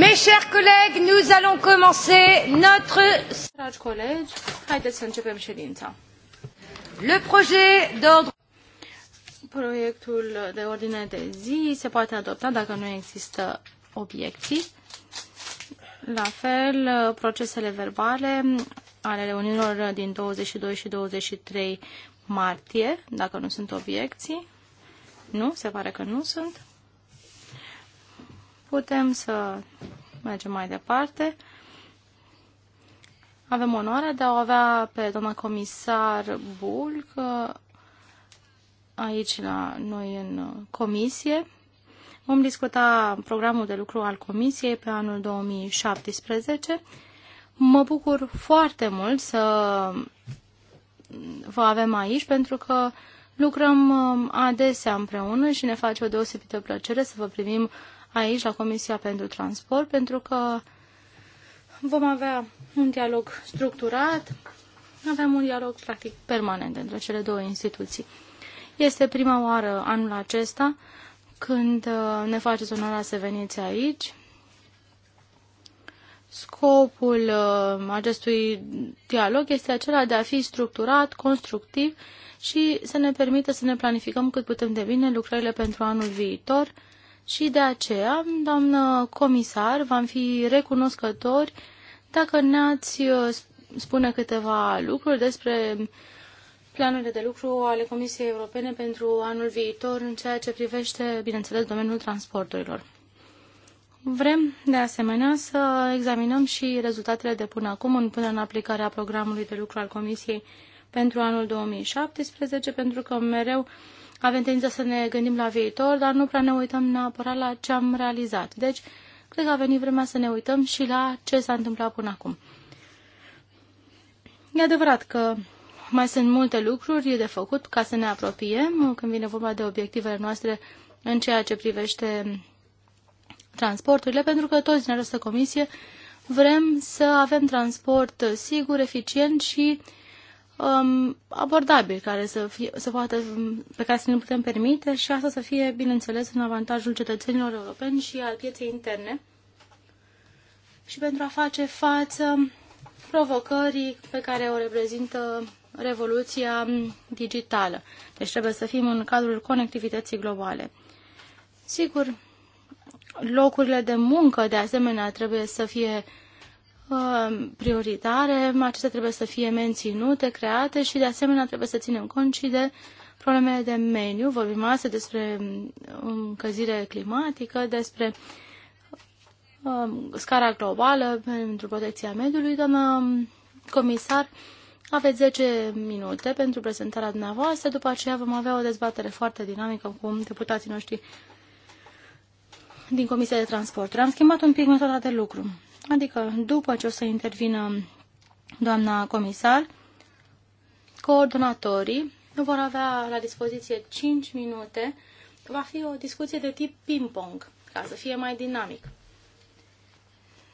Mes chers collègues, nous allons commencer notre... Dragi colegi, haideți să începem ședința. Le projet d'ordre... Proiectul de ordine de zi se poate adopta dacă nu există obiecții. La fel, procesele verbale ale reuniunilor din 22 și 23 martie, dacă nu sunt obiecții. Nu, se pare că nu sunt. Putem să mergem mai departe. Avem onoarea de a o avea pe doamna comisar Bulc uh, aici la noi în comisie. Vom discuta programul de lucru al comisiei pe anul 2017. Mă bucur foarte mult să vă avem aici pentru că lucrăm uh, adesea împreună și ne face o deosebită plăcere să vă primim aici, la Comisia pentru Transport, pentru că vom avea un dialog structurat, avem un dialog practic permanent între cele două instituții. Este prima oară anul acesta când uh, ne faceți onoarea să veniți aici. Scopul uh, acestui dialog este acela de a fi structurat, constructiv și să ne permită să ne planificăm cât putem de bine lucrările pentru anul viitor și de aceea, doamnă comisar, v-am fi recunoscători dacă ne-ați uh, spune câteva lucruri despre planurile de lucru ale Comisiei Europene pentru anul viitor în ceea ce privește, bineînțeles, domeniul transporturilor. Vrem, de asemenea, să examinăm și rezultatele de până acum în până în aplicarea programului de lucru al Comisiei pentru anul 2017, pentru că mereu avem tendința să ne gândim la viitor, dar nu prea ne uităm neapărat la ce am realizat. Deci, cred că a venit vremea să ne uităm și la ce s-a întâmplat până acum. E adevărat că mai sunt multe lucruri de făcut ca să ne apropiem când vine vorba de obiectivele noastre în ceea ce privește transporturile, pentru că toți din această comisie vrem să avem transport sigur, eficient și uh, um, abordabil, care să fie, să poată, um, pe care să ne putem permite și asta să fie, bineînțeles, în avantajul cetățenilor europeni și al pieței interne și pentru a face față provocării pe care o reprezintă revoluția digitală. Deci trebuie să fim în cadrul conectivității globale. Sigur, locurile de muncă, de asemenea, trebuie să fie uh, Uh, prioritare, acestea trebuie să fie menținute, create și de asemenea trebuie să ținem cont și de problemele de mediu. Vorbim astăzi despre um, încălzire climatică, despre um, scara globală pentru protecția mediului. Doamna um, comisar, aveți 10 minute pentru prezentarea dumneavoastră, după aceea vom avea o dezbatere foarte dinamică cu deputații noștri din Comisia de Transporturi. Am schimbat un pic metoda de lucru. Adică, după ce o să intervină doamna comisar, coordonatorii vor avea la dispoziție 5 minute. Va fi o discuție de tip ping-pong, ca să fie mai dinamic.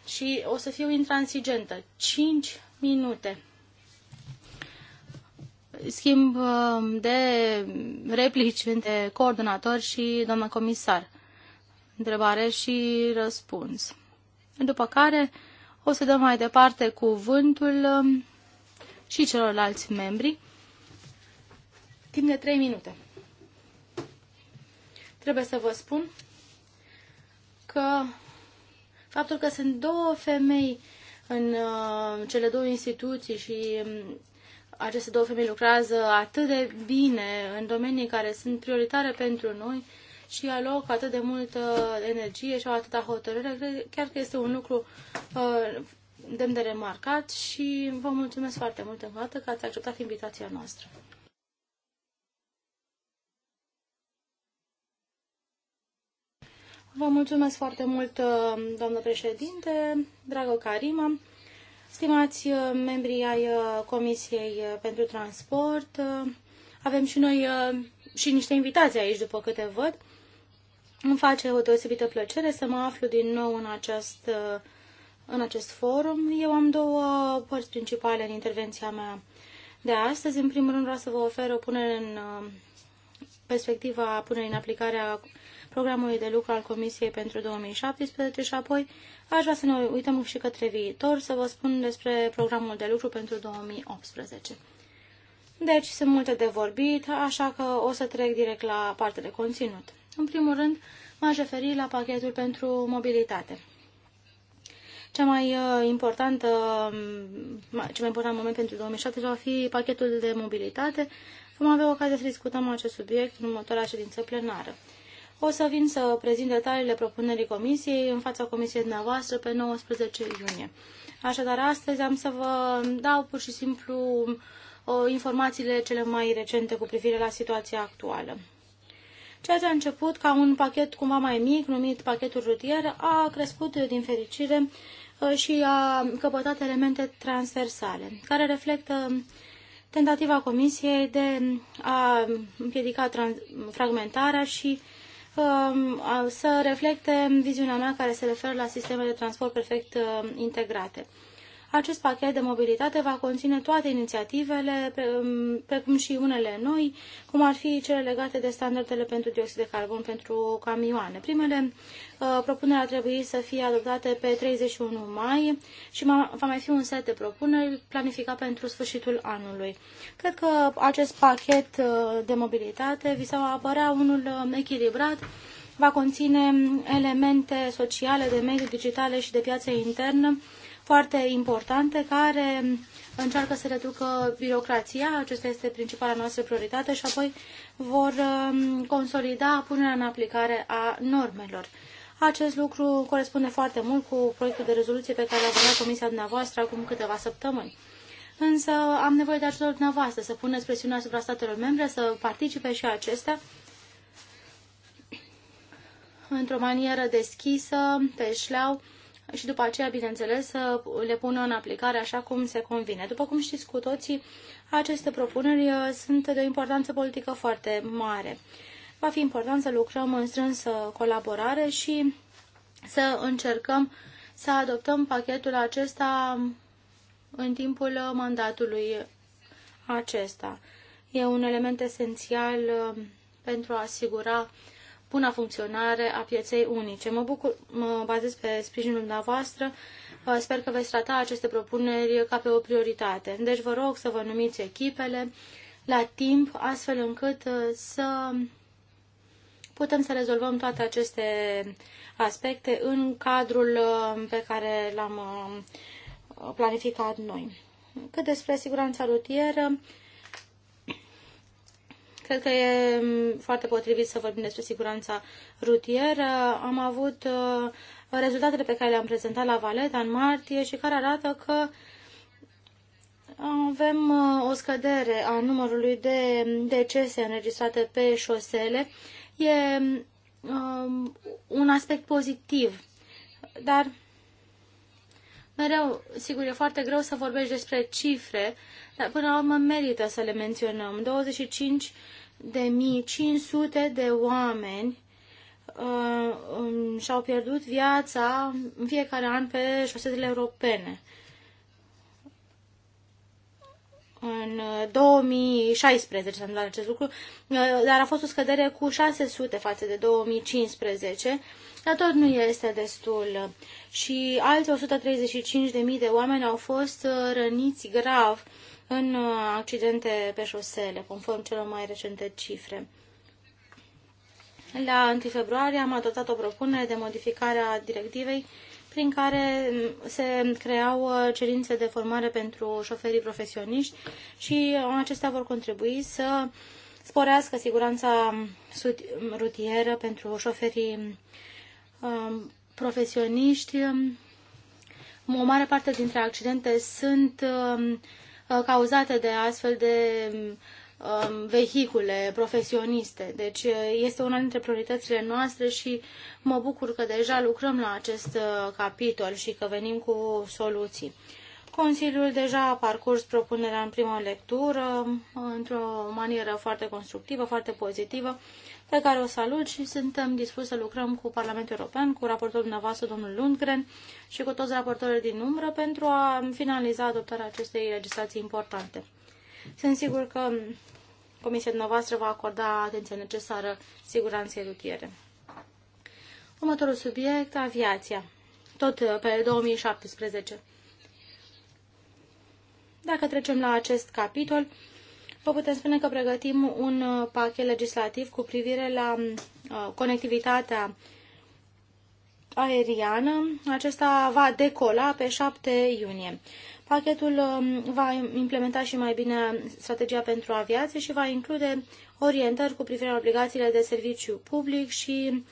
Și o să fiu intransigentă. 5 minute schimb uh, de replici între coordonator și doamna comisar întrebare și răspuns. După care o să dăm mai departe cuvântul um, și celorlalți membri timp de 3 minute. Trebuie să vă spun că faptul că sunt două femei în uh, cele două instituții și um, aceste două femei lucrează atât de bine în domenii care sunt prioritare pentru noi, și aloc atât de multă energie și au atâta hotărâre, chiar că este un lucru uh, demn de remarcat și vă mulțumesc foarte mult încă o dată că ați acceptat invitația noastră. Vă mulțumesc foarte mult, uh, doamnă președinte, dragă Karima, stimați uh, membrii ai Comisiei pentru Transport. Avem și noi și niște invitații aici, după câte văd. Îmi face o deosebită plăcere să mă aflu din nou în acest, uh, în acest forum. Eu am două părți principale în intervenția mea de astăzi. În primul rând vreau să vă ofer o punere în uh, perspectiva punerii în aplicare a programului de lucru al Comisiei pentru 2017 și apoi aș vrea să ne uităm și către viitor, să vă spun despre programul de lucru pentru 2018. Deci sunt multe de vorbit, așa că o să trec direct la partea de conținut. În primul rând, m-aș referi la pachetul pentru mobilitate. Cea mai uh, importantă, cel mai important moment pentru 2007 va fi pachetul de mobilitate. Vom avea ocazia să discutăm acest subiect în următoarea ședință plenară. O să vin să prezint detaliile propunerii comisiei în fața comisiei dumneavoastră pe 19 iunie. Așadar, astăzi am să vă dau pur și simplu uh, informațiile cele mai recente cu privire la situația actuală. Ceea ce a început ca un pachet cumva mai mic, numit pachetul rutier, a crescut eh, din fericire eh, și a căpătat elemente transversale, care reflectă mm, tentativa Comisiei de mm, a împiedica fragmentarea și mm, să reflecte viziunea mea care se referă la sisteme de transport perfect eh, integrate. Acest pachet de mobilitate va conține toate inițiativele, um, precum și unele noi, cum ar fi cele legate de standardele pentru dioxid de carbon pentru camioane. Primele uh, propuneri ar trebui să fie adoptate pe 31 mai și va mai fi un set de propuneri planificat pentru sfârșitul anului. Cred că acest pachet uh, de mobilitate vi s-a apărea unul um, echilibrat va conține elemente sociale, de mediu digitale și de piață internă foarte importante care încearcă să reducă birocrația, acesta este principala noastră prioritate și apoi vor um, consolida punerea în aplicare a normelor. Acest lucru corespunde foarte mult cu proiectul de rezoluție pe care l-a votat Comisia dumneavoastră acum câteva săptămâni. Însă am nevoie de ajutorul dumneavoastră să puneți presiunea asupra statelor membre, să participe și acestea într-o manieră deschisă, pe șleau, și după aceea, bineînțeles, să le pună în aplicare așa cum se convine. După cum știți cu toții, aceste propuneri uh, sunt de o importanță politică foarte mare. Va fi important să lucrăm în strânsă colaborare și să încercăm să adoptăm pachetul acesta în timpul mandatului acesta. E un element esențial uh, pentru a asigura buna funcționare a pieței unice. Mă, bucur, mă bazez pe sprijinul dumneavoastră. Sper că veți trata aceste propuneri ca pe o prioritate. Deci vă rog să vă numiți echipele la timp, astfel încât uh, să putem să rezolvăm toate aceste aspecte în cadrul uh, pe care l-am uh, planificat noi. Cât despre siguranța rutieră, Cred că e foarte potrivit să vorbim despre siguranța rutieră. Am avut uh, rezultatele pe care le-am prezentat la Valeta în martie și care arată că avem uh, o scădere a numărului de decese înregistrate pe șosele. E um, un aspect pozitiv, dar mereu, sigur, e foarte greu să vorbești despre cifre, dar până la urmă merită să le menționăm. 25 de mii, 500 de oameni uh, um, și-au pierdut viața în fiecare an pe șosetele europene. În 2016 uh, s-a întâmplat acest lucru, uh, dar a fost o scădere cu 600 față de 2015, dar tot nu este destul. Și alți 135.000 de oameni au fost uh, răniți grav în uh, accidente pe șosele, conform celor mai recente cifre. La 1 februarie am adoptat o propunere de modificare a directivei prin care mm, se creau uh, cerințe de formare pentru șoferii profesioniști și uh, acestea vor contribui să sporească siguranța mm, rutieră pentru șoferii mm, profesioniști. O mare parte dintre accidente sunt Uh, cauzate de astfel de um, um, vehicule profesioniste. Deci uh, este una dintre prioritățile noastre și mă bucur că deja lucrăm la acest uh, capitol și că venim cu soluții. Consiliul deja a parcurs propunerea în primă lectură, într-o manieră foarte constructivă, foarte pozitivă, pe care o salut și suntem dispuși să lucrăm cu Parlamentul European, cu raportorul dumneavoastră, domnul Lundgren, și cu toți raportorii din umbră pentru a finaliza adoptarea acestei legislații importante. Sunt sigur că Comisia dumneavoastră va acorda atenția necesară siguranței rutiere. Următorul subiect, aviația. Tot pe 2017. Dacă trecem la acest capitol, vă putem spune că pregătim un uh, pachet legislativ cu privire la uh, conectivitatea aeriană. Acesta va decola pe 7 iunie. Pachetul um, va implementa și mai bine strategia pentru aviație și va include orientări cu privire la obligațiile de serviciu public și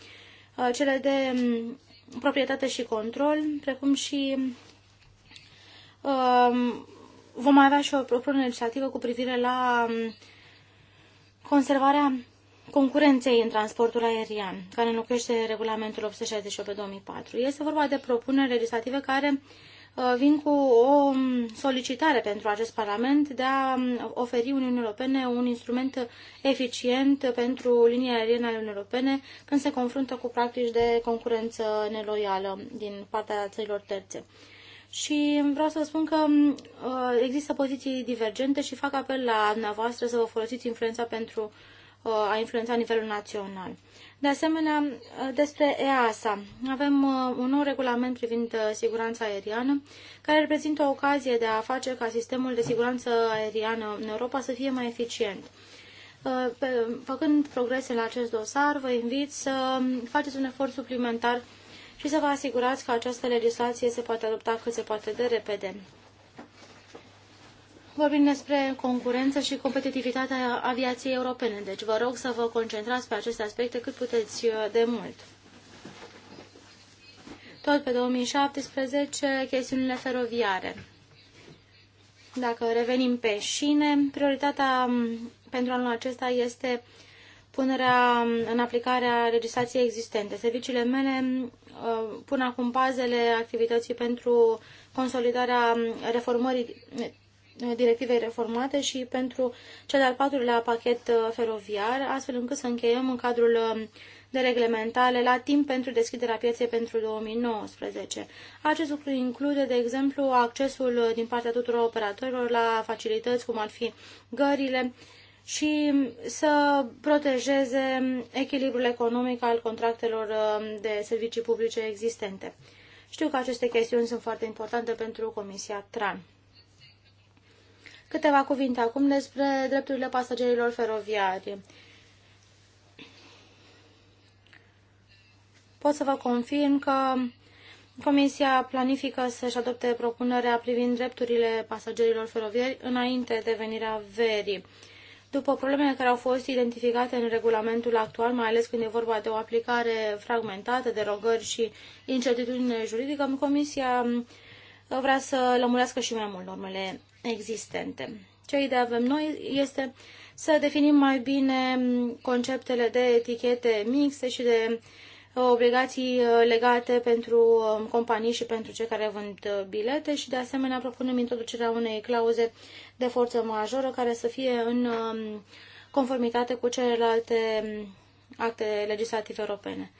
uh, cele de um, proprietate și control, precum și um, vom avea și o propunere legislativă cu privire la um, conservarea concurenței în transportul aerian, care înlocuiește regulamentul 868 pe 2004. Este vorba de propuneri legislative care uh, vin cu o um, solicitare pentru acest Parlament de a um, oferi Uniunii Europene un instrument eficient pentru linia aeriene ale Uniunii Europene când se confruntă cu practici de concurență neloială din partea țărilor terțe și vreau să vă spun că uh, există poziții divergente și fac apel la dumneavoastră să vă folosiți influența pentru uh, a influența nivelul național. De asemenea, uh, despre EASA. Avem un nou regulament privind siguranța aeriană, care reprezintă o ocazie de a face ca sistemul de siguranță aeriană în Europa să fie mai eficient. Făcând progrese la acest dosar, vă invit să um, faceți un efort suplimentar și să vă asigurați că această legislație se poate adopta cât se poate de repede. Vorbim despre concurență și competitivitatea aviației europene, deci vă rog să vă concentrați pe aceste aspecte cât puteți uh, de mult. Tot pe 2017, chestiunile feroviare. Dacă revenim pe șine, prioritatea mm, pentru anul acesta este uh, punerea în aplicare a legislației existente. Serviciile mele uh, pun acum bazele activității pentru consolidarea reformării uh, directivei reformate și pentru cel de-al patrulea pachet uh, feroviar, astfel încât să încheiem în cadrul de reglementare la timp pentru deschiderea pieței pentru 2019. Acest lucru include, de exemplu, accesul din partea tuturor operatorilor la facilități, cum ar fi gările, și să protejeze echilibrul economic al contractelor um, de servicii publice existente. Știu că aceste chestiuni sunt foarte importante pentru Comisia TRAN. Câteva cuvinte acum despre drepturile pasagerilor feroviari. Pot să vă confirm că Comisia planifică să-și adopte propunerea privind drepturile pasagerilor feroviari înainte de venirea verii. După problemele care au fost identificate în regulamentul actual, mai ales când e vorba de o aplicare fragmentată, derogări și incertitudine juridică, Comisia mm, vrea să lămurească și mai mult normele existente. Ce idee avem noi este să definim mai bine mm, conceptele de etichete mixte și de uh, Uh, obligații uh, legate pentru um, companii și pentru cei care vând uh, bilete și de asemenea propunem introducerea unei clauze de forță majoră care să fie în um, conformitate cu celelalte um, acte legislative europene.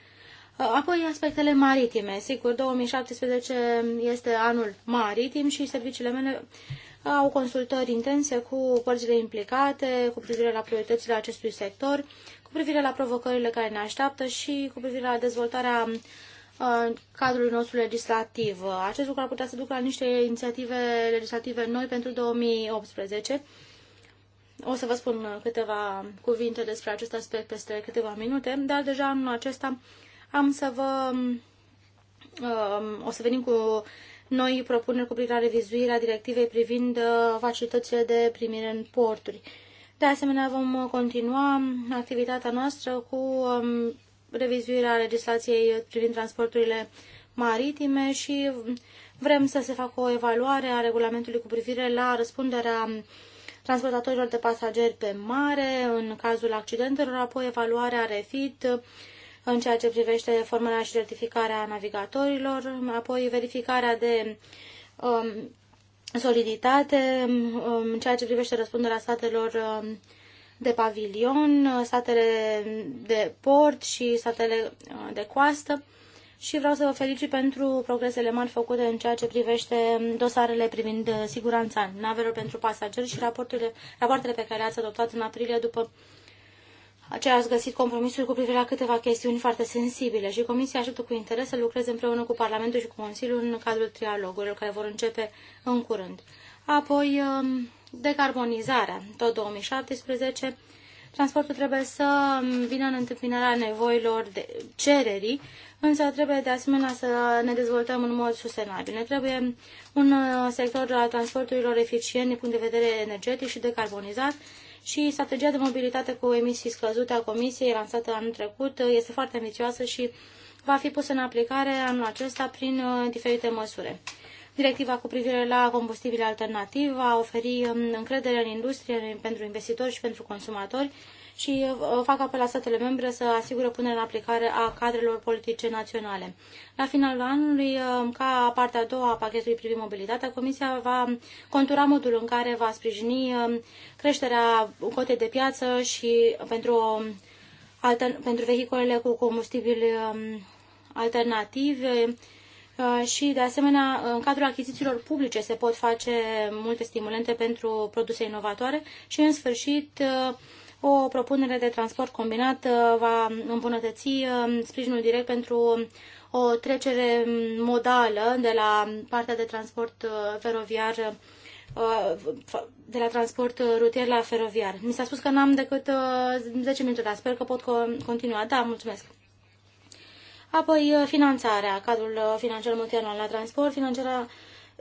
Apoi aspectele maritime. Sigur, 2017 este anul maritim și serviciile mele au consultări intense cu părțile implicate, cu privire la prioritățile acestui sector cu privire la provocările care ne așteaptă și cu privire la dezvoltarea uh, cadrului nostru legislativ. Acest lucru ar putea să ducă la niște inițiative legislative noi pentru 2018. O să vă spun câteva cuvinte despre acest aspect peste câteva minute, dar deja în acesta am să vă... Um, o să venim cu noi propuneri cu privire la revizuirea directivei privind uh, facilitățile de primire în porturi. De asemenea, vom continua activitatea noastră cu um, revizuirea legislației privind transporturile maritime și vrem să se facă o evaluare a regulamentului cu privire la răspunderea transportatorilor de pasageri pe mare în cazul accidentelor, apoi evaluarea refit în ceea ce privește formarea și certificarea navigatorilor, apoi verificarea de um, soliditate um, um, în ceea ce privește răspunderea statelor um, de pavilion, uh, statele de port și statele uh, de coastă și vreau să vă felicit pentru progresele mari făcute în ceea ce privește dosarele privind uh, siguranța navelor pentru pasageri și raportele, rapoartele pe care le-ați adoptat în aprilie după aceea ați găsit compromisul cu privire la câteva chestiuni foarte sensibile și Comisia așteaptă cu interes să lucreze împreună cu Parlamentul și cu Consiliul în cadrul trialogurilor care vor începe în curând. Apoi, um, decarbonizarea, tot 2017, transportul trebuie să um, vină în întâmpinarea nevoilor de cererii, însă trebuie de asemenea să ne dezvoltăm în mod sustenabil. Ne trebuie un uh, sector al transporturilor eficient din punct de vedere energetic și decarbonizat, și strategia de mobilitate cu emisii scăzute a Comisiei lansată anul trecut este foarte ambițioasă și va fi pusă în aplicare anul acesta prin uh, diferite măsuri. Directiva cu privire la combustibile alternativ va oferi um, încredere în industrie pentru investitori și pentru consumatori, și uh, fac apel la statele membre să asigură punerea în aplicare a cadrelor politice naționale. La finalul anului, uh, ca partea a doua a pachetului privind mobilitatea, Comisia va contura modul în care va sprijini uh, creșterea cotei de piață și pentru, altern, pentru vehiculele cu combustibili um, alternativi, și, de asemenea, în cadrul achizițiilor publice se pot face multe stimulente pentru produse inovatoare și, în sfârșit, o propunere de transport combinat uh, va îmbunătăți uh, sprijinul direct pentru o trecere modală de la partea de transport uh, feroviar de la transport rutier la feroviar. Mi s-a spus că n-am decât 10 minute, dar sper că pot continua. Da, mulțumesc. Apoi, finanțarea, cadrul financiar multianual la transport, finanțarea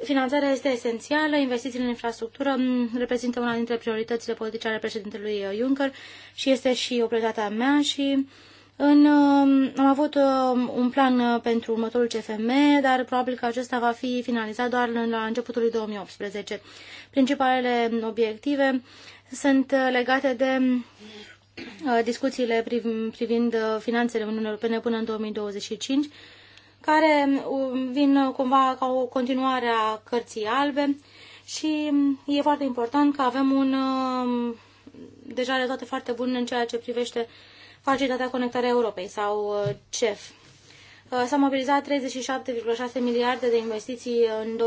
Finanțarea este esențială, investițiile în infrastructură mm, reprezintă una dintre prioritățile politice ale președintelui uh, Juncker și este și o prioritate a mea și în, uh, am avut uh, un plan pentru următorul CFM, dar probabil că acesta va fi finalizat doar la începutul lui 2018. Principalele obiective sunt legate de discuțiile privind finanțele Uniunii Europene până în 2025 care um, vin cumva ca o continuare a cărții albe și um, e foarte important că avem un um, deja rezultate foarte bune în ceea ce privește facilitatea conectarea Europei sau uh, CEF. Uh, s-au mobilizat 37,6 miliarde de investiții în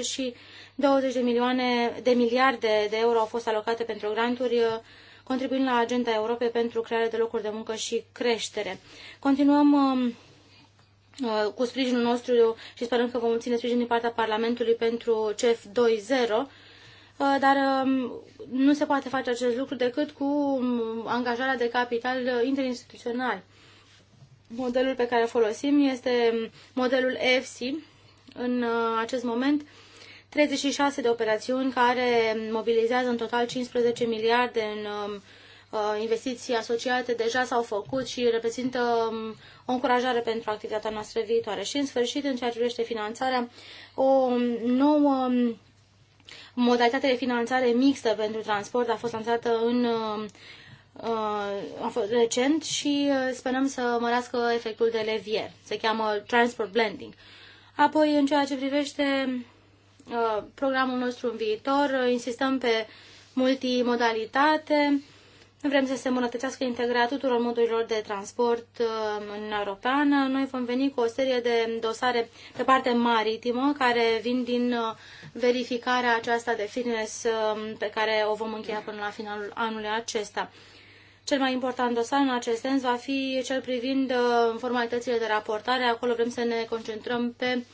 2014-2016 și 20 de, milioane, de miliarde de euro au fost alocate pentru granturi, uh, contribuind la agenda Europei pentru crearea de locuri de muncă și creștere. Continuăm Uh, cu sprijinul nostru și sperăm că vom obține sprijin din partea Parlamentului pentru CEF 2.0, uh, dar um, nu se poate face acest lucru decât cu um, angajarea de capital interinstituțional. Modelul pe care îl folosim este um, modelul EFSI. În uh, acest moment, 36 de operațiuni care mobilizează în total 15 miliarde în Uh, investiții asociate deja s-au făcut și reprezintă um, o încurajare pentru activitatea noastră viitoare. Și, în sfârșit, în ceea ce privește finanțarea, o um, nouă um, modalitate de finanțare mixtă pentru transport a fost lansată în uh, a fost recent și uh, sperăm să mărească efectul de levier. Se cheamă Transport Blending. Apoi, în ceea ce privește programul nostru în viitor, insistăm pe multimodalitate, vrem să se îmbunătățească integrarea tuturor modurilor de transport uh, în Europeană. Noi vom veni cu o serie de dosare pe parte maritimă care vin din uh, verificarea aceasta de fitness um, pe care o vom încheia până la finalul anului acesta. Cel mai important dosar în acest sens va fi cel privind uh, formalitățile de raportare. Acolo vrem să ne concentrăm pe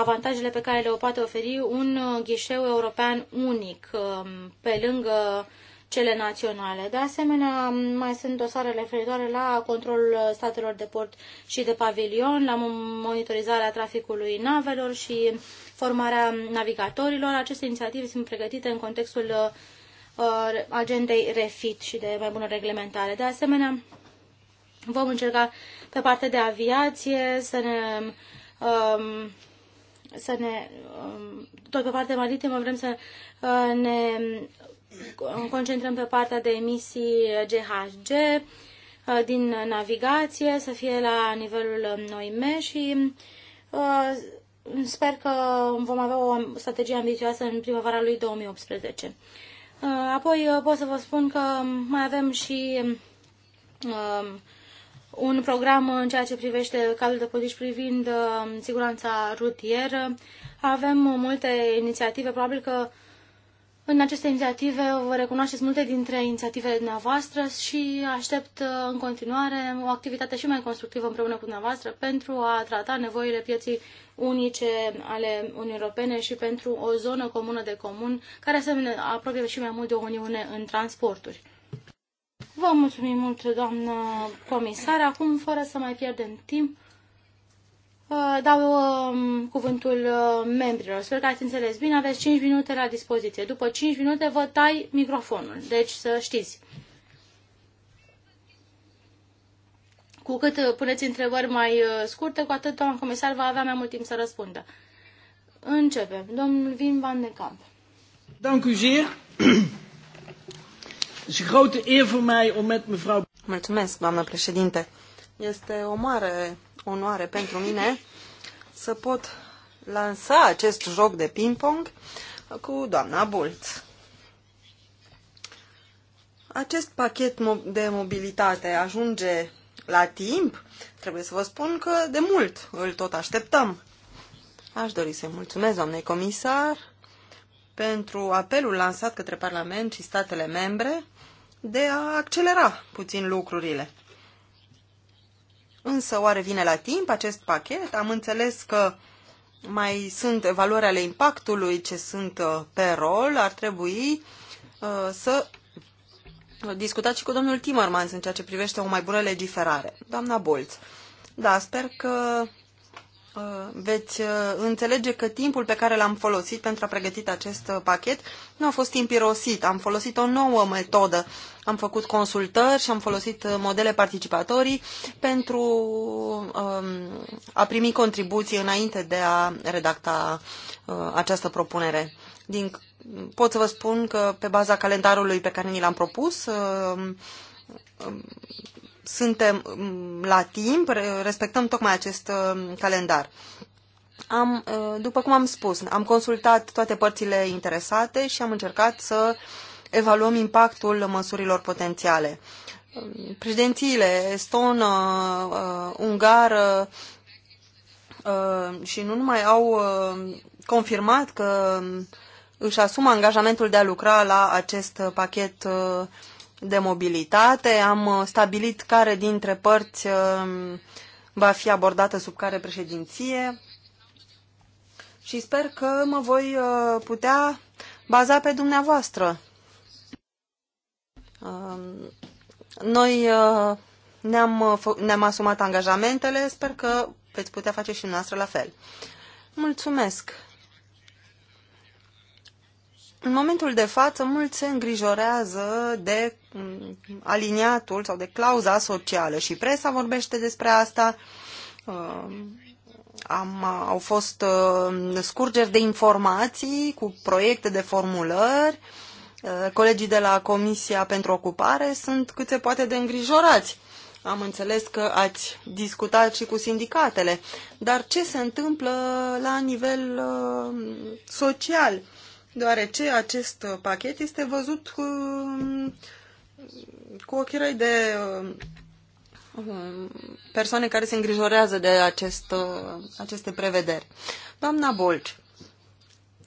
avantajele pe care le o poate oferi un ghișeu european unic, um, pe lângă cele naționale. De asemenea, mai sunt dosare referitoare la controlul statelor de port și de pavilion, la monitorizarea traficului navelor și formarea navigatorilor. Aceste inițiative sunt pregătite în contextul uh, uh, agendei refit și de mai bună reglementare. De asemenea, vom încerca pe partea de aviație să ne um, să ne um, tot pe partea maritimă vrem să uh, ne concentrăm pe partea de emisii GHG uh, din navigație, să fie la nivelul NOIME și uh, sper că vom avea o strategie ambițioasă în primăvara lui 2018. Uh, apoi pot să vă spun că mai avem și un program în ceea ce privește cadrul de politici privind siguranța rutieră. Avem multe inițiative, probabil că în aceste inițiative vă recunoașteți multe dintre inițiativele dumneavoastră și aștept uh, în continuare o activitate și mai constructivă împreună cu dumneavoastră pentru a trata nevoile pieții unice ale Uniunii Europene și pentru o zonă comună de comun care să apropie și mai mult de o Uniune în transporturi. Vă mulțumim mult, doamnă comisar. Acum, fără să mai pierdem timp, Uh, dau um, cuvântul uh, membrilor. Sper că ați înțeles bine, aveți 5 minute la dispoziție. După 5 minute vă tai microfonul, deci să știți. Cu cât uh, puneți întrebări mai scurte, cu atât doamna comisar va avea mai mult timp să răspundă. Începem. Domnul Vin Van de Camp. Mulțumesc, doamnă președinte. Este o mare onoare pentru mine să pot lansa acest joc de ping-pong cu doamna Bult. Acest pachet de mobilitate ajunge la timp? Trebuie să vă spun că de mult îl tot așteptăm. Aș dori să-i mulțumesc, doamnei comisar, pentru apelul lansat către Parlament și statele membre de a accelera puțin lucrurile. Însă, oare vine la timp acest pachet? Am înțeles că mai sunt evaluări ale impactului ce sunt uh, pe rol. Ar trebui uh, să discutați și cu domnul Timmermans în ceea ce privește o mai bună legiferare. Doamna Bolț, da, sper că Uh, veți uh, înțelege că timpul pe care l-am folosit pentru a pregăti acest uh, pachet nu a fost timp irosit. Am folosit o nouă metodă. Am făcut consultări și am folosit modele participatorii pentru um, a primi contribuții înainte de a redacta uh, această propunere. Din, pot să vă spun că pe baza calendarului pe care ni l-am propus, uh, um, suntem mm, la timp, respectăm tocmai acest mm, calendar. Am, mm, după cum am spus, am consultat toate părțile interesate și am încercat să evaluăm impactul măsurilor potențiale. Președințiile estonă, ungară și nu numai au confirmat că își asumă angajamentul de a lucra la acest pachet de mobilitate. Am uh, stabilit care dintre părți uh, va fi abordată sub care președinție și sper că mă voi uh, putea baza pe dumneavoastră. Um, noi ne-am, ne-am asumat angajamentele, sper că veți putea face și noastră la fel. Mulțumesc! În momentul de față, mulți se îngrijorează de aliniatul sau de clauza socială și presa vorbește despre asta. Uh, am, au fost uh, scurgeri de informații cu proiecte de formulări. Uh, colegii de la Comisia pentru Ocupare sunt cât se poate de îngrijorați. Am înțeles că ați discutat și cu sindicatele, dar ce se întâmplă la nivel social? Deoarece acest pachet este văzut cu ochii de um, persoane care se îngrijorează de acest, uh, aceste prevederi. Doamna Bolci,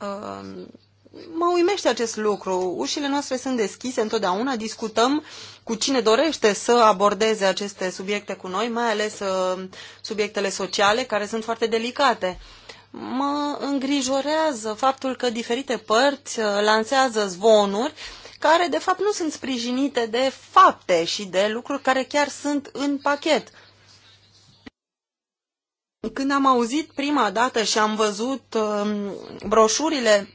um, mă uimește acest lucru. Ușile noastre sunt deschise întotdeauna, discutăm cu cine dorește să abordeze aceste subiecte cu noi, mai ales uh, subiectele sociale, care sunt foarte delicate. Mă îngrijorează faptul că diferite părți uh, lansează zvonuri care de fapt nu sunt sprijinite de fapte și de lucruri care chiar sunt în pachet. Când am auzit prima dată și am văzut um, broșurile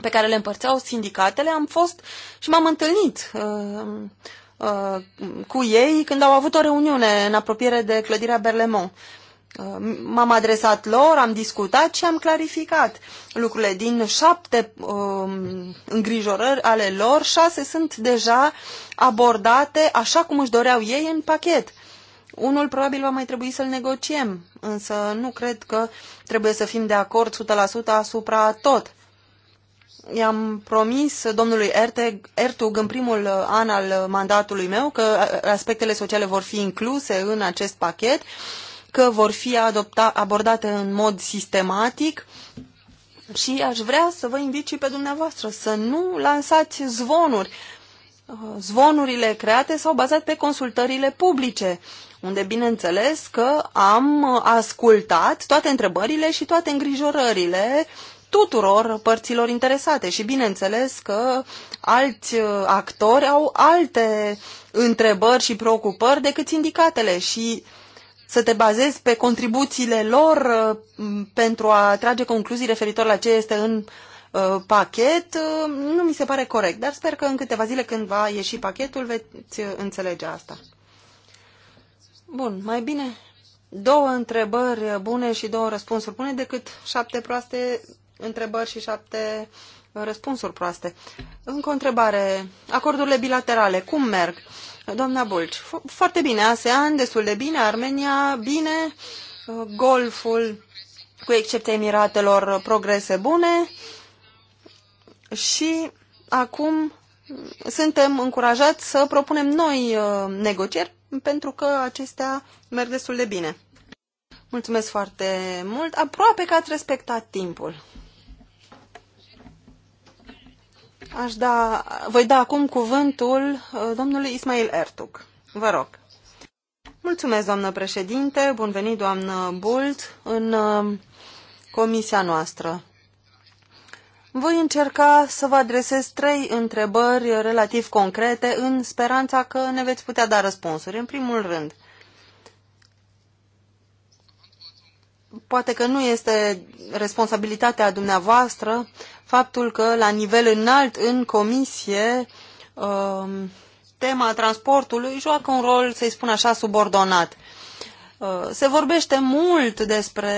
pe care le împărțeau sindicatele, am fost și m-am întâlnit uh, uh, cu ei când au avut o reuniune în apropiere de clădirea Berlemont. Uh, m-am adresat lor, am discutat și am clarificat lucrurile. Din șapte um, îngrijorări ale lor, șase sunt deja abordate așa cum își doreau ei în pachet. Unul probabil va mai trebui să-l negociem, însă nu cred că trebuie să fim de acord 100% asupra tot. I-am promis domnului Erteg, Ertug în primul uh, an al mandatului meu că uh, aspectele sociale vor fi incluse în acest pachet că vor fi adopta, abordate în mod sistematic și aș vrea să vă invit și pe dumneavoastră să nu lansați zvonuri. Uh, zvonurile create s-au bazat pe consultările publice, unde bineînțeles că am ascultat toate întrebările și toate îngrijorările tuturor părților interesate și bineînțeles că alți uh, actori au alte întrebări și preocupări decât sindicatele și uh, să te bazezi pe contribuțiile lor uh, pentru a trage concluzii referitor la ce este în uh, pachet, uh, nu mi se pare corect, dar sper că în câteva zile când va ieși pachetul veți înțelege asta. Bun, mai bine două întrebări bune și două răspunsuri bune decât șapte proaste întrebări și șapte răspunsuri proaste. Încă o întrebare. Acordurile bilaterale, cum merg? Uh, Doamna Bulci, foarte bine, ASEAN, destul de bine, Armenia, bine, uh, Golful, cu excepția Emiratelor, progrese bune și acum suntem încurajați să propunem noi uh, negocieri pentru că acestea merg destul de bine. Mulțumesc foarte mult, aproape că ați respectat timpul. Aș da, voi da acum cuvântul uh, domnului Ismail Ertug. Vă rog. Mulțumesc, doamnă președinte. Bun venit, doamnă Bult, în uh, comisia noastră. Voi încerca să vă adresez trei întrebări relativ concrete în speranța că ne veți putea da răspunsuri. În primul rând, poate că nu este responsabilitatea dumneavoastră faptul că la nivel înalt în comisie um, tema transportului joacă un rol, să-i spun așa, subordonat. Uh, se vorbește mult despre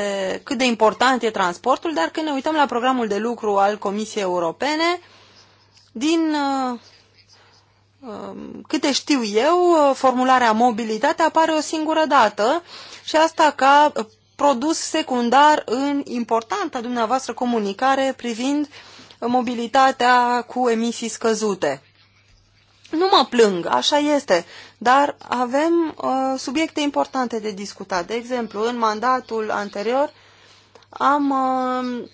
cât de important e transportul, dar când ne uităm la programul de lucru al Comisiei Europene, din uh, um, câte știu eu, uh, formularea mobilitate apare o singură dată și asta ca produs secundar în importanta dumneavoastră comunicare privind mobilitatea cu emisii scăzute. Nu mă plâng, așa este, dar avem uh, subiecte importante de discutat. De exemplu, în mandatul anterior am uh,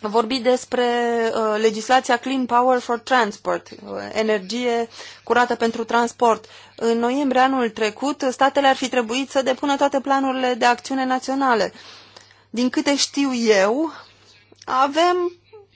vorbit despre uh, legislația Clean Power for Transport, uh, energie curată pentru transport. În noiembrie anul trecut, statele ar fi trebuit să depună toate planurile de acțiune naționale. Din câte știu eu, avem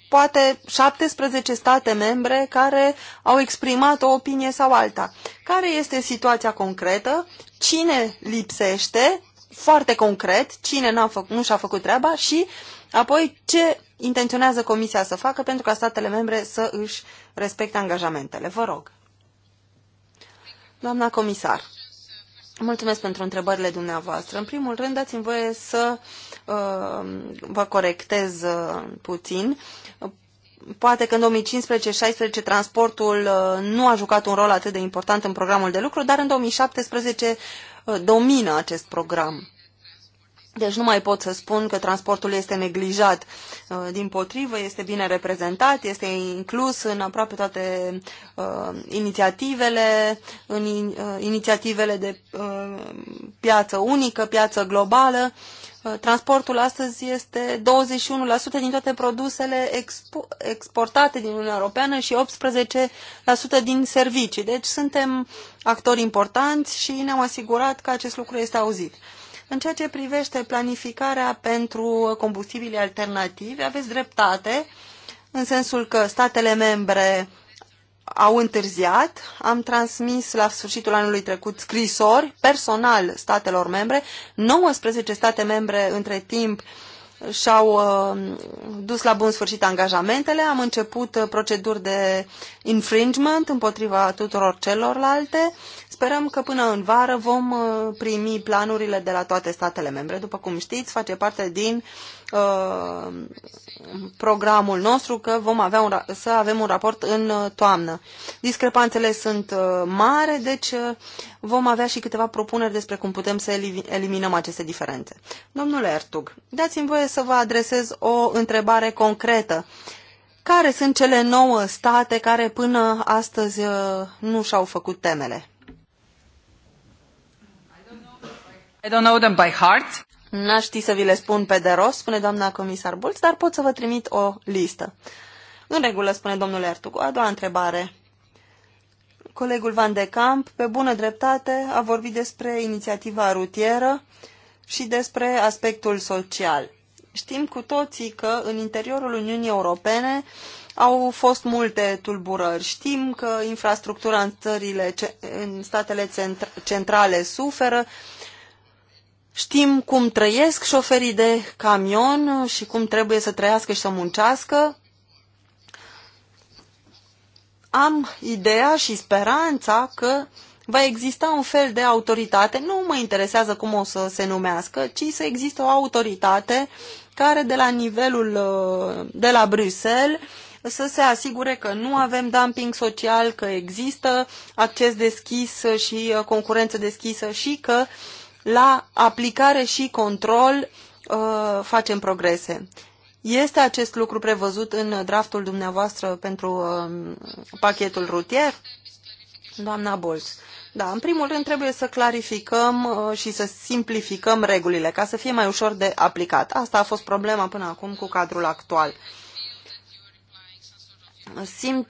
poate 17 state membre care au exprimat o opinie sau alta. Care este situația concretă? Cine lipsește? Foarte concret, cine -a făcut, nu și-a făcut treaba și apoi ce intenționează Comisia să facă pentru ca statele membre să își respecte angajamentele. Vă rog. Doamna comisar, mulțumesc pentru întrebările dumneavoastră. În primul rând, dați-mi voie să uh, vă corectez uh, puțin. Poate că în 2015-16 transportul uh, nu a jucat un rol atât de important în programul de lucru, dar în 2017 domină acest program. Deci nu mai pot să spun că transportul este neglijat. Uh, din potrivă, este bine reprezentat, este inclus în aproape toate uh, inițiativele, în uh, inițiativele de uh, piață unică, piață globală. Uh, transportul astăzi este 21% din toate produsele expo- exportate din Uniunea Europeană și 18% din servicii. Deci suntem actori importanți și ne-am asigurat că acest lucru este auzit. În ceea ce privește planificarea pentru combustibile alternative, aveți dreptate în sensul că statele membre au întârziat. Am transmis la sfârșitul anului trecut scrisori personal statelor membre. 19 state membre între timp și-au uh, dus la bun sfârșit angajamentele. Am început uh, proceduri de infringement împotriva tuturor celorlalte Sperăm că până în vară vom uh, primi planurile de la toate statele membre. După cum știți, face parte din uh, programul nostru că vom avea un, să avem un raport în uh, toamnă. Discrepanțele sunt mari, deci vom avea și câteva propuneri despre cum putem să eliminăm aceste diferențe. Domnule Ertug, dați-mi voie să vă adresez o întrebare concretă care sunt cele nouă state care până astăzi nu și-au făcut temele? I don't know them by heart. N-aș ști să vi le spun pe de rost, spune doamna comisar Bulț, dar pot să vă trimit o listă. În regulă, spune domnule Ertugu. A doua întrebare. Colegul Van de Camp, pe bună dreptate, a vorbit despre inițiativa rutieră și despre aspectul social. Știm cu toții că în interiorul Uniunii Europene au fost multe tulburări. Știm că infrastructura în, țările, în statele centrale suferă, Știm cum trăiesc șoferii de camion și cum trebuie să trăiască și să muncească. Am ideea și speranța că va exista un fel de autoritate, nu mă interesează cum o să se numească, ci să există o autoritate care de la nivelul uh, de la Bruxelles să se asigure că nu avem dumping social, că există acces deschis și uh, concurență deschisă și că uh, la aplicare și control uh, facem progrese. Este acest lucru prevăzut în draftul dumneavoastră pentru uh, pachetul rutier? Doamna Bolț. Da, în primul rând trebuie să clarificăm uh, și să simplificăm regulile ca să fie mai ușor de aplicat. Asta a fost problema până acum cu cadrul actual. Simt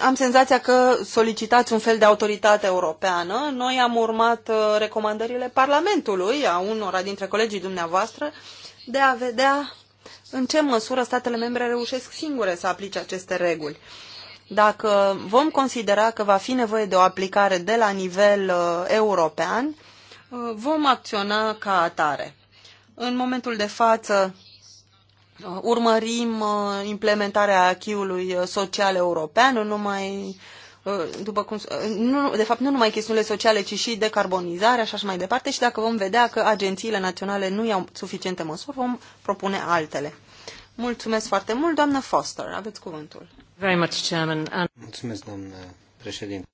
am senzația că solicitați un fel de autoritate europeană. Noi am urmat uh, recomandările Parlamentului, a unora dintre colegii dumneavoastră, de a vedea în ce măsură statele membre reușesc singure să aplice aceste reguli. Dacă vom considera că va fi nevoie de o aplicare de la nivel uh, european, uh, vom acționa ca atare. În momentul de față, urmărim uh, implementarea achiului uh, social european, nu numai uh, după cum, nu, de fapt, nu numai chestiunile sociale, ci și decarbonizarea și așa mai departe și dacă vom vedea că agențiile naționale nu iau suficiente măsuri, vom propune altele. Mulțumesc foarte mult, doamnă Foster. Aveți cuvântul. Very much, Chairman. And... Mulțumesc, doamnă președinte.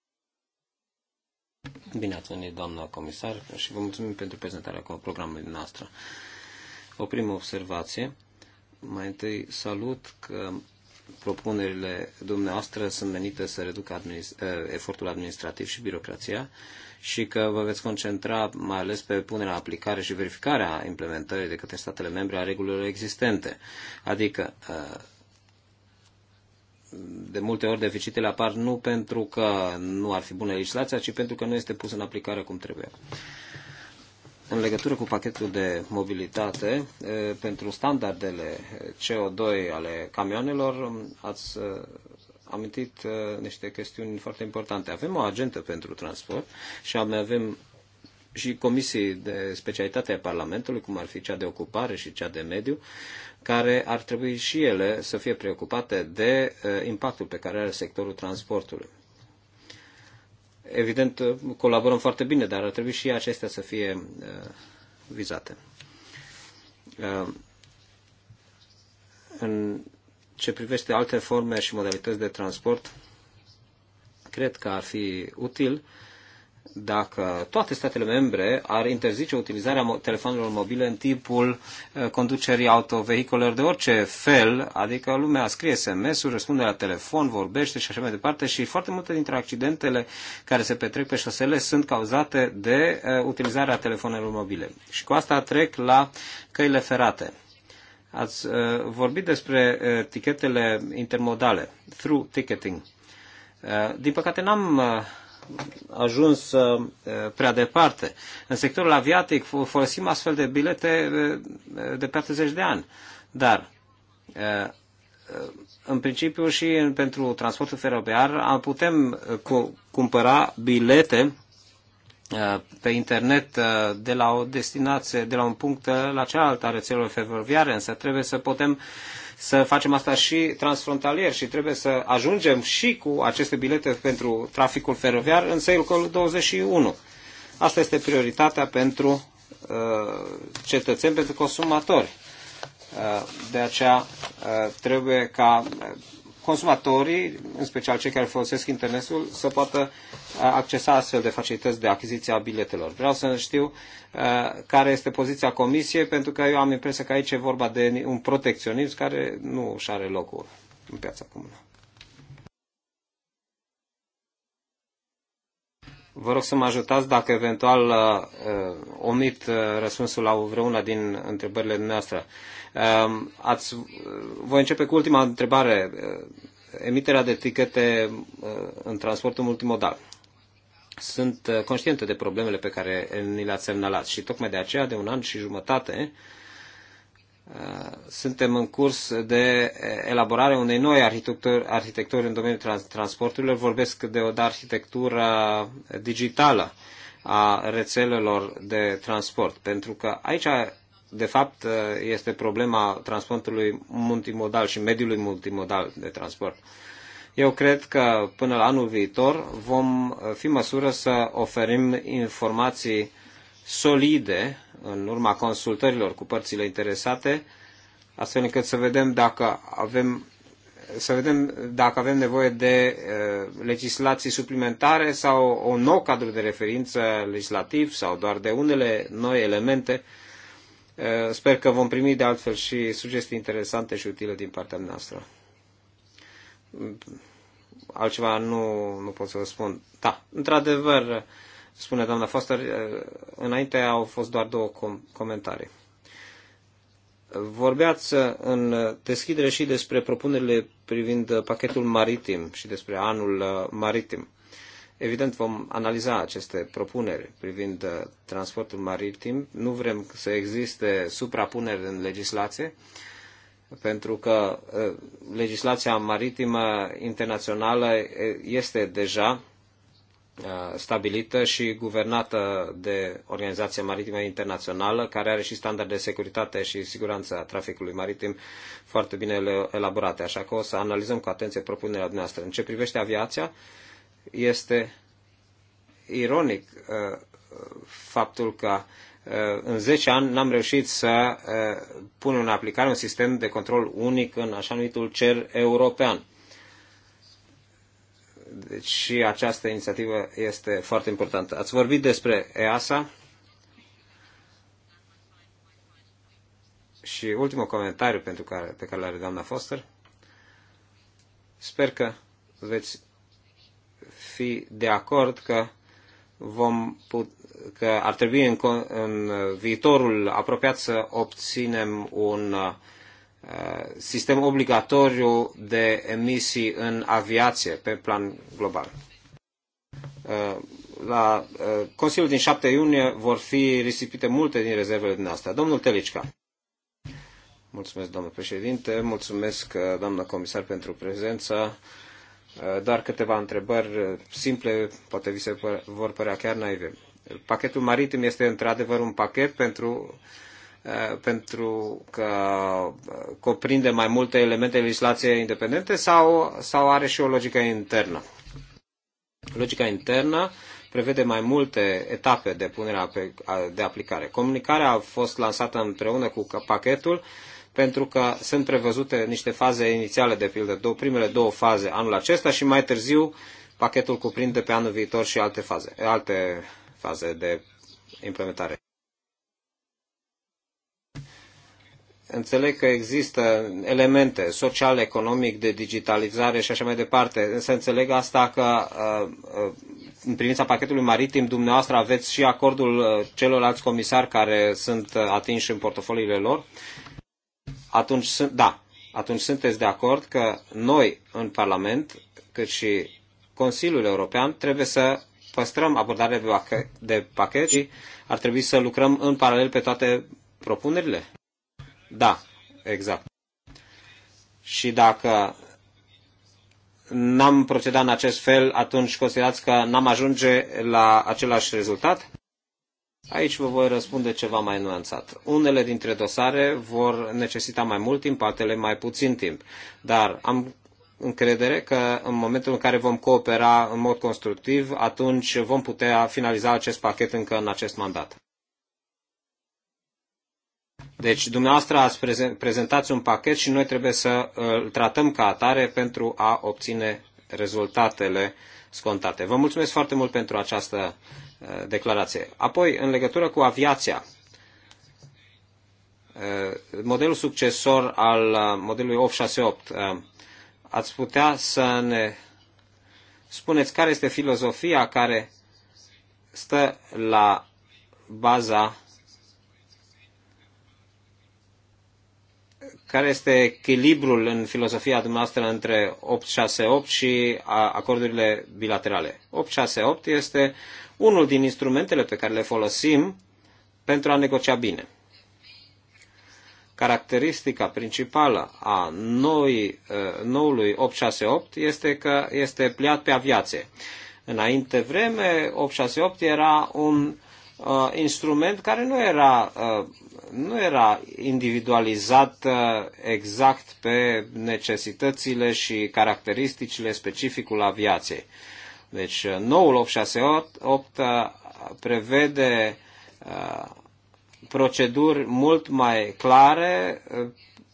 Bine ați venit, doamnă comisar, și vă mulțumim pentru prezentarea programului noastră. O primă observație mai întâi salut că propunerile dumneavoastră sunt menite să reducă administ- eh, efortul administrativ și birocrația și că vă veți concentra mai ales pe punerea aplicare și verificarea implementării de către statele membre a regulilor existente. Adică, eh, de multe ori deficitele apar nu pentru că nu ar fi bună legislația, ci pentru că nu este pusă în aplicare cum trebuie în legătură cu pachetul de mobilitate pentru standardele CO2 ale camioanelor, ați amintit niște chestiuni foarte importante. Avem o agentă pentru transport și avem și comisii de specialitate a Parlamentului, cum ar fi cea de ocupare și cea de mediu, care ar trebui și ele să fie preocupate de impactul pe care are sectorul transportului evident, colaborăm foarte bine, dar ar trebui și acestea să fie uh, vizate. Uh, în ce privește alte forme și modalități de transport, cred că ar fi util uh, dacă toate statele membre ar interzice utilizarea telefonelor mobile în timpul uh, conducerii autovehicolelor de orice fel, adică lumea scrie SMS-uri, răspunde la telefon, vorbește și așa mai departe și foarte multe dintre accidentele care se petrec pe șosele sunt cauzate de uh, utilizarea telefonelor mobile. Și cu asta trec la căile ferate. Ați uh, vorbit despre etichetele intermodale, through ticketing. Din păcate n-am ajuns uh, prea departe. În sectorul aviatic folosim astfel de bilete uh, de 40 de ani, dar uh, în principiu și pentru transportul feroviar putem cumpăra bilete pe internet de la o destinație, de la un punct la cealaltă a rețelelor feroviare, însă trebuie să putem să facem asta și transfrontalier și trebuie să ajungem și cu aceste bilete pentru traficul feroviar în secolul 21. Asta este prioritatea pentru uh, cetățeni, pentru consumatori. Uh, de aceea uh, trebuie ca consumatorii, în special cei care folosesc internetul, să poată uh, accesa astfel de facilități de achiziție a biletelor. Vreau să știu uh, care este poziția comisiei, pentru că eu am impresia că aici e vorba de un protecționism care nu își are locul în piața comună. Vă rog să mă ajutați dacă eventual uh, omit uh, răspunsul la vreuna din întrebările noastre. Uh, Um, ați, voi începe cu ultima întrebare. Uh, emiterea de etichete uh, în transportul multimodal. Sunt uh, conștientă de problemele pe care ni le-ați semnalat și tocmai de aceea, de un an și jumătate, suntem în curs de elaborare unei noi arhitecturi, în domeniul transporturilor. Vorbesc de o de arhitectură digitală a rețelelor de transport, pentru că aici de fapt, este problema transportului multimodal și mediului multimodal de transport. Eu cred că până la anul viitor vom fi măsură să oferim informații solide în urma consultărilor cu părțile interesate, astfel încât să vedem dacă avem să vedem dacă avem nevoie de uh, legislații suplimentare sau un nou cadru de referință legislativ sau doar de unele noi elemente Eh, sper că vom primi de altfel și sugestii interesante și utile din partea noastră. Mm, altceva nu, nu pot să vă spun. Da, într-adevăr, spune doamna Foster, eh, înainte au fost doar două com- comentarii. Vorbeați în deschidere și despre propunerile privind pachetul maritim și despre anul eh, maritim. Evident, vom analiza aceste propuneri privind uh, transportul maritim. Nu vrem să existe suprapuneri în legislație, pentru că uh, legislația maritimă internațională uh, este deja stabilită și guvernată de Organizația Maritimă Internațională, care are și standarde de securitate și siguranță a traficului maritim foarte bine elaborate. Așa că o să analizăm cu atenție propunerea dumneavoastră. În ce privește aviația, uh, este ironic uh, faptul că uh, în 10 ani n-am reușit să uh, pun în aplicare un sistem de control unic în așa numitul cer european. Deci și această inițiativă este foarte importantă. Ați vorbit despre EASA și ultimul comentariu pentru care, pe care l-are doamna Foster. Sper că veți fi de acord că, vom put, că ar trebui în, în viitorul apropiat să obținem un uh, sistem obligatoriu de emisii în aviație pe plan global. Uh, la uh, Consiliul din 7 iunie vor fi risipite multe din rezervele din astea. Domnul Telicca. Mulțumesc, domnule președinte, mulțumesc, doamnă comisar, pentru prezența. Eh, doar câteva întrebări eh, simple, poate vi se vor părea chiar naive. Pachetul maritim este într-adevăr un pachet pentru, eh, pentru că cuprinde mai multe elemente legislație independente sau, sau are și o logică internă? Logica internă prevede mai multe etape de punere de aplicare. Comunicarea a fost lansată împreună cu pachetul pentru că sunt prevăzute niște faze inițiale, de pildă, două, primele două faze anul acesta și mai târziu pachetul cuprinde pe anul viitor și alte faze, alte faze de implementare. Înțeleg că există elemente social, economic, de digitalizare și așa mai departe, Să înțeleg asta că uh, uh, în privința pachetului maritim dumneavoastră aveți și acordul uh, celorlalți comisari care sunt atinși în portofoliile lor atunci da, atunci sunteți de acord că noi în Parlament, cât și Consiliul European, trebuie să păstrăm abordarea de pachet și ar trebui să lucrăm în paralel pe toate propunerile? Da, exact. Și dacă n-am procedat în acest fel, atunci considerați că n-am ajunge la același rezultat? Aici vă voi răspunde ceva mai nuanțat. Unele dintre dosare vor necesita mai mult timp, altele mai puțin timp. Dar am încredere că în momentul în care vom coopera în mod constructiv, atunci vom putea finaliza acest pachet încă în acest mandat. Deci, dumneavoastră ați prezentat prezentați un pachet și noi trebuie să îl tratăm ca atare pentru a obține rezultatele scontate. Vă mulțumesc foarte mult pentru această declarație. Apoi, în legătură cu aviația, eh, modelul succesor al eh, modelului 868, eh, ați putea să ne spuneți care este filozofia care stă la baza care este echilibrul în filozofia dumneavoastră între 868 și acordurile bilaterale. 868 este unul din instrumentele pe care le folosim pentru a negocia bine. Caracteristica principală a noi, eh, noului 868 este că este pliat pe aviație. Înainte vreme, 868 era un uh, instrument care nu era, uh, nu era individualizat uh, exact pe necesitățile și caracteristicile specificul aviației. Uh, deci uh, noul 868 uh, prevede uh, proceduri mult mai clare,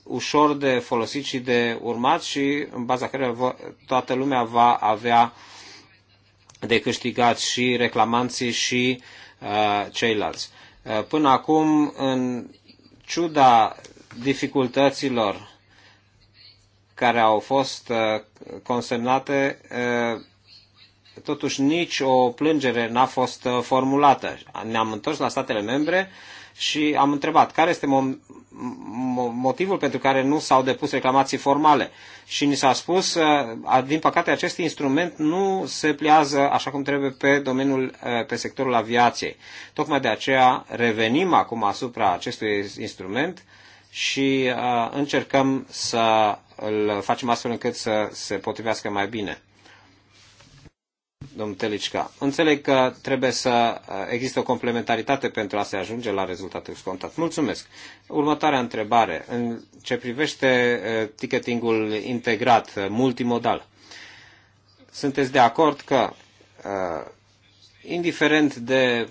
ușor de folosit și de urmat și în baza căreia toată lumea va avea de câștigat și reclamanții și ceilalți. până acum, în ciuda dificultăților care au fost consemnate, totuși nici o plângere n-a fost uh, formulată. Ne-am întors la statele membre și am întrebat care este mo- motivul pentru care nu s-au depus reclamații formale. Și ni s-a spus, uh, din păcate, acest instrument nu se pliază așa cum trebuie pe domeniul, uh, pe sectorul aviației. Tocmai de aceea revenim acum asupra acestui instrument și încercăm să îl facem astfel încât să se potrivească mai bine domnul Telicca. Înțeleg că trebuie să uh, existe o complementaritate pentru a se ajunge la rezultatul scontat. Mulțumesc. Următoarea întrebare. În ce privește uh, ticketingul integrat, uh, multimodal, sunteți de acord că, indiferent de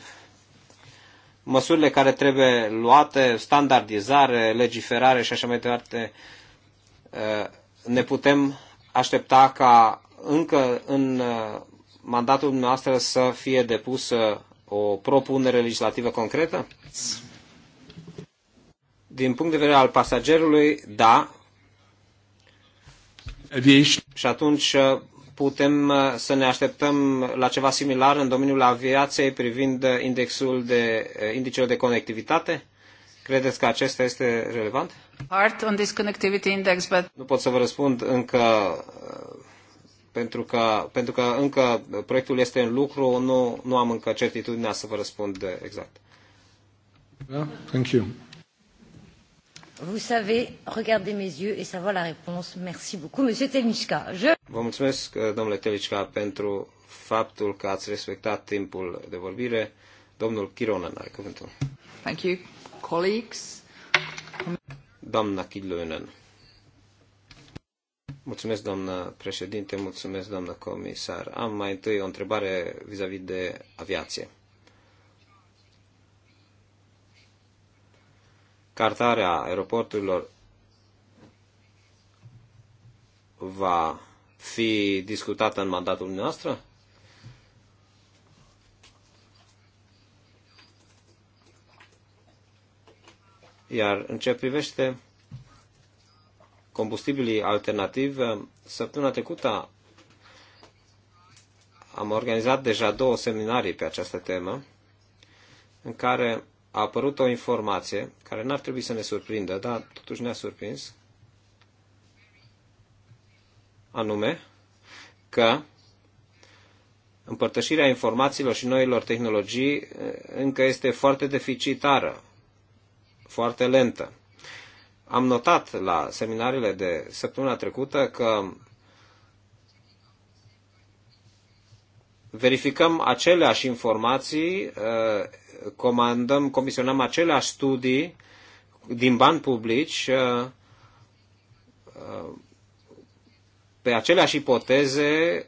măsurile care trebuie luate, standardizare, legiferare și așa mai departe, ne putem aștepta ca încă în mandatul dumneavoastră să fie depusă uh, o propunere legislativă concretă? Din punct de vedere al pasagerului, da. Și atunci uh, putem uh, să ne așteptăm la ceva similar în domeniul aviației privind indexul de, indicele de conectivitate? Credeți că acesta este relevant? on this connectivity index, but... Nu pot să vă răspund încă pentru că, pentru că încă proiectul este în lucru, nu, nu am încă certitudinea să vă răspund exact. Da? Thank you. Vous savez regardez mes yeux et savoir la réponse. Merci beaucoup, Monsieur Telichka. Je... Vă mulțumesc, domnule Telichka, pentru faptul că ați respectat timpul de vorbire. Domnul Chironen are cuvântul. Thank you, colleagues. Doamna Chironen. Mulțumesc, doamnă președinte, mulțumesc, doamnă comisar. Am mai întâi o întrebare vis-a-vis -vis de aviație. Cartarea aeroporturilor va fi discutată în mandatul noastră? Iar în ce privește combustibilii alternativi, săptămâna trecută am organizat deja două seminarii pe această temă, în care a apărut o informație care n-ar trebui să ne surprindă, dar totuși ne-a surprins, anume că împărtășirea informațiilor și noilor tehnologii eh, încă este foarte deficitară, foarte lentă. Am notat la seminariile de săptămâna trecută că verificăm aceleași informații, uh, comandăm, comisionăm aceleași studii din bani publici uh, uh, pe aceleași ipoteze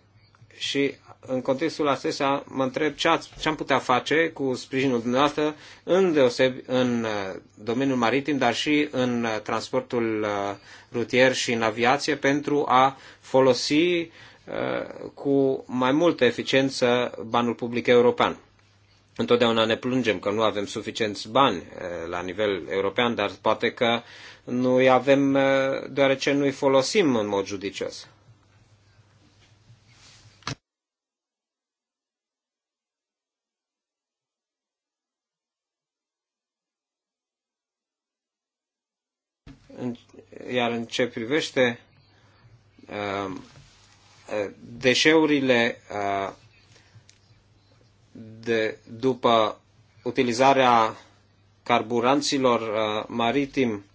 și în contextul acesta mă întreb ce, ați, ce am putea face cu sprijinul dumneavoastră în, deosebi în uh, domeniul maritim, dar și în uh, transportul uh, rutier și în aviație pentru a folosi cu mai multă eficiență banul public european. Întotdeauna ne plângem că nu avem suficienți bani la nivel european, dar poate că nu-i avem deoarece nu-i folosim în mod judicios. iar în ce privește uh, uh, deșeurile uh, de, după utilizarea carburanților maritim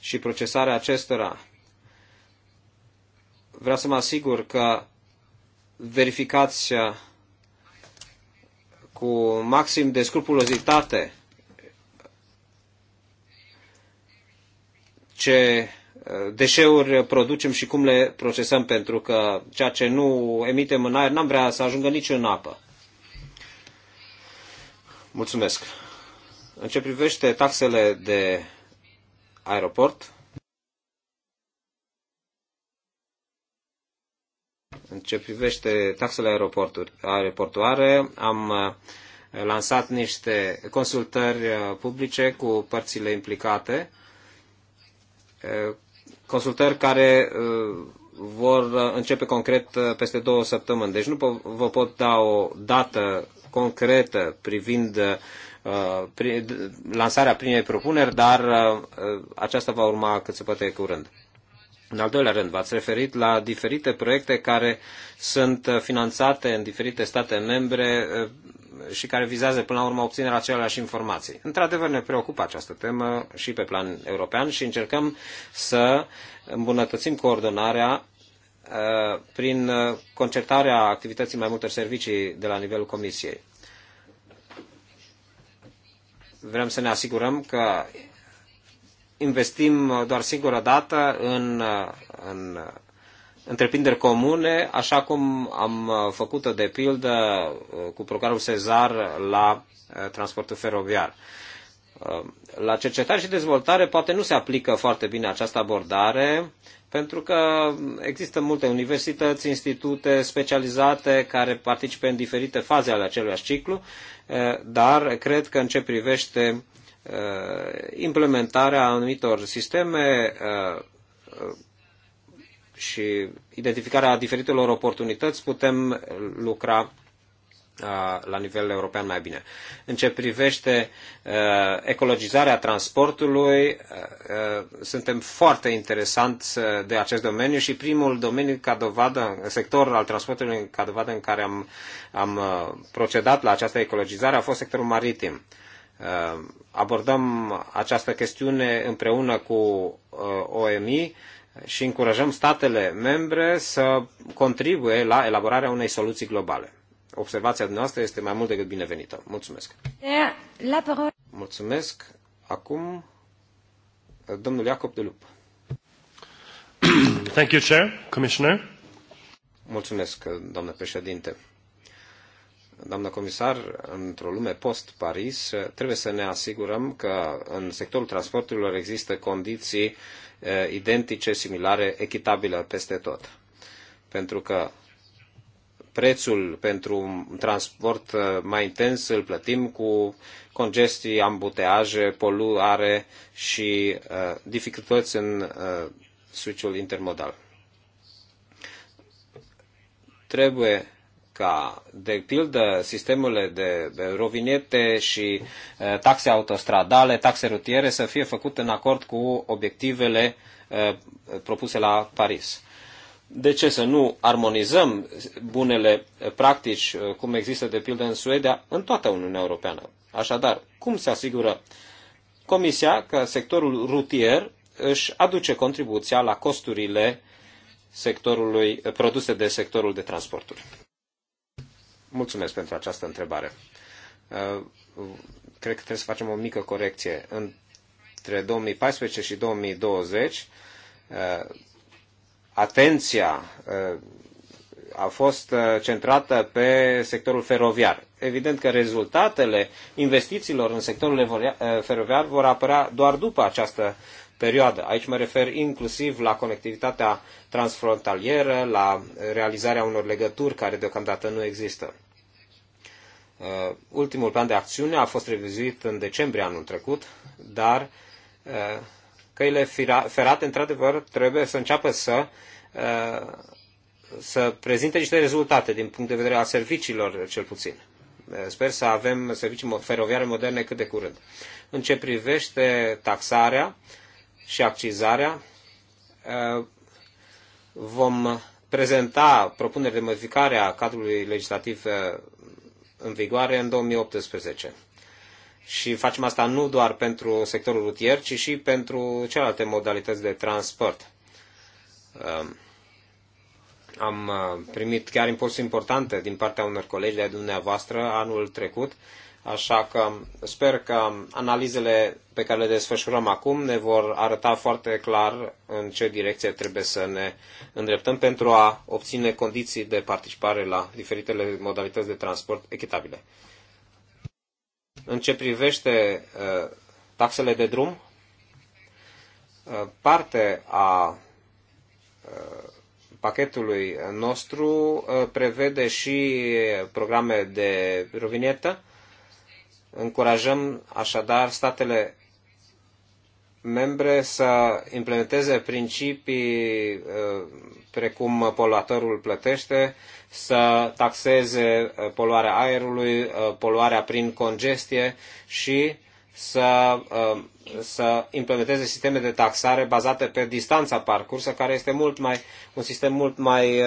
și procesarea acestora, vreau să mă asigur că verificați cu maxim de scrupulozitate ce deșeuri producem și cum le procesăm, pentru că ceea ce nu emitem în aer n-am vrea să ajungă nici în apă. Mulțumesc. În ce privește taxele de aeroport, în ce privește taxele aeroportoare, am uh, lansat niște consultări uh, publice cu părțile implicate uh, consultări care uh, vor uh, începe concret uh, peste două săptămâni. Deci nu vă pot da o dată concretă privind lansarea primei propuneri, dar aceasta va urma cât se poate curând. În al doilea rând, v-ați referit la diferite proiecte care sunt finanțate în diferite state membre și care vizează până la urmă obținerea aceleași informații. Într-adevăr ne preocupă această temă și pe plan european și încercăm să îmbunătățim coordonarea uh, prin uh, concertarea activității mai multor servicii de la nivelul Comisiei. Vrem să ne asigurăm că investim doar singură dată în, uh, în întreprinderi comune, așa cum am uh, făcut-o de pildă uh, cu programul Cezar la uh, transportul feroviar. La cercetare și dezvoltare poate nu se aplică foarte bine această abordare, pentru că există multe universități, institute specializate care participă în diferite faze ale acelui ciclu, dar cred că în ce privește implementarea anumitor sisteme și identificarea diferitelor oportunități putem lucra uh, la nivel european mai bine. În ce privește uh, ecologizarea transportului, uh, suntem foarte interesanți de acest domeniu și primul domeniu ca dovadă, sector al transportului ca dovadă în care am, am procedat la această ecologizare a fost sectorul maritim. Abordăm această chestiune împreună cu OMI și încurajăm statele membre să contribuie la elaborarea unei soluții globale. Observația dumneavoastră este mai mult decât binevenită. Mulțumesc. La parole. Mulțumesc. Acum, domnul Iacob de Lup. Thank you, Chair, Commissioner. Mulțumesc, doamnă președinte doamnă comisar, într-o lume post-Paris, trebuie să ne asigurăm că în sectorul transporturilor există condiții identice, similare, echitabile peste tot. Pentru că prețul pentru un transport mai intens îl plătim cu congestii, ambuteaje, poluare și dificultăți în switch-ul intermodal. Trebuie ca, de pildă, sistemurile de rovinete și taxe autostradale, taxe rutiere să fie făcute în acord cu obiectivele propuse la Paris. De ce să nu armonizăm bunele practici, cum există de pildă în Suedia, în toată Uniunea Europeană? Așadar, cum se asigură Comisia că sectorul rutier își aduce contribuția la costurile sectorului, produse de sectorul de transporturi? Mulțumesc pentru această întrebare. Uh, cred că trebuie să facem o mică corecție. Între 2014 și 2020, uh, atenția uh, a fost centrată pe sectorul feroviar. Evident că rezultatele investițiilor în sectorul feroviar vor apărea doar după această perioadă. Aici mă refer inclusiv la conectivitatea transfrontalieră, la realizarea unor legături care deocamdată nu există. Uh, ultimul plan de acțiune a fost revizuit în decembrie anul trecut, dar uh, căile ferate, într-adevăr, trebuie să înceapă să uh, să prezinte niște rezultate din punct de vedere al serviciilor, cel puțin. Sper să avem servicii feroviare moderne cât de curând. În ce privește taxarea, și accizarea. Uh, vom prezenta propuneri de modificare a cadrului legislativ uh, în vigoare în 2018. Și facem asta nu doar pentru sectorul rutier, ci și pentru celelalte modalități de transport. Uh, am primit chiar impulsuri importante din partea unor colegi de dumneavoastră anul trecut Așa că sper că analizele pe care le desfășurăm acum ne vor arăta foarte clar în ce direcție trebuie să ne îndreptăm pentru a obține condiții de participare la diferitele modalități de transport echitabile. În ce privește uh, taxele de drum, uh, parte a uh, pachetului nostru prevede și programe de rovinietă, Încurajăm așadar statele membre să implementeze principii uh, precum poluatorul plătește, să taxeze uh, poluarea aerului, uh, poluarea prin congestie și să, să implementeze sisteme de taxare bazate pe distanța parcursă, care este mult mai, un sistem mult mai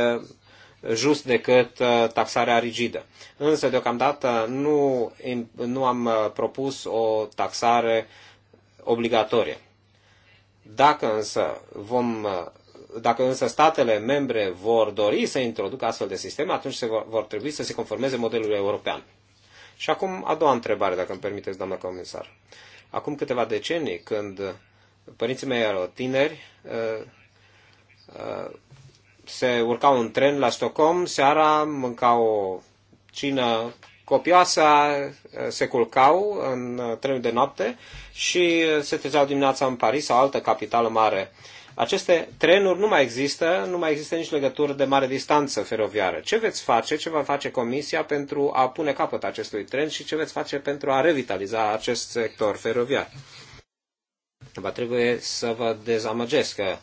just decât uh, taxarea rigidă. Însă, deocamdată, nu, nu am uh, propus o taxare obligatorie. Dacă însă, vom, uh, dacă însă statele membre vor dori să introducă astfel de sisteme, atunci se vor, vor trebui să se conformeze modelului european. Și acum a doua întrebare, dacă îmi permiteți, doamnă comisar. Acum câteva decenii, când părinții mei erau tineri, se urca un tren la Stockholm, seara mâncau o cină copioasă, se culcau în trenul de noapte și se trezeau dimineața în Paris sau altă capitală mare. Aceste trenuri nu mai există, nu mai există nici legături de mare distanță feroviară. Ce veți face, ce va face Comisia pentru a pune capăt acestui tren și ce veți face pentru a revitaliza acest sector feroviar? Va trebui să vă dezamăgesc că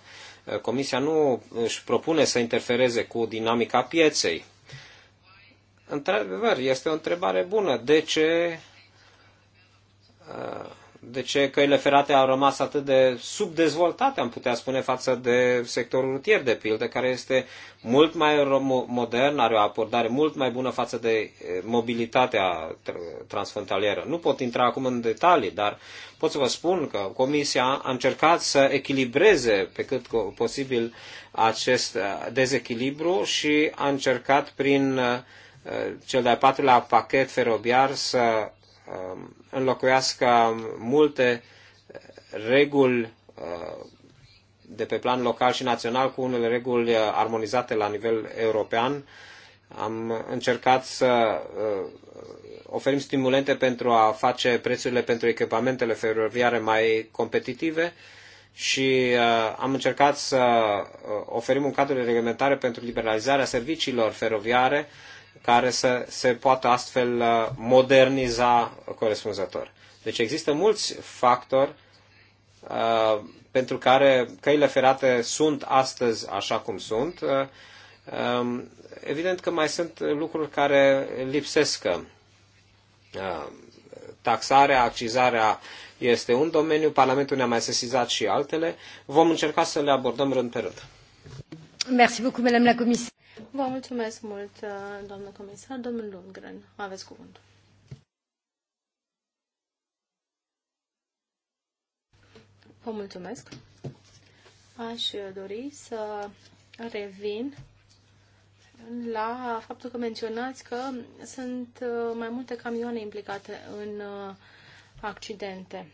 Comisia nu își propune să interfereze cu dinamica pieței. Într-adevăr, este o întrebare bună. De ce de ce căile ferate au rămas atât de subdezvoltate, am putea spune, față de sectorul rutier, de pildă, care este mult mai modern, are o abordare mult mai bună față de eh, mobilitatea transfrontalieră. Nu pot intra acum în detalii, dar pot să vă spun că Comisia a încercat să echilibreze pe cât posibil acest eh, dezechilibru și a încercat prin eh, cel de-al patrulea pachet feroviar să Um, înlocuiască multe reguli uh, de pe plan local și național cu unele reguli uh, armonizate la nivel european. Am încercat să uh, oferim stimulente pentru a face prețurile pentru echipamentele feroviare mai competitive și am încercat să oferim un cadru de reglementare pentru liberalizarea serviciilor feroviare care să se poată astfel uh, moderniza corespunzător. Deci există mulți factori uh, pentru care căile ferate sunt astăzi așa cum sunt. Uh, um, evident că mai sunt lucruri care lipsesc. Uh, taxarea, accizarea este un domeniu, Parlamentul ne-a mai sesizat și altele. Vom încerca să le abordăm rând pe rând. Merci beaucoup, Madame la Comisie. Vă mulțumesc mult, uh, doamnă comisar. Domnul Lundgren, aveți cuvântul. Vă mulțumesc. Aș dori să revin la faptul că menționați că sunt uh, mai multe camioane implicate în uh, accidente.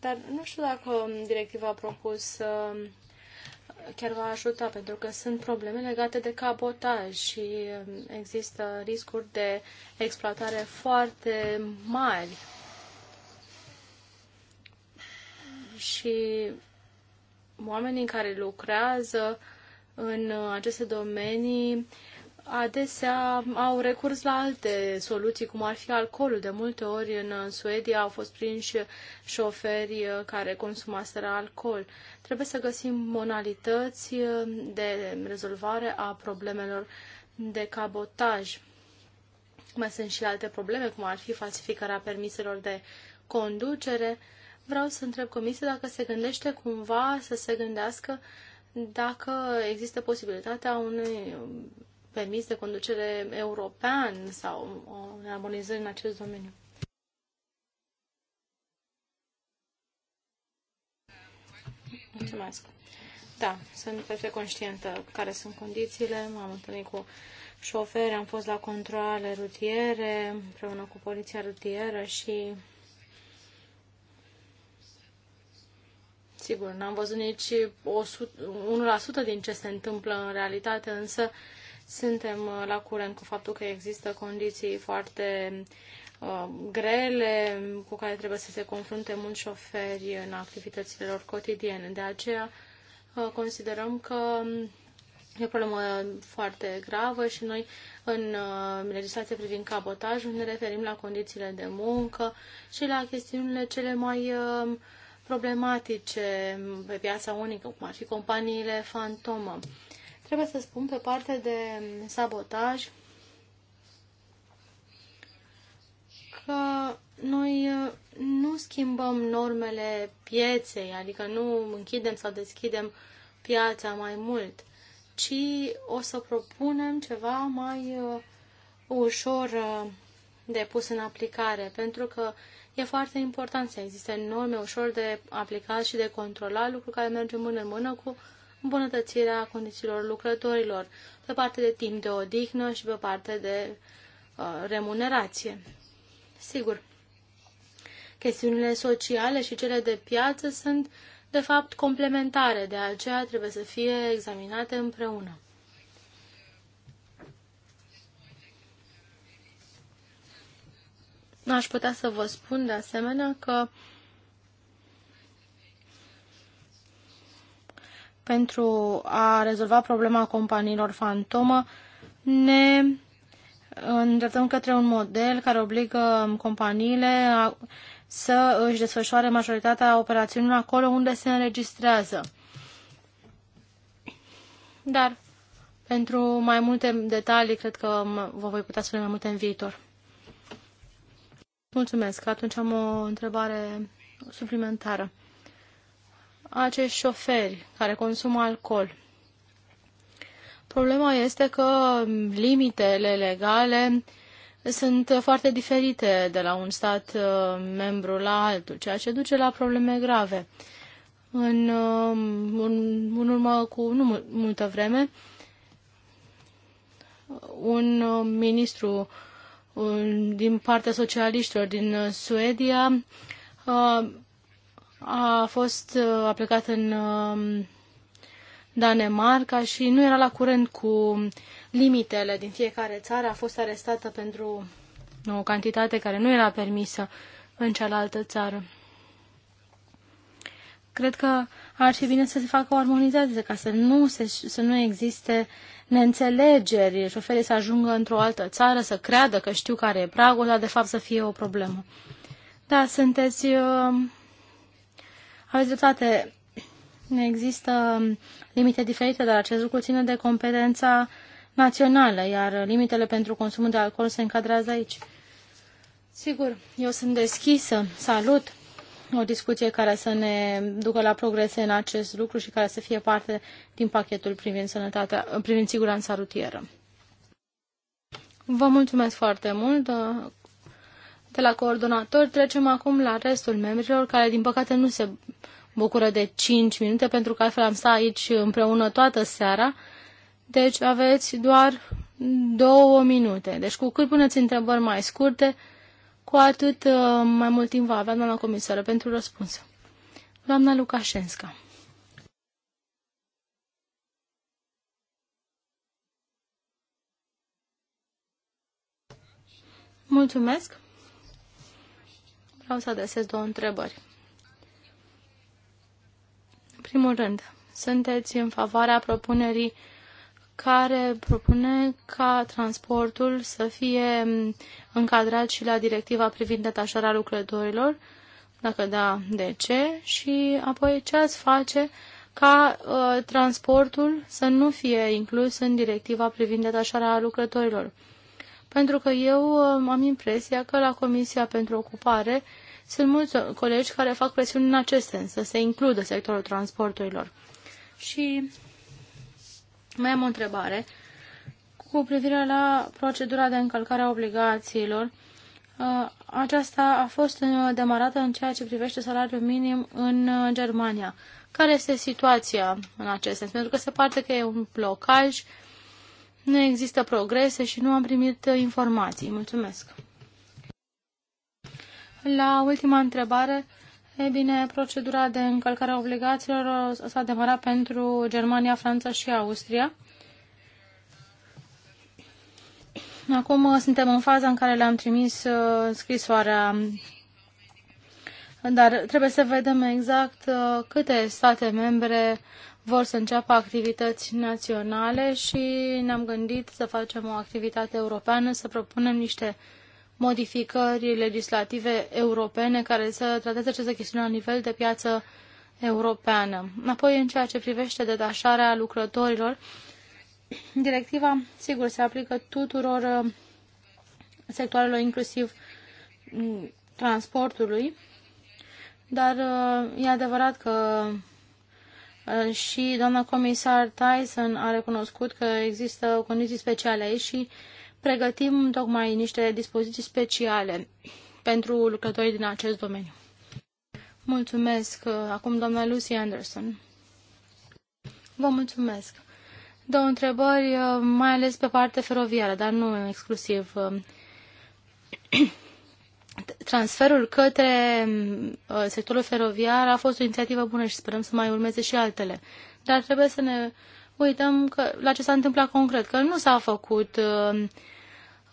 Dar nu știu dacă directiva a propus chiar va ajuta, pentru că sunt probleme legate de cabotaj și um, există riscuri de exploatare foarte mari. Și oamenii care lucrează în aceste domenii adesea au recurs la alte soluții, cum ar fi alcoolul. De multe ori în Suedia au fost prinși șoferi uh, care consumaseră alcool. Trebuie să găsim modalități uh, de rezolvare a problemelor de cabotaj. Mai sunt și alte probleme, cum ar fi falsificarea permiselor de conducere. Vreau să întreb comisia dacă se gândește cumva să se gândească dacă există posibilitatea unui permis de conducere european sau o armonizări în acest domeniu. Mulțumesc. Da, sunt perfect conștientă care sunt condițiile. M-am întâlnit cu șoferi, am fost la controle rutiere, împreună cu poliția rutieră și Sigur, n-am văzut nici 100, 1% din ce se întâmplă în realitate, însă suntem uh, la curent cu faptul că există condiții foarte uh, grele cu care trebuie să se confrunte mulți șoferi în activitățile lor cotidiene. De aceea uh, considerăm că um, E o problemă foarte gravă și noi în legislația privind cabotajul ne referim la condițiile de muncă și la chestiunile cele mai um, problematice pe piața unică, cum ar fi companiile fantomă. Trebuie să spun pe partea de sabotaj că noi uh, nu schimbăm normele pieței, adică nu închidem sau deschidem piața mai mult, ci o să propunem ceva mai uh, ușor uh, de pus în aplicare, pentru că e foarte important să existe norme ușor de aplicat și de controlat, lucru care merge mână în mână cu îmbunătățirea condițiilor lucrătorilor, pe parte de timp de odihnă și pe parte de uh, remunerație. Sigur, chestiunile sociale și cele de piață sunt, de fapt, complementare, de aceea trebuie să fie examinate împreună. Aș putea să vă spun de asemenea că pentru a rezolva problema companiilor fantomă, ne îndreptăm către un model care obligă companiile a, să își desfășoare majoritatea operațiunilor acolo unde se înregistrează. Dar pentru mai multe detalii, cred că vă voi putea spune mai multe în viitor. Mulțumesc. Atunci am o întrebare suplimentară acești șoferi care consumă alcool. Problema este că limitele legale sunt foarte diferite de la un stat uh, membru la altul, ceea ce duce la probleme grave. În, uh, în, în urmă cu nu multă vreme, un uh, ministru din partea socialiștilor din Suedia a fost uh, aplicat în um, Danemarca și nu era la curent cu limitele din fiecare țară. A fost arestată pentru o cantitate care nu era permisă în cealaltă țară. Cred că ar fi bine să se facă o armonizare ca să nu, se, să nu existe neînțelegeri, șoferii să ajungă într-o altă țară, să creadă că știu care e pragul, dar de fapt să fie o problemă. Da, sunteți uh, aveți dreptate, există limite diferite, dar acest lucru ține de competența națională, iar limitele pentru consumul de alcool se încadrează aici. Sigur, eu sunt deschisă, salut o discuție care să ne ducă la progrese în acest lucru și care să fie parte din pachetul privind, sănătatea, privind siguranța rutieră. Vă mulțumesc foarte mult. De la coordonator trecem acum la restul membrilor, care din păcate nu se bucură de 5 minute, pentru că altfel am stat aici împreună toată seara. Deci aveți doar două minute. Deci cu cât puneți întrebări mai scurte, cu atât uh, mai mult timp va avea doamna comisară pentru răspuns. Doamna Lucașenska. Mulțumesc vreau să adresez două întrebări. În primul rând, sunteți în favoarea propunerii care propune ca transportul să fie încadrat și la directiva privind detașarea lucrătorilor? Dacă da, de ce? Și apoi ce ați face ca uh, transportul să nu fie inclus în directiva privind detașarea lucrătorilor? Pentru că eu uh, am impresia că la Comisia pentru Ocupare uh, sunt mulți colegi care fac presiuni în acest sens, să se includă sectorul transporturilor. Și mai am o întrebare cu privire la procedura de încălcare a obligațiilor. Uh, aceasta a fost uh, demarată în ceea ce privește salariul minim în uh, Germania. Care este situația în acest sens? Pentru că se pare că e un blocaj, nu există progrese și nu am primit informații. Mulțumesc! La ultima întrebare, e bine, procedura de încălcare a obligațiilor s-a demarat pentru Germania, Franța și Austria. Acum suntem în faza în care le-am trimis uh, scrisoarea, dar trebuie să vedem exact uh, câte state membre vor să înceapă activități naționale și ne-am gândit să facem o activitate europeană, să propunem niște uh, modificări legislative europene care să trateze aceste chestiuni la nivel de piață europeană. Apoi, în ceea ce privește detașarea lucrătorilor, directiva, sigur, se aplică tuturor uh, sectoarelor, inclusiv mm, transportului, dar uh, e adevărat că uh, și doamna comisar Tyson a recunoscut că există condiții speciale aici și pregătim tocmai niște dispoziții speciale pentru lucrătorii din acest domeniu. Mulțumesc. Acum doamna Lucy Anderson. Vă mulțumesc. Două întrebări, mai ales pe partea feroviară, dar nu exclusiv. Transferul către uh, sectorul feroviar a fost o inițiativă bună și sperăm să mai urmeze și altele. Dar trebuie să ne uităm că, la ce s-a întâmplat concret, că nu s-a făcut uh,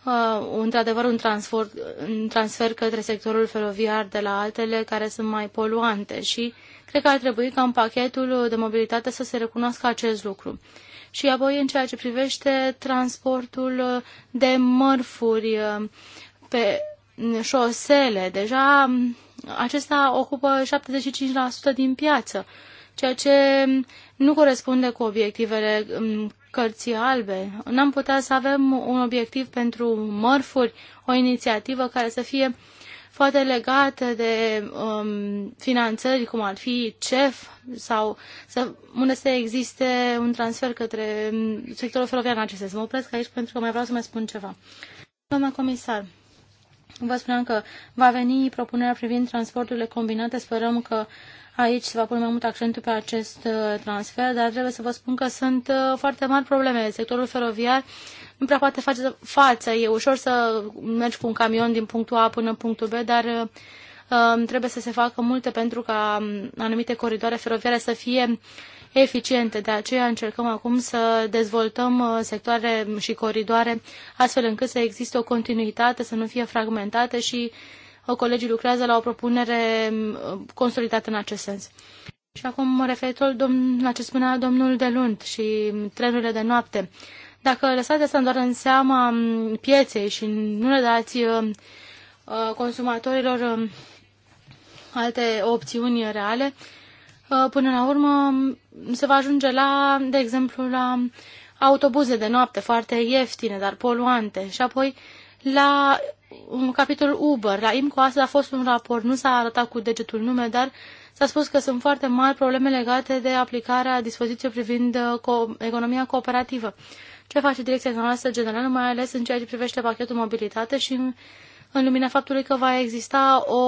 uh, într-adevăr un transfer, un transfer către sectorul feroviar de la altele care sunt mai poluante și cred că ar trebui ca în pachetul de mobilitate să se recunoască acest lucru. Și apoi în ceea ce privește transportul de mărfuri uh, pe șosele, deja acesta ocupă 75% din piață ceea ce nu corespunde cu obiectivele mm, cărții albe. N-am putea să avem un obiectiv pentru mărfuri, o inițiativă care să fie poate legată de um, finanțări, cum ar fi CEF, sau să, unde să existe un transfer către mm, sectorul feroviar în acest sens. Mă opresc aici pentru că mai vreau să mai spun ceva. Doamna comisar, vă spuneam că va veni propunerea privind transporturile combinate. Sperăm că Aici se va pune mai mult accentul pe acest uh, transfer, dar trebuie să vă spun că sunt uh, foarte mari probleme. Sectorul feroviar nu prea poate face față. E ușor să mergi cu un camion din punctul A până în punctul B, dar uh, um, trebuie să se facă multe pentru ca um, anumite coridoare feroviare să fie eficiente. De aceea încercăm acum să dezvoltăm sectoare și coridoare astfel încât să existe o continuitate, să nu fie fragmentate și colegii lucrează la o propunere uh, consolidată în acest sens. Și acum referitor la ce spunea domnul de Lund și trenurile de noapte. Dacă lăsați asta doar în seama um, pieței și nu le dați uh, uh, consumatorilor um, alte opțiuni reale, până la urmă um, se va ajunge la, de exemplu, la autobuze de noapte foarte ieftine, dar poluante și apoi la un capitol Uber, la IMCO asta a fost un raport, nu s-a arătat cu degetul nume, dar s-a spus că sunt foarte mari probleme legate de aplicarea dispoziției privind uh, co economia cooperativă. Ce face direcția noastră generală, mai ales în ceea ce privește pachetul mobilitate și în, în lumina faptului că va exista o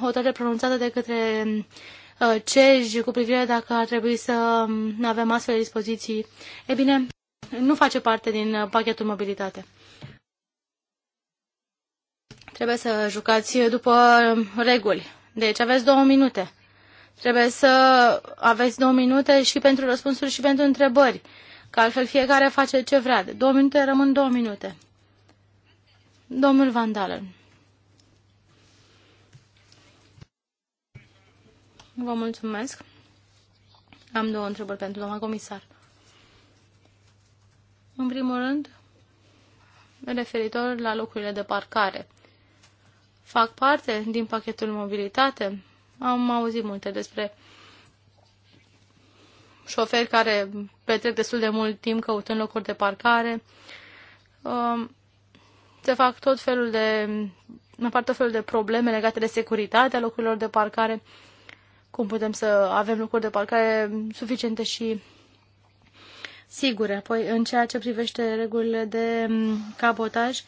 hotărâre pronunțată de către uh, CEJ cu privire dacă ar trebui să um, avem astfel de dispoziții. E bine, nu face parte din uh, pachetul mobilitate. Trebuie să jucați după reguli. Deci aveți două minute. Trebuie să aveți două minute și pentru răspunsuri și pentru întrebări. Că altfel fiecare face ce vrea. De două minute rămân două minute. Domnul Van Dalen. Vă mulțumesc. Am două întrebări pentru doamna comisar. În primul rând, referitor la locurile de parcare fac parte din pachetul mobilitate. Am auzit multe despre șoferi care petrec destul de mult timp căutând locuri de parcare. Um, se fac tot felul de, apar tot felul de probleme legate de securitatea locurilor de parcare. Cum putem să avem locuri de parcare suficiente și sigure. Apoi, în ceea ce privește regulile de mm, cabotaj,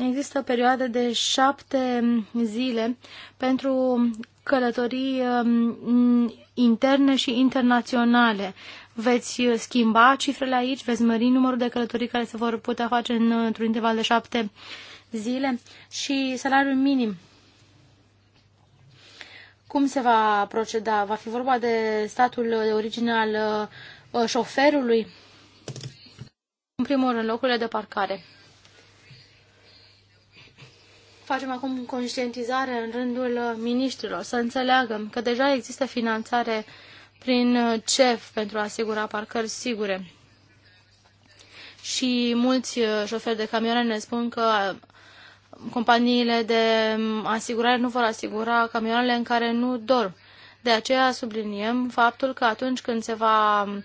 există perioade de șapte zile pentru călătorii um, interne și internaționale. Veți schimba cifrele aici? Veți mări numărul de călătorii care se vor putea face într-un interval de șapte zile? Și salariul minim. Cum se va proceda? Va fi vorba de statul de origine al uh, șoferului? În primul rând, locurile de parcare facem acum conștientizare în rândul uh, miniștrilor, să înțeleagă că deja există finanțare prin uh, CEF pentru a asigura parcări sigure. Și mulți uh, șoferi de camioane ne spun că companiile de um, asigurare nu vor asigura camioanele în care nu dorm. De aceea subliniem faptul că atunci când se va um,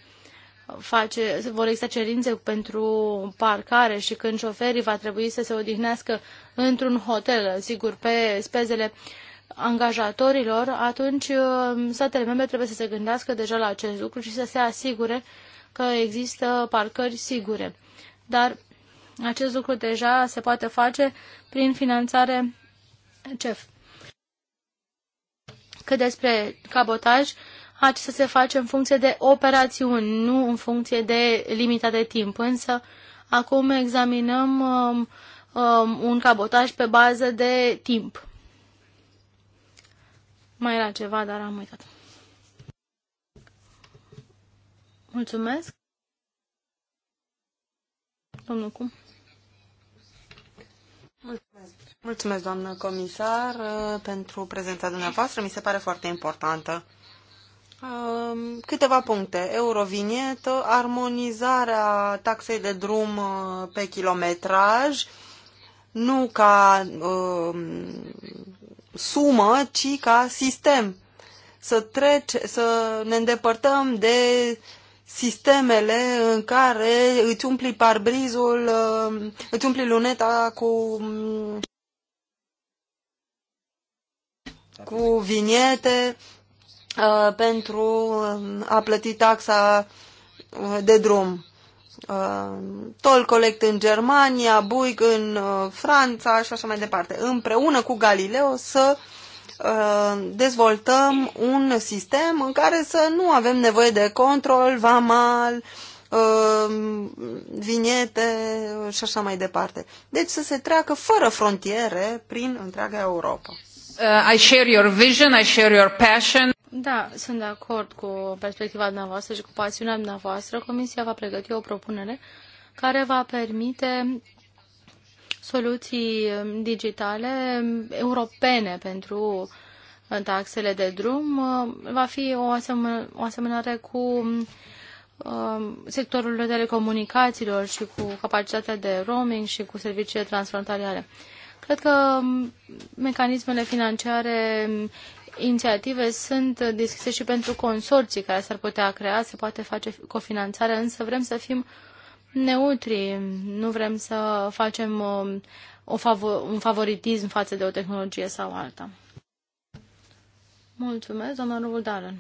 face, vor exista cerințe pentru parcare și când șoferii va trebui să se odihnească într-un hotel, sigur, pe spezele angajatorilor, atunci uh, statele membre trebuie să se gândească deja la acest lucru și să se asigure că există parcări sigure. Dar acest lucru deja se poate face prin finanțare CEF. Cât despre cabotaj, acesta se face în funcție de operațiuni, nu în funcție de limita de timp. Însă, acum examinăm um, um, un cabotaj pe bază de timp. Mai era ceva, dar am uitat. Mulțumesc. Domnul Cum. Mulțumesc. Mulțumesc, doamnă comisar, uh, pentru prezența dumneavoastră. Mi se pare foarte importantă. Um, câteva puncte. Eurovinietă, armonizarea taxei de drum uh, pe kilometraj, nu ca uh, sumă, ci ca sistem. Să, trece, să ne îndepărtăm de sistemele în care îți umpli parbrizul, uh, îți umpli luneta cu cu viniete uh, pentru um, a plăti taxa uh, de drum uh, Toll Collect în Germania, Buig în uh, Franța și așa mai departe. Împreună cu Galileo să uh, dezvoltăm un sistem în care să nu avem nevoie de control, vamal, uh, vinete și așa mai departe. Deci să se treacă fără frontiere prin întreaga Europa. Uh, I share your vision, I share your passion. Da, sunt de acord cu perspectiva dumneavoastră și cu pasiunea dumneavoastră. Comisia va pregăti o propunere care va permite soluții digitale europene pentru uh, taxele de drum. Uh, va fi o, asemân o asemănare cu uh, sectorul telecomunicațiilor și cu capacitatea de roaming și cu serviciile transfrontaliere. Cred că um, mecanismele financiare inițiative sunt deschise și pentru consorții care s-ar putea crea, se poate face cofinanțare, însă vrem să fim neutri, nu vrem să facem uh, o fav- un favoritism față de o tehnologie sau alta. Mulțumesc, doamna Ruvuldaren.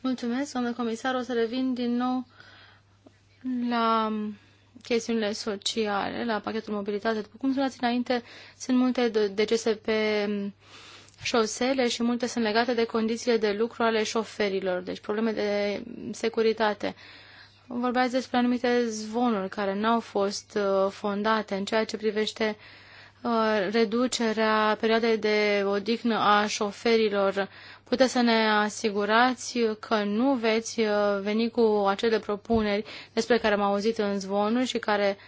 Mulțumesc, doamna comisar. O să revin din nou la chestiunile sociale, la pachetul mobilitate. După cum spuneați înainte, sunt multe decese pe șosele și multe sunt legate de condițiile de lucru ale șoferilor, deci probleme de securitate. Vorbeați despre anumite zvonuri care n-au fost uh, fondate în ceea ce privește uh, reducerea perioadei de odihnă a șoferilor. Puteți să ne asigurați că nu veți uh, veni cu acele propuneri despre care am auzit în zvonuri și care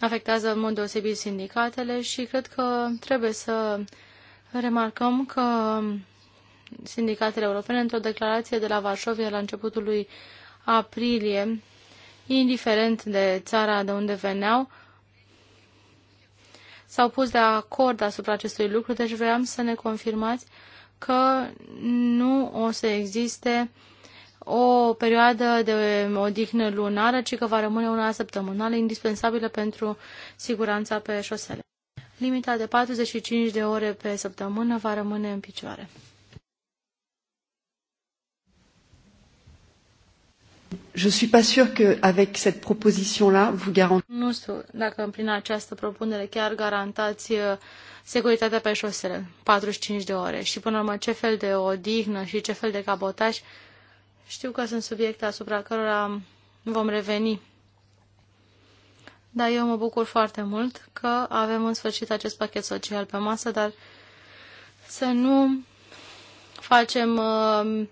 afectează în mod deosebit sindicatele și cred că trebuie să Remarcăm că sindicatele europene, într-o declarație de la Varșovia la începutul lui aprilie, indiferent de țara de unde veneau, s-au pus de acord asupra acestui lucru, deci vreau să ne confirmați că nu o să existe o perioadă de odihnă lunară, ci că va rămâne una săptămânală indispensabilă pentru siguranța pe șosele limita de 45 de ore pe săptămână va rămâne în picioare. Je suis pas sûr que avec cette proposition là vous garantez Nu știu dacă prin această propunere chiar garantați uh, securitatea pe șosele 45 de ore și până la urmă ce fel de odihnă și ce fel de cabotaj știu că sunt subiecte asupra cărora vom reveni. Dar eu mă bucur foarte mult că avem în sfârșit acest pachet social pe masă, dar să nu facem uh,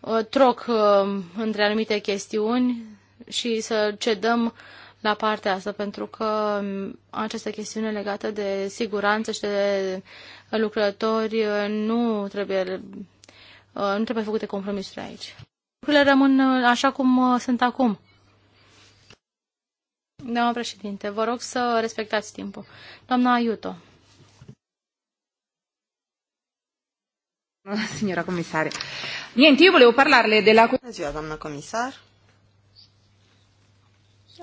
uh troc uh, între anumite chestiuni și să cedăm la partea asta, pentru că um, această chestiune legată de siguranță și de lucrători uh, nu trebuie, uh, nu trebuie făcute compromisuri aici. Lucrurile rămân așa cum sunt acum. Doamna președinte, vă rog să respectați timpul. Doamna Aiuto. Signora Comisar, Niente, Eu voleu parlarle la... Bună ziua, doamna comisar.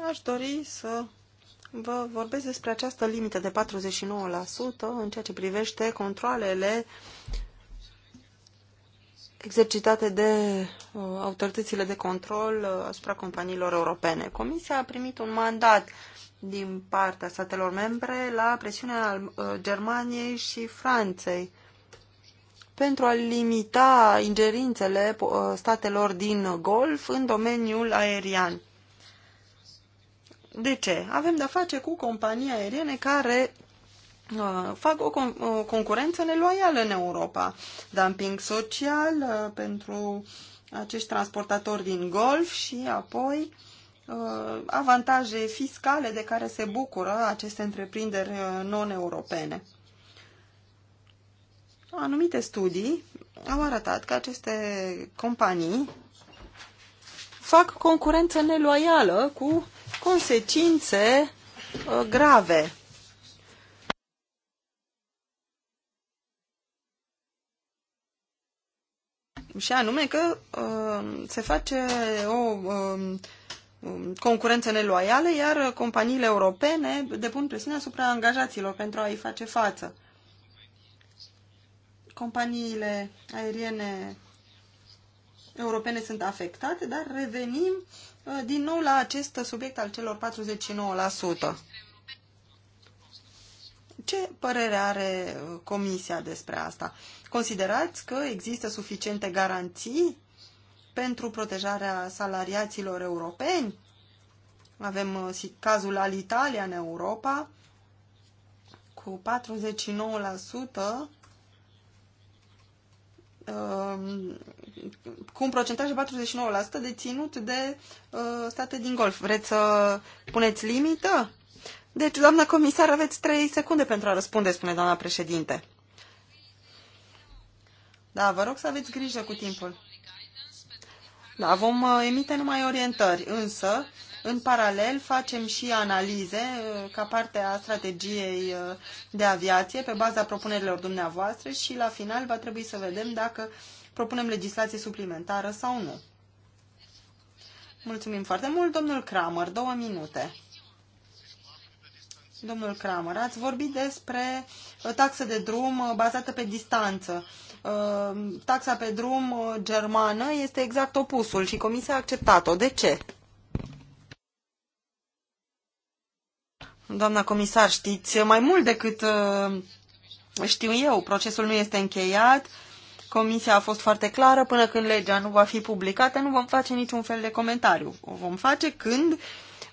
Aș dori să vă vorbesc despre această limită de 49% în ceea ce privește controlele exercitate de uh, autoritățile de control uh, asupra companiilor europene. Comisia a primit un mandat din partea statelor membre la presiunea uh, Germaniei și Franței pentru a limita ingerințele uh, statelor din Golf în domeniul aerian. De ce? Avem de-a face cu companii aeriene care Uh, fac o, con o concurență neloială în Europa. Dumping social uh, pentru acești transportatori din golf și apoi uh, avantaje fiscale de care se bucură aceste întreprinderi non-europene. Anumite studii au arătat că aceste companii fac concurență neloială cu consecințe grave și anume că uh, se face o uh, concurență neloială, iar companiile europene depun presiune asupra angajaților pentru a-i face față. Companiile aeriene europene sunt afectate, dar revenim uh, din nou la acest subiect al celor 49%. Ce părere are uh, Comisia despre asta? Considerați că există suficiente garanții pentru protejarea salariaților europeni? Avem uh, cazul al Italia în Europa cu 49% um, cu un procentaj de 49% deținut de uh, state din Golf. Vreți să puneți limită? Deci, doamna comisar, aveți 3 secunde pentru a răspunde, spune doamna președinte. Da, vă rog să aveți grijă cu timpul. Da, vom uh, emite numai orientări, însă, în paralel, facem și analize uh, ca parte a strategiei uh, de aviație pe baza propunerilor dumneavoastră și la final va trebui să vedem dacă propunem legislație suplimentară sau nu. Mulțumim foarte mult, domnul Kramer, două minute. Domnul Kramer, ați vorbit despre taxă de drum bazată pe distanță Uh, taxa pe drum uh, germană este exact opusul și Comisia a acceptat-o. De ce? Doamna comisar, știți mai mult decât uh, știu eu. Procesul nu este încheiat. Comisia a fost foarte clară. Până când legea nu va fi publicată, nu vom face niciun fel de comentariu. O vom face când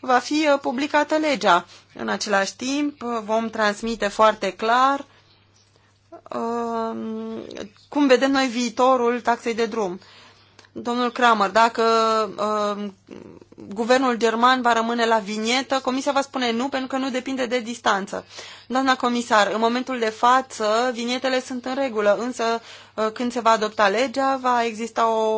va fi publicată legea. În același timp, vom transmite foarte clar Uh, cum vedem noi viitorul taxei de drum. Domnul Kramer, dacă uh, guvernul german va rămâne la vinietă, comisia va spune nu, pentru că nu depinde de distanță. Doamna comisar, în momentul de față, vinietele sunt în regulă, însă uh, când se va adopta legea, va exista o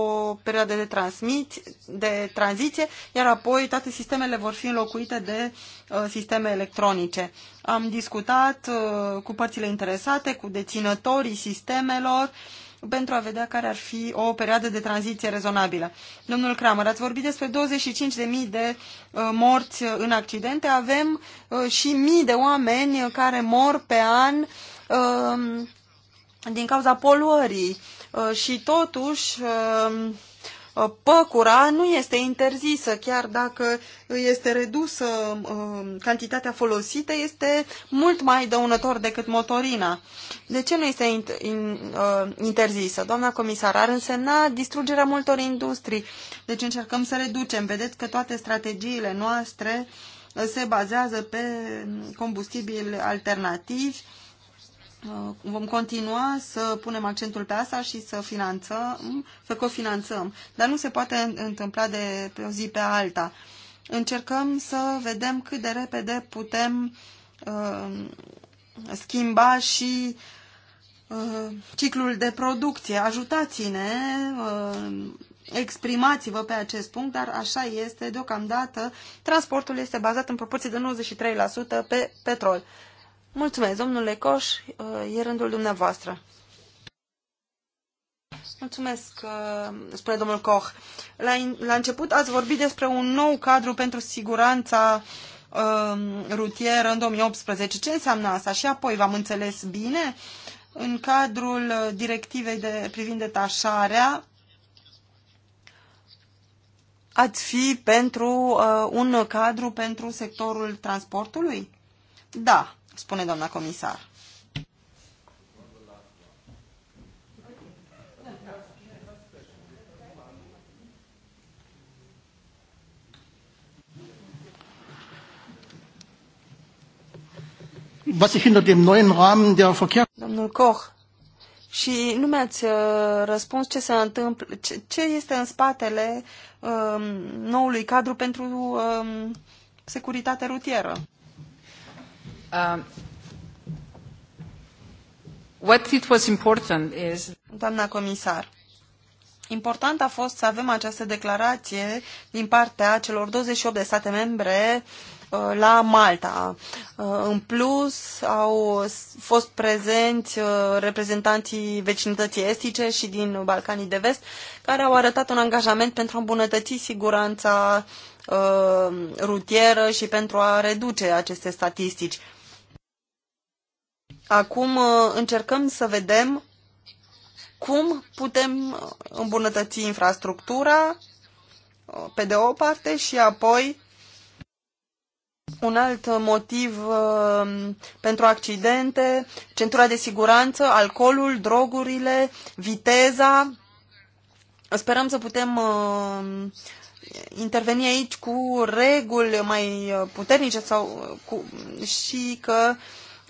perioadă de, transmiți, de tranziție, iar apoi toate sistemele vor fi înlocuite de uh, sisteme electronice. Am discutat uh, cu părțile interesate, cu deținătorii sistemelor, uh, pentru a vedea care ar fi o perioadă de tranziție rezonabilă. Domnul Cramer, ați vorbit despre 25.000 de uh, morți în accidente. Avem uh, și mii de oameni care mor pe an uh, din cauza poluării și totuși păcura nu este interzisă, chiar dacă este redusă um, cantitatea folosită, este mult mai dăunător decât motorina. De ce nu este uh, interzisă? Doamna comisar, ar însemna distrugerea multor industrii. Deci încercăm să reducem. Vedeți că toate strategiile noastre uh, se bazează pe combustibili alternativi, Uh, vom continua să punem accentul pe asta și să finanțăm, să cofinanțăm. Dar nu se poate întâmpla de pe o zi pe alta. Încercăm să vedem cât de repede putem uh, schimba și uh, ciclul de producție. Ajutați-ne, uh, exprimați-vă pe acest punct, dar așa este deocamdată. Transportul este bazat în proporție de 93% pe petrol. Mulțumesc, domnule Coș, uh, e rândul dumneavoastră. Mulțumesc, uh, spune domnul Koch. La, in, la început ați vorbit despre un nou cadru pentru siguranța uh, rutieră în 2018. Ce înseamnă asta? Și apoi, v-am înțeles bine, în cadrul uh, directivei de, privind detașarea, ați fi pentru uh, un cadru pentru sectorul transportului? Da spune doamna comisar. Domnul Koch, și nu mi-ați uh, răspuns ce se întâmplă, ce, ce este în spatele um, noului cadru pentru um, securitate rutieră. Um, what it was important is... Doamna comisar, important a fost să avem această declarație din partea celor 28 de state membre uh, la Malta. Uh, în plus, au fost prezenți uh, reprezentanții vecinătății estice și din Balcanii de Vest, care au arătat un angajament pentru a îmbunătăți siguranța rutieră și pentru a reduce aceste statistici. Acum uh, încercăm să vedem cum putem îmbunătăți infrastructura, uh, pe de o parte, și apoi un alt motiv uh, pentru accidente, centura de siguranță, alcoolul, drogurile, viteza. Sperăm să putem interveni aici cu reguli mai puternice sau cu, și că uh,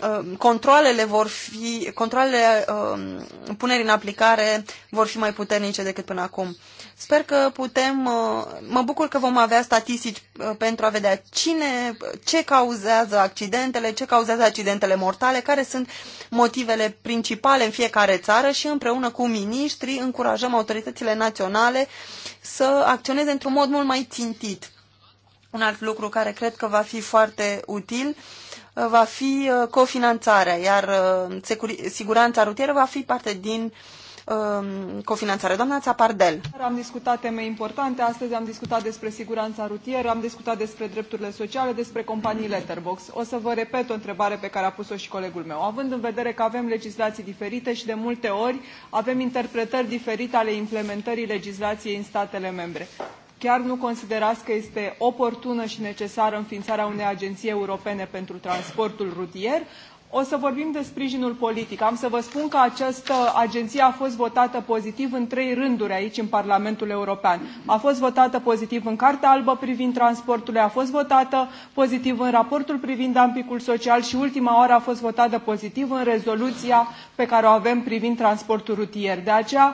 Um, controlele vor fi, controlele um, punerii în aplicare vor fi mai puternice decât până acum. Sper că putem, uh, mă bucur că vom avea statistici uh, pentru a vedea cine, ce cauzează accidentele, ce cauzează accidentele mortale, care sunt motivele principale în fiecare țară și împreună cu miniștrii încurajăm autoritățile naționale să acționeze într-un mod mult mai țintit. Un alt lucru care cred că va fi foarte util uh, va fi uh, cofinanțarea, iar uh, siguranța rutieră va fi parte din um, cofinanțare. Doamna Țapardel. Am discutat teme importante. Astăzi am discutat despre siguranța rutieră, am discutat despre drepturile sociale, despre companii letterbox. O să vă repet o întrebare pe care a pus-o și colegul meu. Având în vedere că avem legislații diferite și de multe ori avem interpretări diferite ale implementării legislației în statele membre, Chiar nu considerați că este oportună și necesară înființarea unei agenții europene pentru transportul rutier? O să vorbim de sprijinul politic. Am să vă spun că această agenție a fost votată pozitiv în trei rânduri aici, în Parlamentul European. A fost votată pozitiv în Cartea Albă privind transportul, a fost votată pozitiv în raportul privind ampicul social și ultima oară a fost votată pozitiv în rezoluția pe care o avem privind transportul rutier. De aceea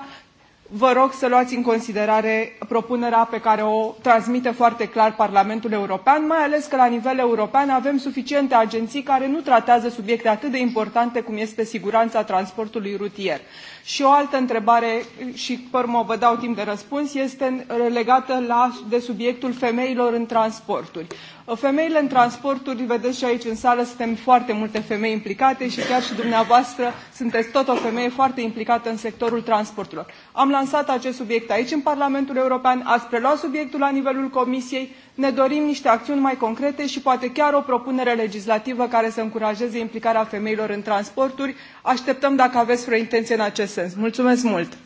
vă rog să luați în considerare propunerea pe care o transmite foarte clar Parlamentul European, mai ales că la nivel european avem suficiente agenții care nu tratează subiecte atât de importante cum este siguranța transportului rutier. Și o altă întrebare, și mă vă dau timp de răspuns, este legată la, de subiectul femeilor în transporturi. Femeile în transporturi, vedeți și aici în sală, suntem foarte multe femei implicate și chiar și dumneavoastră sunteți tot o femeie foarte implicată în sectorul transporturilor. Am lansat acest subiect aici în Parlamentul European, ați preluat subiectul la nivelul Comisiei, ne dorim niște acțiuni mai concrete și poate chiar o propunere legislativă care să încurajeze implicarea femeilor în transporturi. Așteptăm dacă aveți vreo intenție în acest sens. Mulțumesc mult!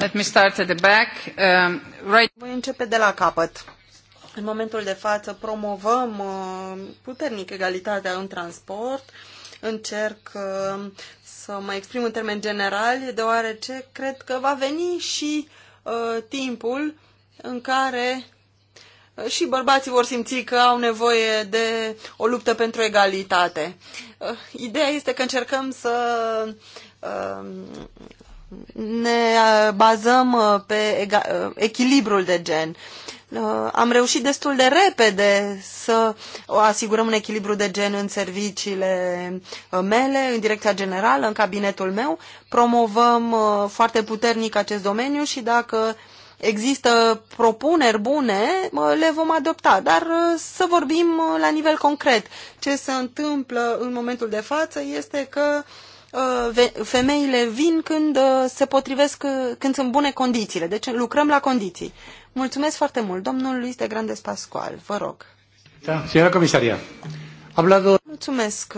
Um, Voi începe de la capăt. În momentul de față promovăm uh, puternic egalitatea în transport. Încerc uh, să mă exprim în termeni generali, deoarece cred că va veni și uh, timpul în care și bărbații vor simți că au nevoie de o luptă pentru egalitate. Ideea este că încercăm să ne uh, bazăm uh, pe uh, echilibrul de gen. Am reușit destul de repede să asigurăm un echilibru de gen în serviciile mele, în direcția generală, în cabinetul meu. Promovăm foarte puternic acest domeniu și dacă există propuneri bune, le vom adopta. Dar să vorbim la nivel concret. Ce se întâmplă în momentul de față este că uh, Uh, femeile vin când uh, se potrivesc, uh, când sunt bune condițiile. Deci lucrăm la condiții. Mulțumesc foarte mult, domnul Luis de Grandes Pascual. Vă rog. Da, comisaria. Hablado... Mulțumesc,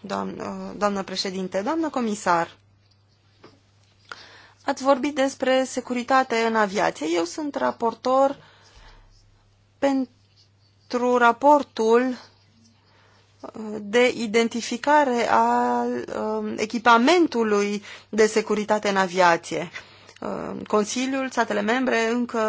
doamnă, doamnă președinte. Doamnă comisar, ați vorbit despre securitate în aviație. Eu sunt raportor pentru raportul de identificare a um, echipamentului de securitate în aviație. Um, Consiliul, statele membre încă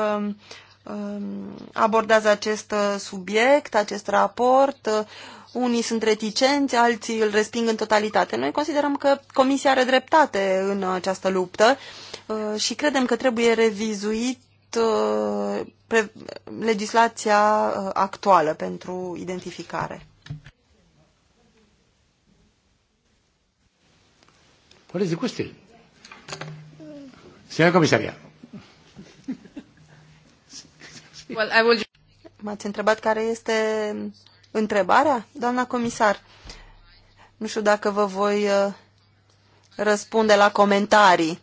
um, abordează acest uh, subiect, acest raport. Unii sunt reticenți, alții îl resping în totalitate. Noi considerăm că Comisia are dreptate în această luptă uh, și credem că trebuie revizuit uh, legislația actuală pentru identificare. ¿No păi, les disgusta? Señora comisaria. Well, I will... M-ați întrebat care este întrebarea, doamna comisar? Nu știu dacă vă voi uh, răspunde la comentarii.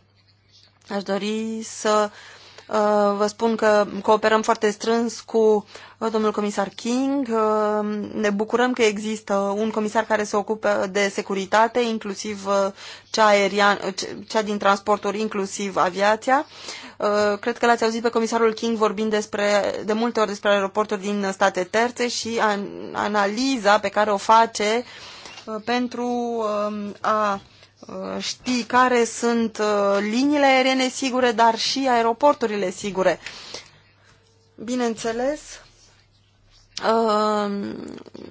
Aș dori să Uh, vă spun că cooperăm foarte strâns cu uh, domnul comisar King. Uh, ne bucurăm că există un comisar care se ocupă de securitate, inclusiv cea, aerian, cea din transporturi, inclusiv aviația. Cred că l-ați auzit pe comisarul King vorbind despre, de multe ori despre aeroporturi din state terțe și analiza pe care o face pentru um, a Uh, ști care sunt uh, liniile aeriene sigure, dar și aeroporturile sigure. Bineînțeles, uh,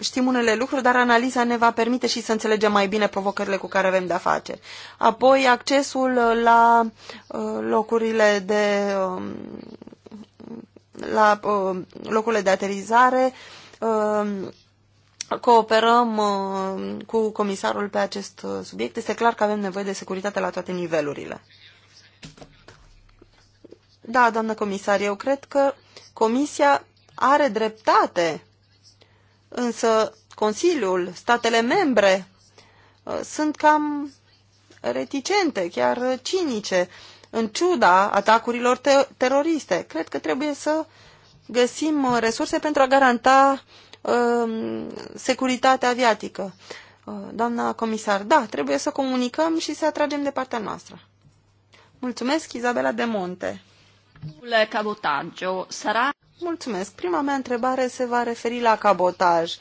știm unele lucruri, dar analiza ne va permite și să înțelegem mai bine provocările cu care avem de-a face. Apoi, accesul la locurile de um, la locurile de aterizare cooperăm uh, cu comisarul pe acest uh, subiect. Este clar că avem nevoie de securitate la toate nivelurile. Da, doamnă comisar, eu cred că Comisia are dreptate, însă Consiliul, statele membre uh, sunt cam reticente, chiar cinice, în ciuda atacurilor te teroriste. Cred că trebuie să găsim resurse pentru a garanta Um, securitatea aviatică. Uh, doamna comisar, da, trebuie să comunicăm și să atragem de partea noastră. Mulțumesc, Izabela de Monte. Mulțumesc. Prima mea întrebare se va referi la cabotaj.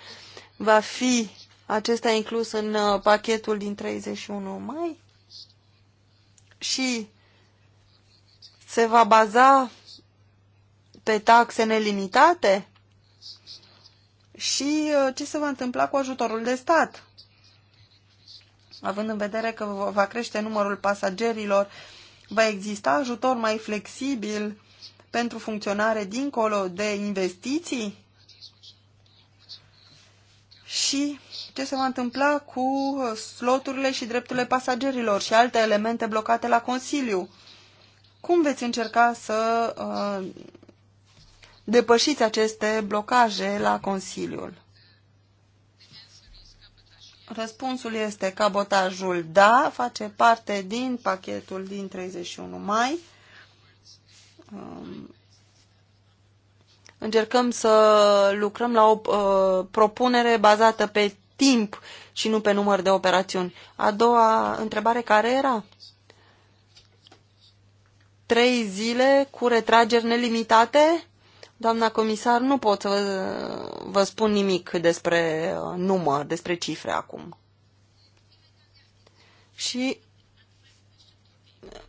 Va fi acesta inclus în uh, pachetul din 31 mai? Și se va baza pe taxe nelimitate? și uh, ce se va întâmpla cu ajutorul de stat, având în vedere că va crește numărul pasagerilor, va exista ajutor mai flexibil pentru funcționare dincolo de investiții? Și ce se va întâmpla cu uh, sloturile și drepturile pasagerilor și alte elemente blocate la Consiliu? Cum veți încerca să uh, depășiți aceste blocaje la Consiliul? Răspunsul este cabotajul da, face parte din pachetul din 31 mai. Um, încercăm să lucrăm la o uh, propunere bazată pe timp și nu pe număr de operațiuni. A doua întrebare care era? Trei zile cu retrageri nelimitate? Doamna comisar, nu pot să vă, vă spun nimic despre uh, număr, despre cifre acum. Și uh,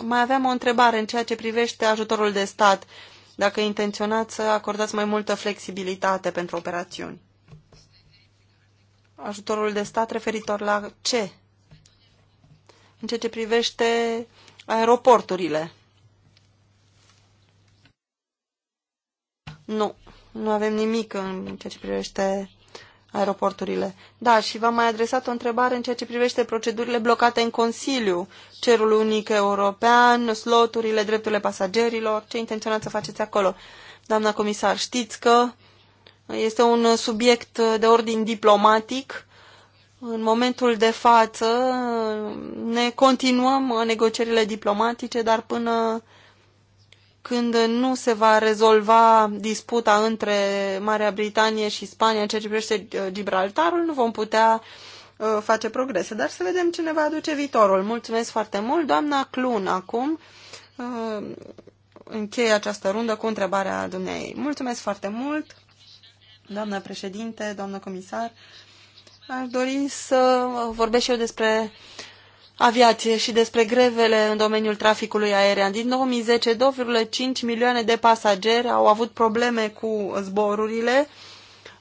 mai aveam o întrebare în ceea ce privește ajutorul de stat, dacă intenționați să acordați mai multă flexibilitate pentru operațiuni. Ajutorul de stat referitor la ce? În ceea ce privește aeroporturile. Nu, nu avem nimic în ceea ce privește aeroporturile. Da, și v-am mai adresat o întrebare în ceea ce privește procedurile blocate în Consiliu, cerul unic european, sloturile, drepturile pasagerilor, ce intenționați să faceți acolo. Doamna comisar, știți că este un subiect de ordin diplomatic. În momentul de față ne continuăm negocierile diplomatice, dar până când nu se va rezolva disputa între Marea Britanie și Spania în ceea ce privește uh, Gibraltarul, nu vom putea uh, face progrese. Dar să vedem ce ne va aduce viitorul. Mulțumesc foarte mult, doamna Clun, acum uh, încheie această rundă cu întrebarea dumneei. Mulțumesc foarte mult, doamna președinte, doamna comisar. Aș dori să vorbesc și eu despre aviație și despre grevele în domeniul traficului aerian. Din 2010, 2,5 milioane de pasageri au avut probleme cu zborurile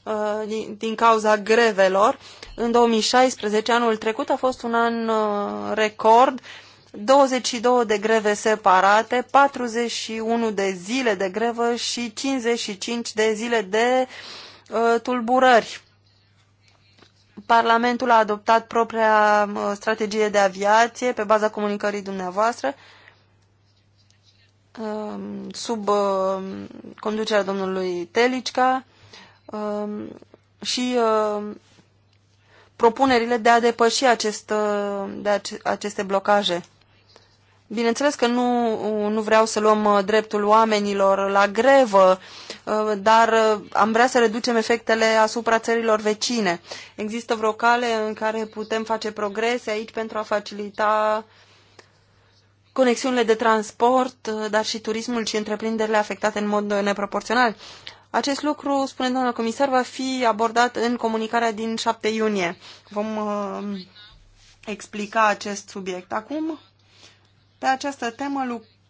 uh, din, cauza grevelor. În 2016, anul trecut, a fost un an uh, record, 22 de greve separate, 41 de zile de grevă și 55 de zile de uh, tulburări. Parlamentul a adoptat propria uh, strategie de aviație pe baza comunicării dumneavoastră um, sub uh, conducerea domnului Telicca um, și um, propunerile de a depăși acest, uh, de aceste blocaje. Bineînțeles că nu, nu vreau să luăm dreptul oamenilor la grevă Uh, dar uh, am vrea să reducem efectele asupra țărilor vecine. Există vreo cale în care putem face progrese aici pentru a facilita conexiunile de transport, uh, dar și turismul și întreprinderile afectate în mod neproporțional. Acest lucru, spune doamna comisar, va fi abordat în comunicarea din 7 iunie. Vom uh, explica acest subiect. Acum, pe această temă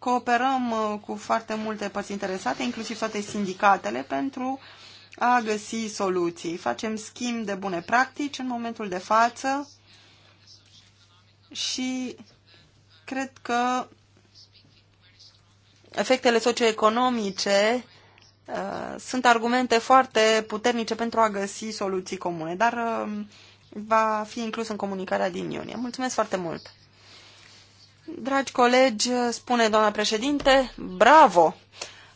Cooperăm uh, cu foarte multe părți interesate, inclusiv toate sindicatele, pentru a găsi soluții. Facem schimb de bune practici în momentul de față și cred că efectele socioeconomice uh, sunt argumente foarte puternice pentru a găsi soluții comune, dar uh, va fi inclus în comunicarea din iunie. Mulțumesc foarte mult! Dragi colegi, spune doamna președinte, bravo!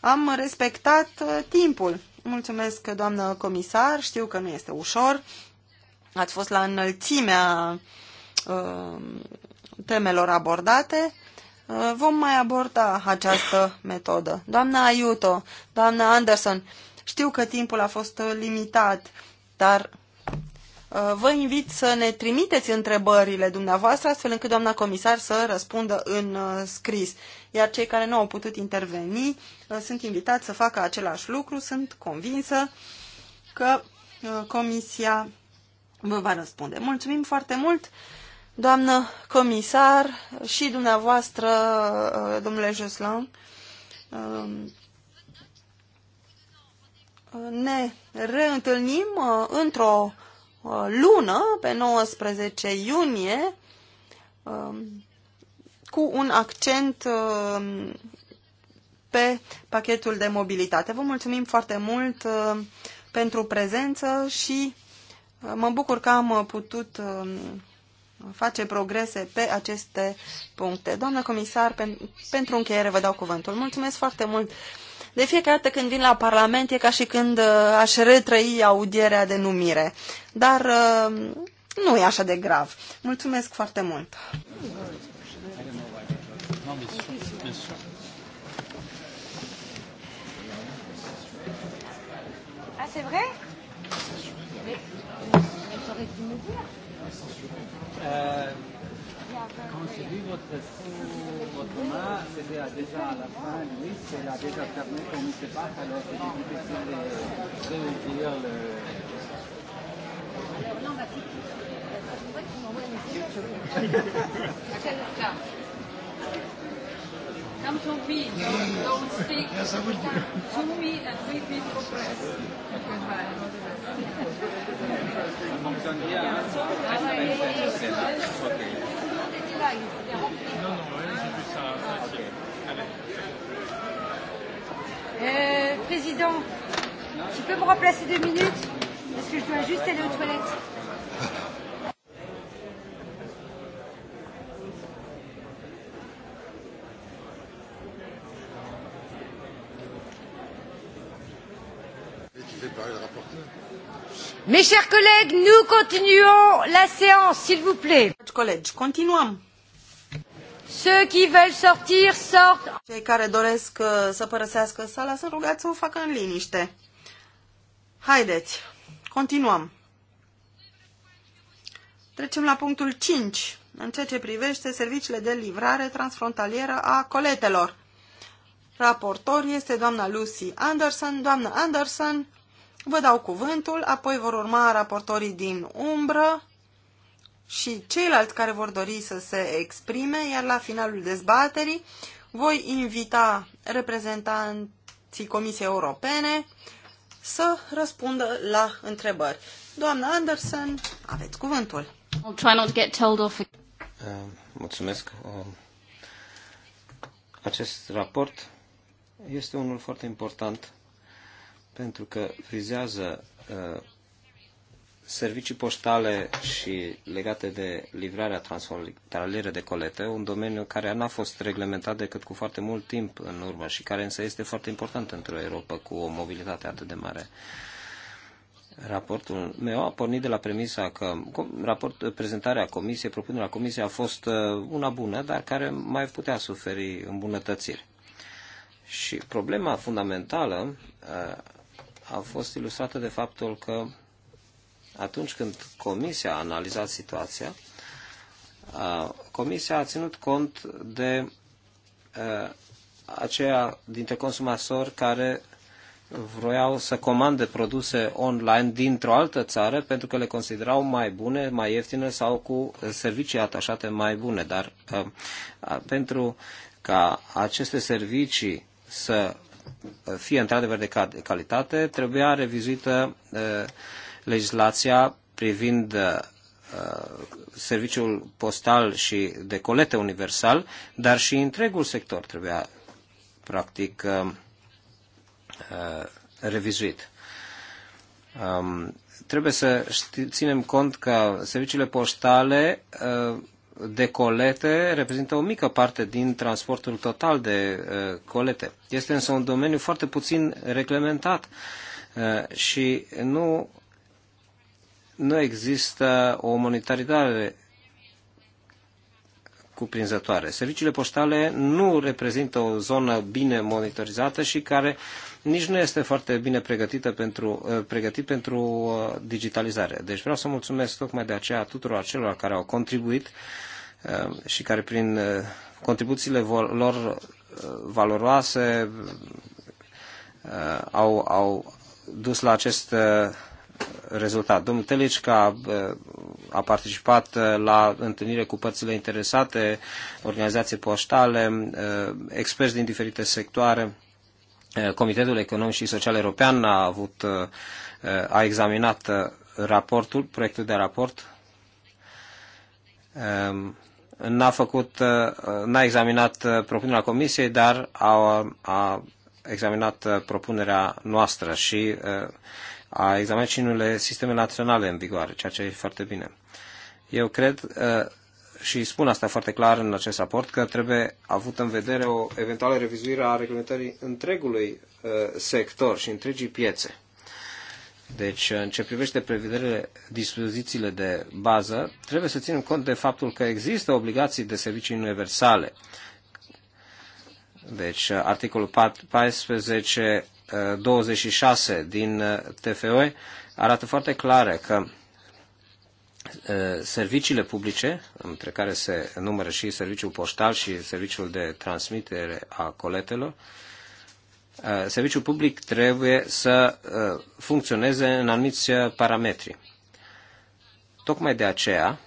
Am respectat uh, timpul. Mulțumesc, doamnă comisar, știu că nu este ușor. Ați fost la înălțimea uh, temelor abordate. Uh, vom mai aborda această metodă. Doamna Aiuto, doamna Anderson, știu că timpul a fost limitat, dar Uh, vă invit să ne trimiteți întrebările dumneavoastră, astfel încât doamna comisar să răspundă în uh, scris. Iar cei care nu au putut interveni uh, sunt invitați să facă același lucru. Sunt convinsă că comisia vă va răspunde. Mulțumim foarte mult, doamnă comisar, și dumneavoastră, domnule Joslan. Um, ne reîntâlnim într-o Uh, lună, pe 19 iunie, um, cu un accent um, pe pachetul de mobilitate. Vă mulțumim foarte mult um, pentru prezență și uh, mă bucur că am putut face progrese pe aceste puncte. Doamnă comisar, pentru încheiere vă dau cuvântul. Mulțumesc foarte mult! De fiecare dată când vin la Parlament e ca și când uh, aș retrăi audierea de numire. Dar uh, nu e așa de grav. Mulțumesc foarte mult! Ah, c'est vrai Mais Euh, quand j'ai vu votre demain, c'est-à-dire déjà à la fin, oui, c'est là déjà fermé, on ne sait pas, alors c'est difficile de réouvrir le... Alors non, bah, c'est vrai qu'on envoie un message. À quelle heure Come to me, don't, don't speak. Yes, I will. Come to me and we will progress. Goodbye. Non, non, j'ai vu ça. Euh, président, tu peux me remplacer deux minutes Parce que je dois juste aller aux toilettes. Mes chers collègues, nous continuons la séance, s'il vous plaît. Colegi, continuons. Cei care doresc uh, să părăsească sala sunt rugați să o facă în liniște. Haideți, continuăm. Trecem la punctul 5, în ceea ce privește serviciile de livrare transfrontalieră a coletelor. Raportor este doamna Lucy Anderson. Doamna Anderson, vă dau cuvântul, apoi vor urma raportorii din umbră, și ceilalți care vor dori să se exprime, iar la finalul dezbaterii voi invita reprezentanții Comisiei Europene să răspundă la întrebări. Doamna Anderson, aveți cuvântul. I'll try not to get told off. Uh, mulțumesc. Uh, acest raport este unul foarte important pentru că vizează uh, servicii poștale și legate de livrarea transfrontalieră de colete, un domeniu care n-a fost reglementat decât cu foarte mult timp în urmă și care însă este foarte important într-o Europa cu o mobilitate atât de mare. Raportul meu a pornit de la premisa că raport, prezentarea comisiei, propunerea comisiei a fost uh, una bună, dar care mai putea suferi îmbunătățiri. Și problema fundamentală uh, a fost ilustrată de faptul că atunci când Comisia a analizat situația, Comisia a ținut cont de aceia dintre consumatori care vroiau să comande produse online dintr-o altă țară pentru că le considerau mai bune, mai ieftine sau cu servicii atașate mai bune. Dar pentru ca aceste servicii să fie într-adevăr de calitate, trebuia revizuită legislația privind uh, serviciul postal și de colete universal, dar și întregul sector trebuia practic uh, uh, revizuit. Um, trebuie să ținem cont că serviciile poștale de colete reprezintă o mică parte din transportul total de colete. Este însă un domeniu foarte puțin reglementat și nu nu există o monitorizare cuprinzătoare. Serviciile poștale nu reprezintă o zonă bine monitorizată și care nici nu este foarte bine pregătită pentru, eh, pregătit pentru eh, digitalizare. Deci vreau să mulțumesc tocmai de aceea tuturor celor care au contribuit eh, și care prin contribuțiile lor valoroase au, au dus la acest rezultat. Domnul Telicca a participat la întâlnire cu părțile interesate, organizații poștale, experți din diferite sectoare. Comitetul Economic și Social European a avut, a examinat raportul, proiectul de raport. N-a făcut, n-a examinat propunerea comisiei, dar a, a examinat propunerea noastră și a examenat și unele sisteme naționale în vigoare, ceea ce e foarte bine. Eu cred uh, și spun asta foarte clar în acest raport, că trebuie avut în vedere o eventuală revizuire a reglementării întregului uh, sector și întregii piețe. Deci, uh, în ce privește prevederile, dispozițiile de bază, trebuie să ținem cont de faptul că există obligații de servicii universale. Deci, articolul 14 26 din uh, TFOE arată foarte clare că uh, serviciile publice, între care se numără și serviciul poștal și serviciul de transmitere a coletelor, uh, serviciul public trebuie să funcționeze în anumiți parametri. Tocmai de aceea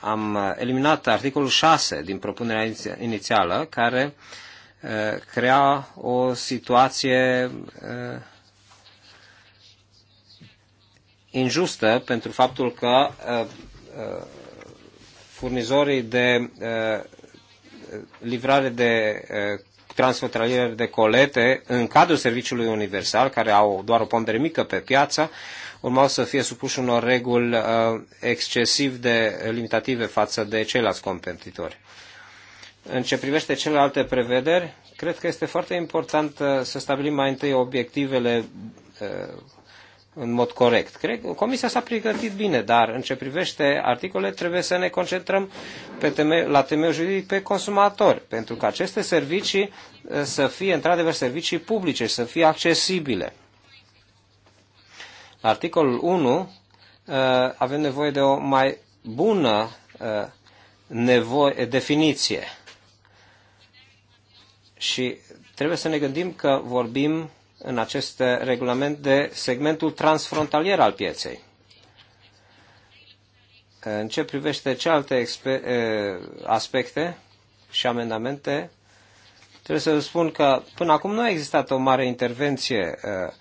am eliminat articolul 6 din propunerea inițială, care Eh, crea o situație eh, injustă pentru faptul că eh, furnizorii de livrare de transfrontaliere de colete în cadrul serviciului universal, care au doar o pondere mică pe piață, urmau să fie supuși unor reguli excesiv de limitative față de ceilalți competitori. În ce privește celelalte prevederi, cred că este foarte important uh, să stabilim mai întâi obiectivele uh, în mod corect. Cred că comisia s-a pregătit bine, dar în ce privește articole trebuie să ne concentrăm pe teme, la temeiul juridic pe consumatori, pentru că aceste servicii uh, să fie într-adevăr servicii publice, să fie accesibile. La articolul 1 avem nevoie de o mai bună nevoie, definiție și trebuie să ne gândim că vorbim în acest regulament de segmentul transfrontalier al pieței. În ce privește cealaltă aspecte și amendamente, trebuie să spun că până acum nu a existat o mare intervenție uh,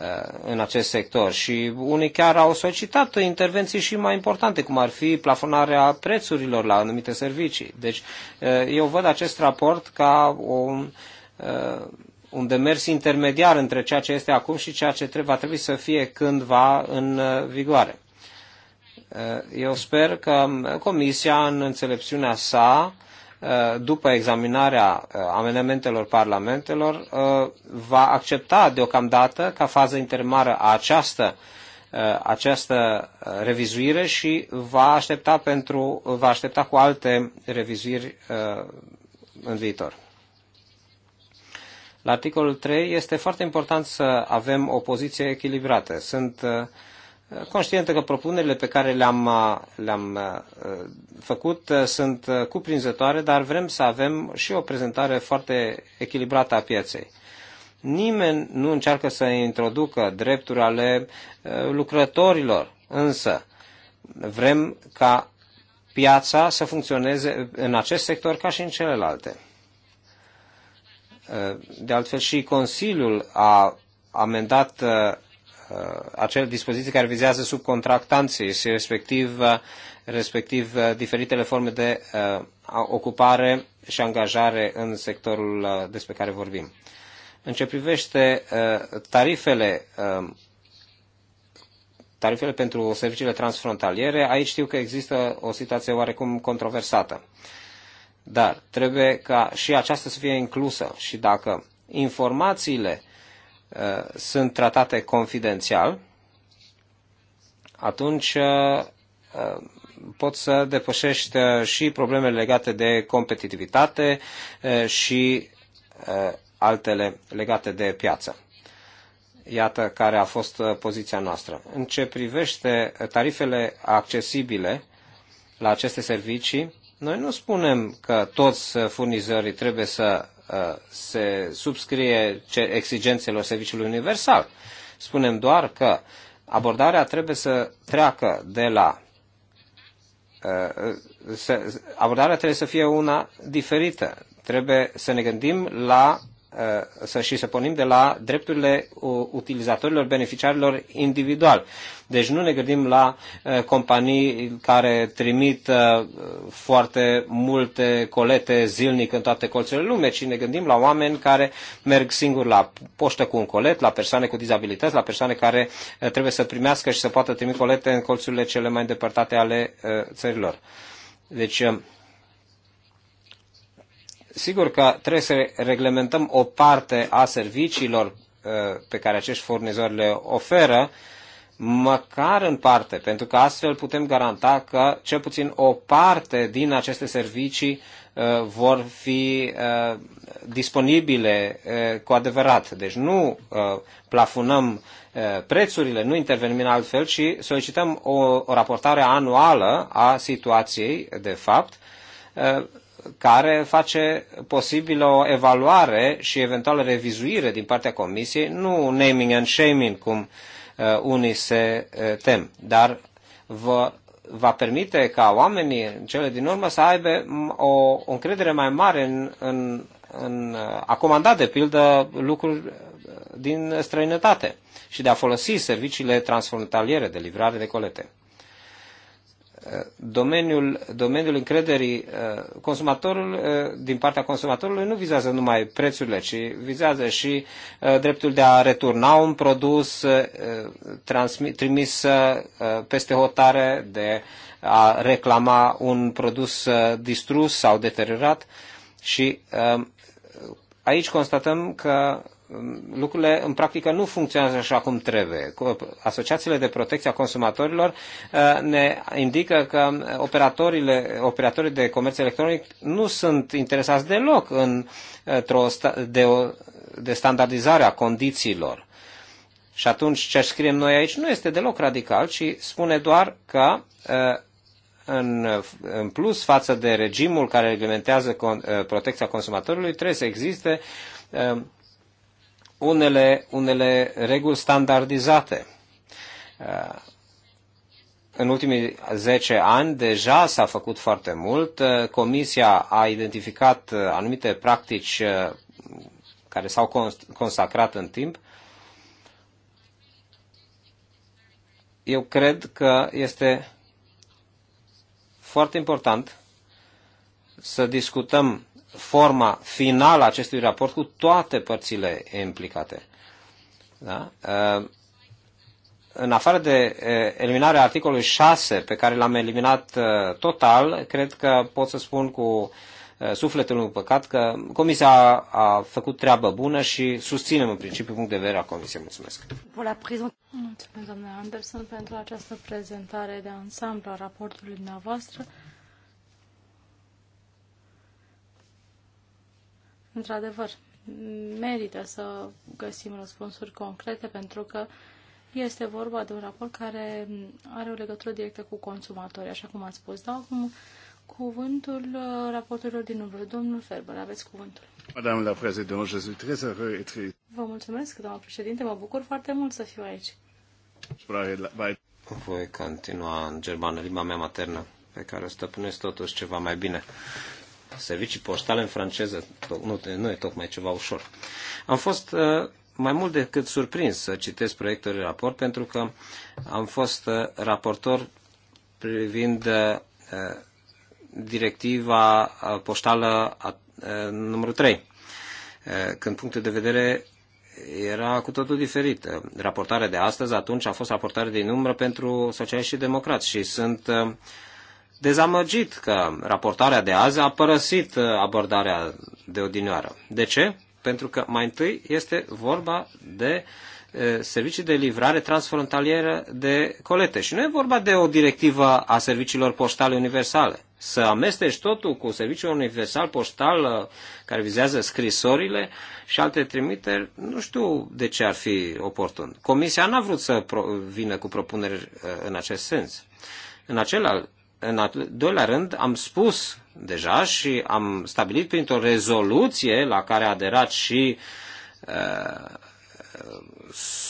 Uh, în acest sector și unii chiar au solicitat intervenții și mai importante, cum ar fi plafonarea prețurilor la anumite servicii. Deci uh, eu văd acest raport ca un, uh, un demers intermediar între ceea ce este acum și ceea ce va trebui să fie cândva în vigoare. Eu sper că um, Comisia, în înțelepciunea sa, Uh, după examinarea uh, amendamentelor parlamentelor, uh, va accepta deocamdată ca fază intermară această, această revizuire și va aștepta, pentru, va aștepta cu alte revizuiri în viitor. La articolul 3 este foarte important să avem o poziție echilibrată. Sunt uh, conștientă că propunerile pe care le-am, uh, le-am uh, făcut uh, sunt cuprinzătoare, dar vrem să avem și o prezentare foarte echilibrată a pieței. Nimeni nu încearcă să introducă drepturi ale lucrătorilor, însă vrem ca piața să funcționeze în acest sector ca și în celelalte. De altfel și Consiliul a amendat Uh, acele dispoziții care vizează subcontractanții și respectiv, uh, respectiv uh, diferitele forme de ocupare și angajare în sectorul despre care vorbim. În ce privește tarifele um, tarifele pentru serviciile transfrontaliere, aici știu că există o situație oarecum controversată. Dar trebuie ca și aceasta să fie inclusă și dacă informațiile uh, Uh, sunt tratate confidențial, atunci uh, uh, pot să depășești și probleme legate de competitivitate și altele legate de piață. Iată care a fost poziția noastră. În ce privește tarifele accesibile la aceste servicii, noi nu spunem că toți furnizorii trebuie să Uh, se subscrie exigențelor serviciului universal. Spunem doar că abordarea trebuie să treacă de la uh, abordarea trebuie să fie una diferită. Trebuie să ne gândim la Uh, să și să pornim de la drepturile utilizatorilor, beneficiarilor individual. Deci nu ne gândim la uh, companii care trimit uh, foarte multe colete zilnic în toate colțurile lume, ci ne gândim la oameni care merg singuri la poștă cu un colet, la persoane cu dizabilități, la persoane care trebuie să primească și să poată trimi colete în colțurile cele mai îndepărtate ale țărilor. Deci, Sigur că trebuie să reglementăm o parte a serviciilor uh, pe care acești furnizori le oferă, măcar în parte, pentru că astfel putem garanta că cel puțin o parte din aceste servicii uh, vor fi uh, disponibile cu adevărat. Deci nu plafunăm prețurile, nu intervenim în altfel, ci solicităm o raportare anuală a situației, de fapt, care face posibilă o evaluare și eventuală revizuire din partea Comisiei, nu naming and shaming, cum uh, unii se uh, tem, dar vă, va permite ca oamenii, în cele din urmă, să aibă o, o încredere mai mare în, în, în uh, a comanda, de pildă, lucruri uh, din străinătate și de a folosi serviciile transfrontaliere de livrare de colete domeniul, domeniul încrederii uh, consumatorul, uh, din partea consumatorului nu vizează numai prețurile, ci vizează și uh, dreptul de a returna un produs transmis, trimis peste hotare, de a reclama un produs distrus sau deteriorat și aici constatăm că lucrurile în practică nu funcționează așa cum trebuie. Asociațiile de protecție a consumatorilor uh, ne indică că operatorile, operatorii de comerț electronic nu sunt interesați deloc în, de, o, de standardizarea condițiilor. Și atunci ce scriem noi aici nu este deloc radical, ci spune doar că uh, în, în plus față de regimul care reglementează con, uh, protecția consumatorului trebuie să existe unele, unele reguli standardizate. Uh, în ultimii 10 ani deja s-a făcut foarte mult. Uh, Comisia a identificat uh, anumite practici care s-au consacrat în timp. Eu cred că este foarte important să discutăm forma finală a acestui raport cu toate părțile implicate. Da? În afară de eliminarea articolului 6, pe care l-am eliminat total, cred că pot să spun cu sufletul meu păcat că Comisia a, făcut treabă bună și susținem în principiu punct de vedere a Comisiei. Mulțumesc! Mulțumesc, doamne Anderson, pentru această prezentare de ansamblu a raportului dumneavoastră. într-adevăr, merită să găsim răspunsuri concrete pentru că este vorba de un raport care are o legătură directă cu consumatorii, așa cum ați spus. Dau acum cuvântul uh, raporturilor din urmă, Domnul Ferber, aveți cuvântul. Madame la Président, je suis très heureux et très... Vă mulțumesc, doamna președinte, mă bucur foarte mult să fiu aici. Voi continua în germană, limba mea maternă, pe care o stăpânesc totuși ceva mai bine servicii poștale în franceză nu, nu e tocmai ceva ușor. Am fost uh, mai mult decât surprins să citesc proiectul de raport pentru că am fost uh, raportor privind uh, directiva poștală numărul 3, când punctul de vedere era cu totul diferit. Raportarea de astăzi atunci a fost raportare din umbră pentru socialiști și democrați și sunt dezamăgit că raportarea de azi a părăsit uh, abordarea de odinioară. De ce? Pentru că mai întâi este vorba de uh, servicii de livrare transfrontalieră de colete. Și nu e vorba de o directivă a serviciilor poștale universale. Să amesteci totul cu serviciul universal poștal uh, care vizează scrisorile și alte trimiteri, nu știu de ce ar fi oportun. Comisia n-a vrut să vină cu propuneri în acest sens. În același în al doilea rând, am spus deja și am stabilit printr-o rezoluție la care a aderat și uh,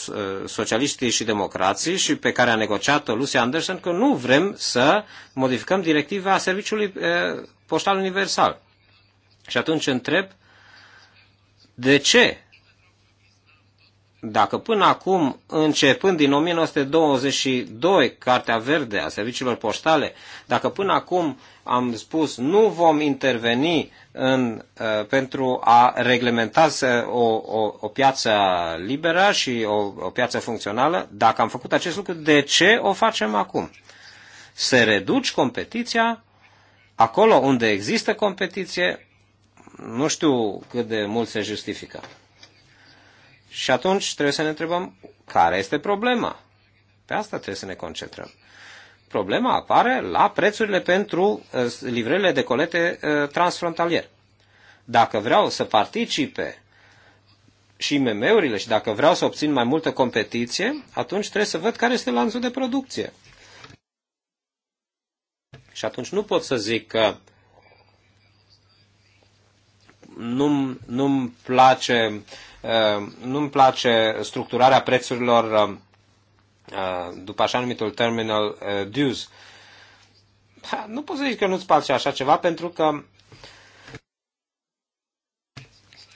uh, socialiștii și democrații și pe care a negociat-o Lucy Anderson că nu vrem să modificăm directiva serviciului uh, poștal universal. Și atunci întreb de ce dacă până acum, începând din 1922, Cartea Verde a serviciilor poștale, dacă până acum am spus nu vom interveni în, uh, pentru a reglementa o, o, o piață liberă și o, o piață funcțională, dacă am făcut acest lucru, de ce o facem acum? Să reduci competiția acolo unde există competiție, nu știu cât de mult se justifică. Și atunci trebuie să ne întrebăm care este problema. Pe asta trebuie să ne concentrăm. Problema apare la prețurile pentru eh, livrările de colete eh, transfrontalier. Dacă vreau să participe și MM-urile și dacă vreau să obțin mai multă competiție, atunci trebuie să văd care este lanțul de producție. Și atunci nu pot să zic că nu-mi, nu-mi place Ehm, nu-mi place structurarea prețurilor ehm, ehm, după așa numitul terminal eh, dues. Nu poți să zic că nu-ți place așa ceva pentru că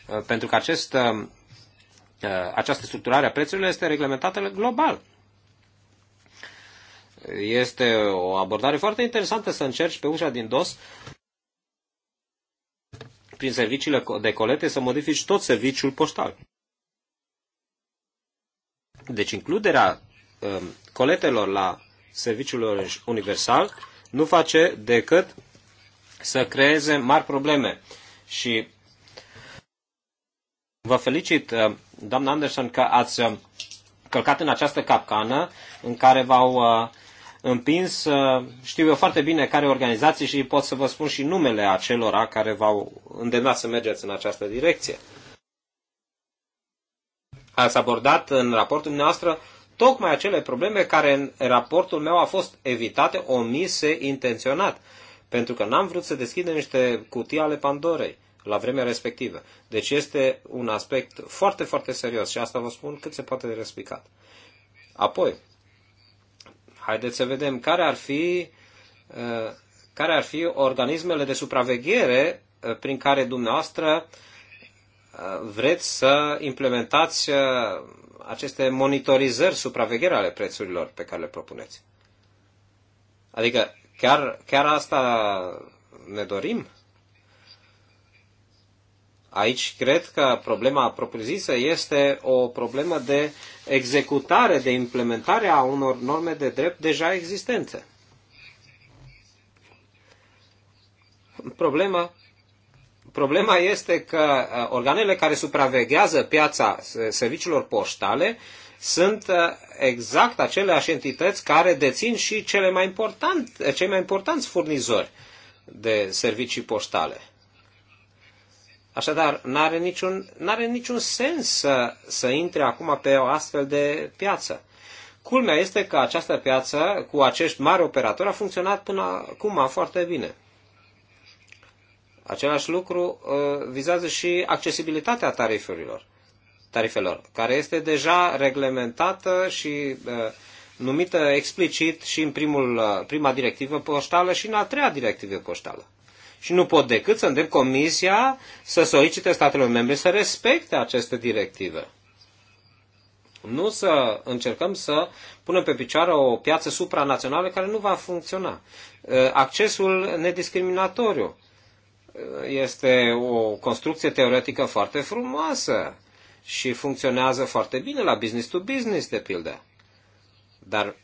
eh, pentru că acest, eh, această structurare a prețurilor este reglementată global. Este o abordare foarte interesantă să încerci pe ușa din dos prin serviciile de colete să modifici tot serviciul poștal. Deci includerea um, coletelor la serviciul universal nu face decât să creeze mari probleme. Și vă felicit, um, doamna Anderson, că ați um, călcat în această capcană în care v-au uh, împins. Știu eu foarte bine care organizații și pot să vă spun și numele acelora care v-au îndemnat să mergeți în această direcție. Ați abordat în raportul noastră tocmai acele probleme care în raportul meu au fost evitate, omise intenționat, pentru că n-am vrut să deschidem niște cutii ale Pandorei la vremea respectivă. Deci este un aspect foarte, foarte serios și asta vă spun cât se poate de respicat. Apoi, Haideți să vedem care ar fi, uh, care ar fi organismele de supraveghere uh, prin care dumneavoastră uh, vreți să implementați aceste monitorizări, supraveghere ale prețurilor pe care le propuneți. Adică chiar, chiar asta ne dorim? Aici cred că problema propriu-zisă este o problemă de executare, de implementare a unor norme de drept deja existente. Problema, problema este că uh, organele care supraveghează piața serviciilor poștale sunt uh, exact aceleași entități care dețin și cele mai important, cei mai importanți furnizori de servicii poștale. Așadar, n-are niciun, n-are niciun sens să, să intre acum pe o astfel de piață. Culmea este că această piață, cu acești mari operatori, a funcționat până acum foarte bine. Același lucru uh, vizează și accesibilitatea tarifelor, tarifelor, care este deja reglementată și uh, numită explicit și în primul, uh, prima directivă poștală și în a treia directivă poștală. Și nu pot decât să îndemn Comisia să solicite statelor membre să respecte aceste directive. Nu să încercăm să punem pe picioare o piață supranațională care nu va funcționa. Uh, accesul nediscriminatoriu uh, este o construcție teoretică foarte frumoasă și funcționează foarte bine la business to business, de pildă. Dar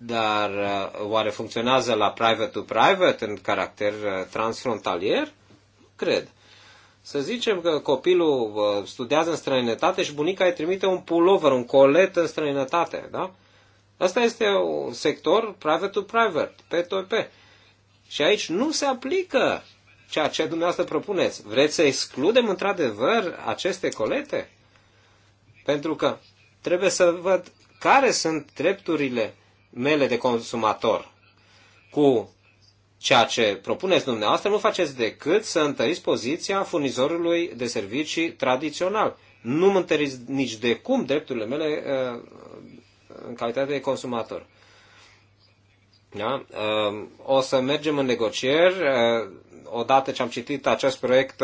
dar uh, oare funcționează la private-to-private în caracter uh, transfrontalier? Cred. Să zicem că copilul uh, studiază în străinătate și bunica îi trimite un pullover, un colet în străinătate, da? Asta este un sector private-to-private, P2P. Și aici nu se aplică ceea ce dumneavoastră propuneți. Vreți să excludem într-adevăr aceste colete? Pentru că trebuie să văd care sunt drepturile mele de consumator cu ceea ce propuneți dumneavoastră, nu faceți decât să întăriți poziția furnizorului de servicii tradițional. Nu mă întăriți nici de cum drepturile mele uh, în calitate de consumator. Da? Uh, o să mergem în negocieri. Uh, odată ce am citit acest proiect,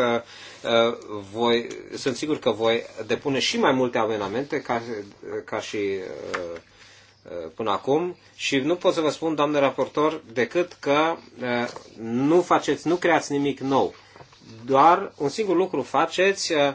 voi, sunt sigur că voi depune și mai multe amenamente ca, ca și uh, Uh, până acum și nu pot să vă spun, doamne raportor, decât că uh, nu faceți, nu creați nimic nou. Doar un singur lucru faceți, uh,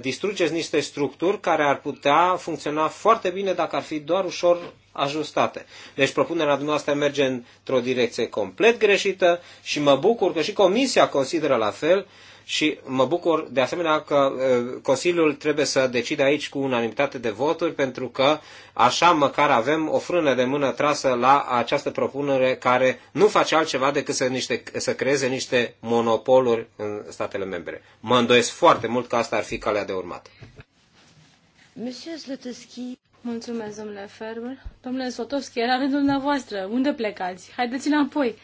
distrugeți niște structuri care ar putea funcționa foarte bine dacă ar fi doar ușor ajustate. Deci propunerea dumneavoastră merge într-o direcție complet greșită și mă bucur că și Comisia consideră la fel și mă bucur de asemenea că uh, Consiliul trebuie să decide aici cu unanimitate de voturi pentru că așa măcar avem o frână de mână trasă la această propunere care nu face altceva decât să, niște, să creeze niște monopoluri în statele membre. Mă îndoiesc foarte mult că asta ar fi calea de urmat. Monsieur Zlătăschi, Mulțumesc, domnule Ferber. Domnule Sotovski, era rândul dumneavoastră. Unde plecați? Haideți înapoi.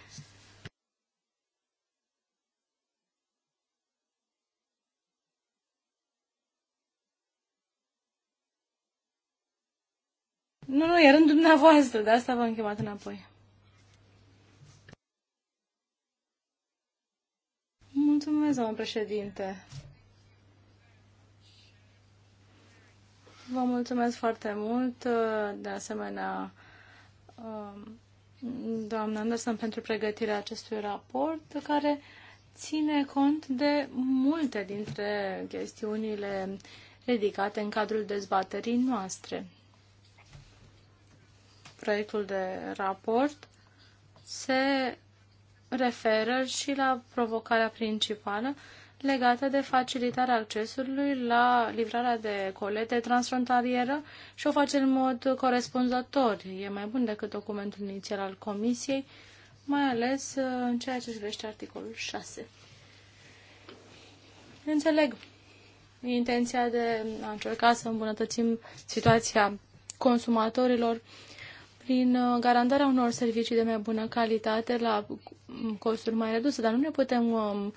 Nu, nu, e rândul dumneavoastră, de asta v-am chemat înapoi. Mulțumesc, domnul președinte. Vă mulțumesc foarte mult, de asemenea, um, doamna Anderson, pentru pregătirea acestui raport, care ține cont de multe dintre chestiunile ridicate în cadrul dezbaterii noastre proiectul de raport se referă și la provocarea principală legată de facilitarea accesului la livrarea de colete transfrontalieră și o face în mod corespunzător. E mai bun decât documentul inițial al Comisiei, mai ales uh, în ceea ce privește articolul 6. Înțeleg intenția de a încerca să îmbunătățim situația consumatorilor prin uh, garantarea unor servicii de mai bună calitate la costuri mai reduse, dar nu ne putem um,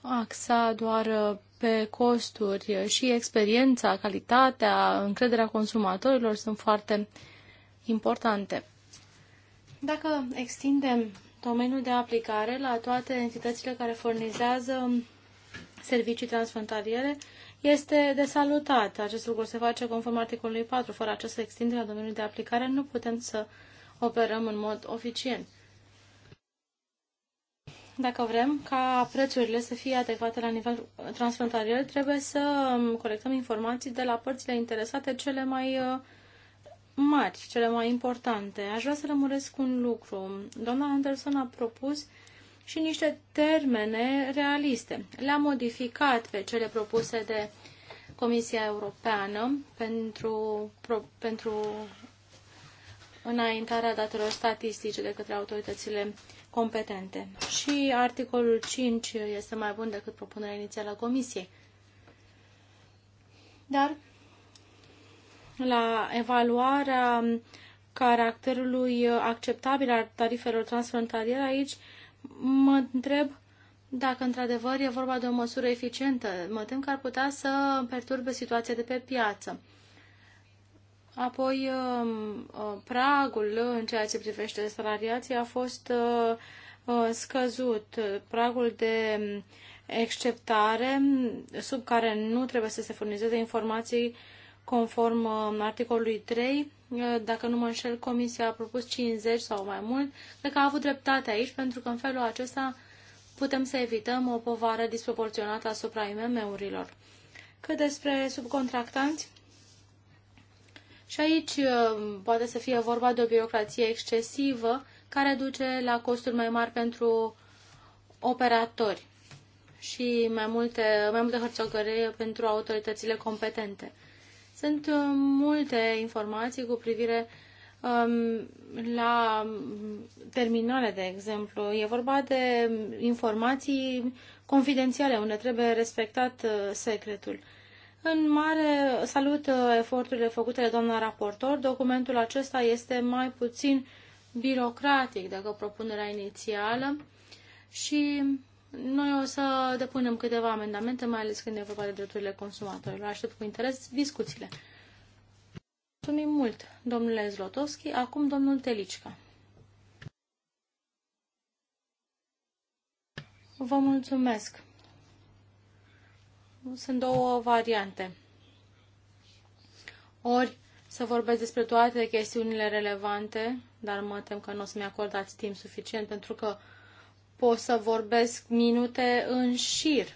axa doar uh, pe costuri și experiența, calitatea, încrederea consumatorilor sunt foarte importante. Dacă extindem domeniul de aplicare la toate entitățile care furnizează servicii transfrontaliere, este de salutat. Acest lucru se face conform articolului 4. Fără această extindere a domeniului de aplicare nu putem să operăm în mod eficient. Dacă vrem ca prețurile să fie adecvate la nivel transfrontalier, trebuie să um, colectăm informații de la părțile interesate cele mai uh, mari, cele mai importante. Aș vrea să rămuresc un lucru. Doamna Anderson a propus uh, și niște termene realiste. Le-am modificat pe cele propuse de Comisia Europeană pentru, pro, pentru înaintarea datelor statistice de către autoritățile competente. Și articolul 5 este mai bun decât propunerea inițială a Comisiei. Dar la evaluarea caracterului acceptabil al tarifelor transfrontaliere aici mă întreb dacă într-adevăr e vorba de o măsură eficientă. Mă tem că ar putea să perturbe situația de pe piață. Apoi, um, uh, pragul în ceea ce privește salariații a fost uh, uh, scăzut. Pragul de um, exceptare, sub care nu trebuie să se furnizeze informații Conform uh, articolului 3, uh, dacă nu mă înșel, Comisia a propus 50 sau mai mult, cred că a avut dreptate aici, pentru că în felul acesta putem să evităm o povară disproporționată asupra IMM-urilor. Cât despre subcontractanți, și aici uh, poate să fie vorba de o birocrație excesivă care duce la costuri mai mari pentru operatori și mai multe, mai multe hărțogărie pentru autoritățile competente. Sunt uh, multe informații cu privire um, la um, terminale, de exemplu. E vorba de informații confidențiale, unde trebuie respectat uh, secretul. În mare salut uh, eforturile făcute de doamna raportor. Documentul acesta este mai puțin birocratic decât propunerea inițială și noi o să depunem câteva amendamente, mai ales când e vorba de drepturile consumatorilor. Aștept cu interes discuțiile. Mulțumim mult, domnule Zlotowski. Acum domnul Telicica. Vă mulțumesc. Sunt două variante. Ori să vorbesc despre toate chestiunile relevante, dar mă tem că nu o să-mi acordați timp suficient pentru că pot să vorbesc minute în șir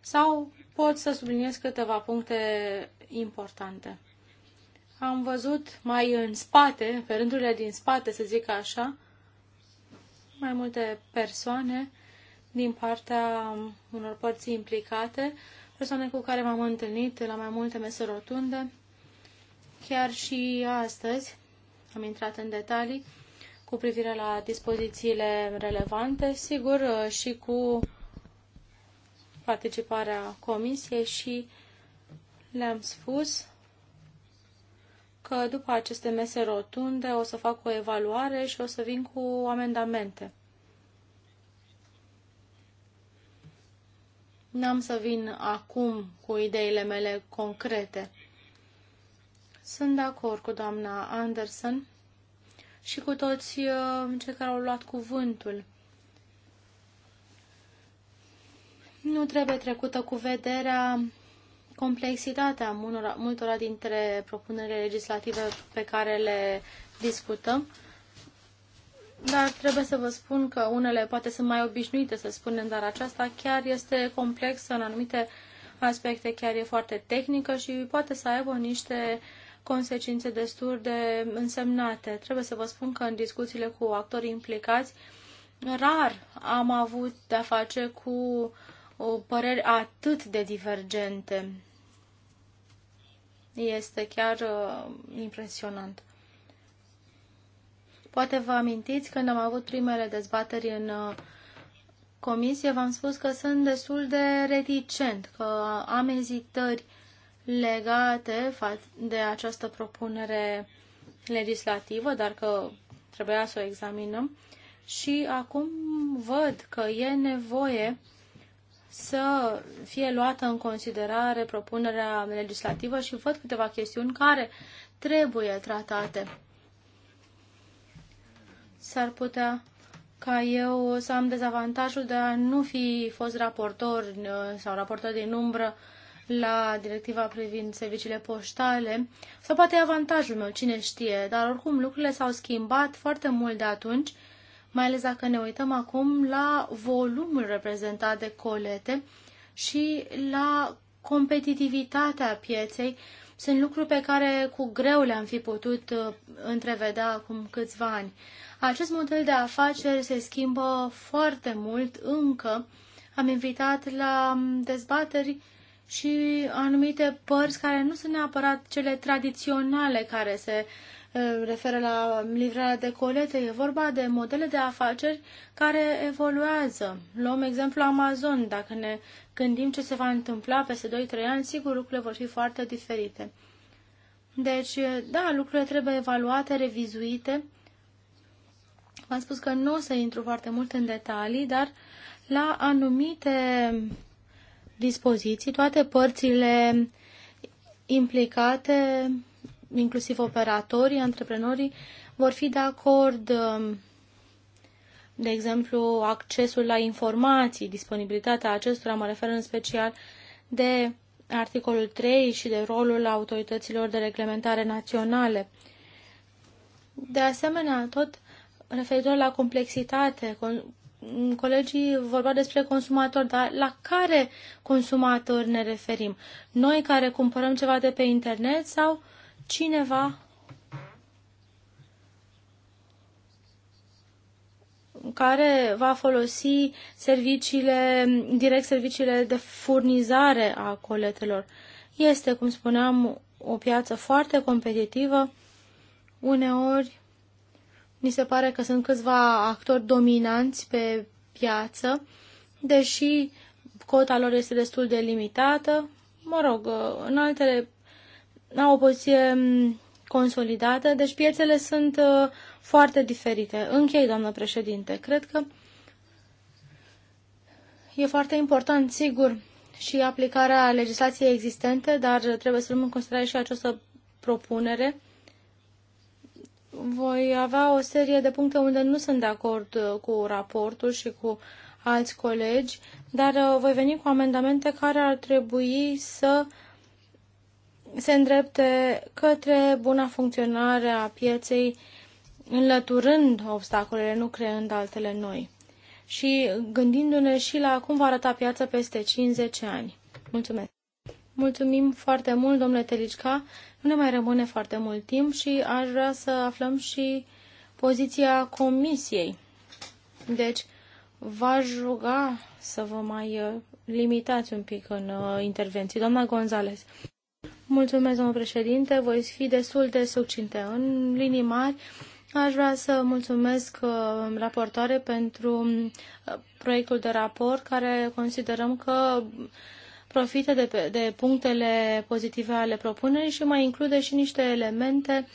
sau pot să subliniez câteva puncte importante. Am văzut mai în spate, pe rândurile din spate, să zic așa, mai multe persoane din partea unor părți implicate, persoane cu care m-am întâlnit la mai multe mese rotunde, chiar și astăzi am intrat în detalii cu privire la dispozițiile relevante, sigur, uh, și cu participarea comisiei și le-am spus că după aceste mese rotunde o să fac o evaluare și o să vin cu amendamente. N-am să vin acum cu ideile mele concrete. Sunt de acord cu doamna Anderson și cu toți uh, cei care au luat cuvântul. Nu trebuie trecută cu vederea complexitatea multora, multora dintre propunerile legislative pe care le discutăm, dar trebuie să vă spun că unele poate sunt mai obișnuite, să spunem, dar aceasta chiar este complexă în anumite aspecte, chiar e foarte tehnică și poate să aibă niște uh, consecințe destul de însemnate. Trebuie să vă spun că în discuțiile cu actorii implicați, rar am avut de-a face cu păreri atât de divergente. Este chiar uh, impresionant. Poate vă amintiți când am avut primele dezbateri în uh, comisie, v-am spus că sunt destul de reticent, că am ezitări legate de această propunere legislativă, dar că trebuia să o examinăm. Și acum văd că e nevoie să fie luată în considerare propunerea legislativă și văd câteva chestiuni care trebuie tratate. S-ar putea ca eu să am dezavantajul de a nu fi fost raportor uh, sau raportor din umbră la directiva privind serviciile poștale, sau poate avantajul meu, cine știe, dar oricum lucrurile s-au schimbat foarte mult de atunci, mai ales dacă ne uităm acum la volumul reprezentat de colete și la competitivitatea pieței. Sunt lucruri pe care cu greu le-am fi putut uh, întrevedea acum câțiva ani. Acest model de afaceri se schimbă foarte mult încă. Am invitat la um, dezbateri și anumite părți care nu sunt neapărat cele tradiționale care se uh, referă la livrarea de colete. E vorba de modele de afaceri care evoluează. Luăm exemplu Amazon. Dacă ne gândim ce se va întâmpla peste 2-3 ani, sigur lucrurile vor fi foarte diferite. Deci, da, lucrurile trebuie evaluate, revizuite. V-am spus că nu o să intru foarte mult în detalii, dar la anumite dispoziții toate părțile implicate, inclusiv operatorii, antreprenorii, vor fi de acord, um, de exemplu, accesul la informații, disponibilitatea acestora, mă refer în special de articolul 3 și de rolul autorităților de reglementare naționale. De asemenea, tot referitor la complexitate, colegii vorbeau despre consumatori, dar la care consumator ne referim? Noi care cumpărăm ceva de pe internet sau cineva care va folosi serviciile, direct serviciile de furnizare a coletelor. Este, cum spuneam, o piață foarte competitivă. Uneori Ni se pare că sunt câțiva actori dominanți pe piață, deși cota lor este destul de limitată. Mă rog, în altele au o poziție mm, consolidată, deci piețele sunt uh, foarte diferite. Închei, doamnă președinte. Cred că e foarte important, sigur, și aplicarea legislației existente, dar trebuie să luăm în considerare și această propunere voi avea o serie de puncte unde nu sunt de acord uh, cu raportul și cu alți colegi, dar uh, voi veni cu amendamente care ar trebui să se îndrepte către buna funcționare a pieței, înlăturând obstacolele, nu creând altele noi și gândindu-ne și la cum va arăta piața peste 50 ani. Mulțumesc! Mulțumim foarte mult, domnule Telicca. Nu ne mai rămâne foarte mult timp și aș vrea să aflăm și poziția comisiei. Deci, v-aș ruga să vă mai uh, limitați un pic în uh, intervenții. Doamna Gonzales. Mulțumesc, domnul președinte. Voi fi destul de succinte. În linii mari, Aș vrea să mulțumesc uh, raportoare pentru proiectul de raport care considerăm că profită de, de punctele pozitive ale propunerii și mai include și niște elemente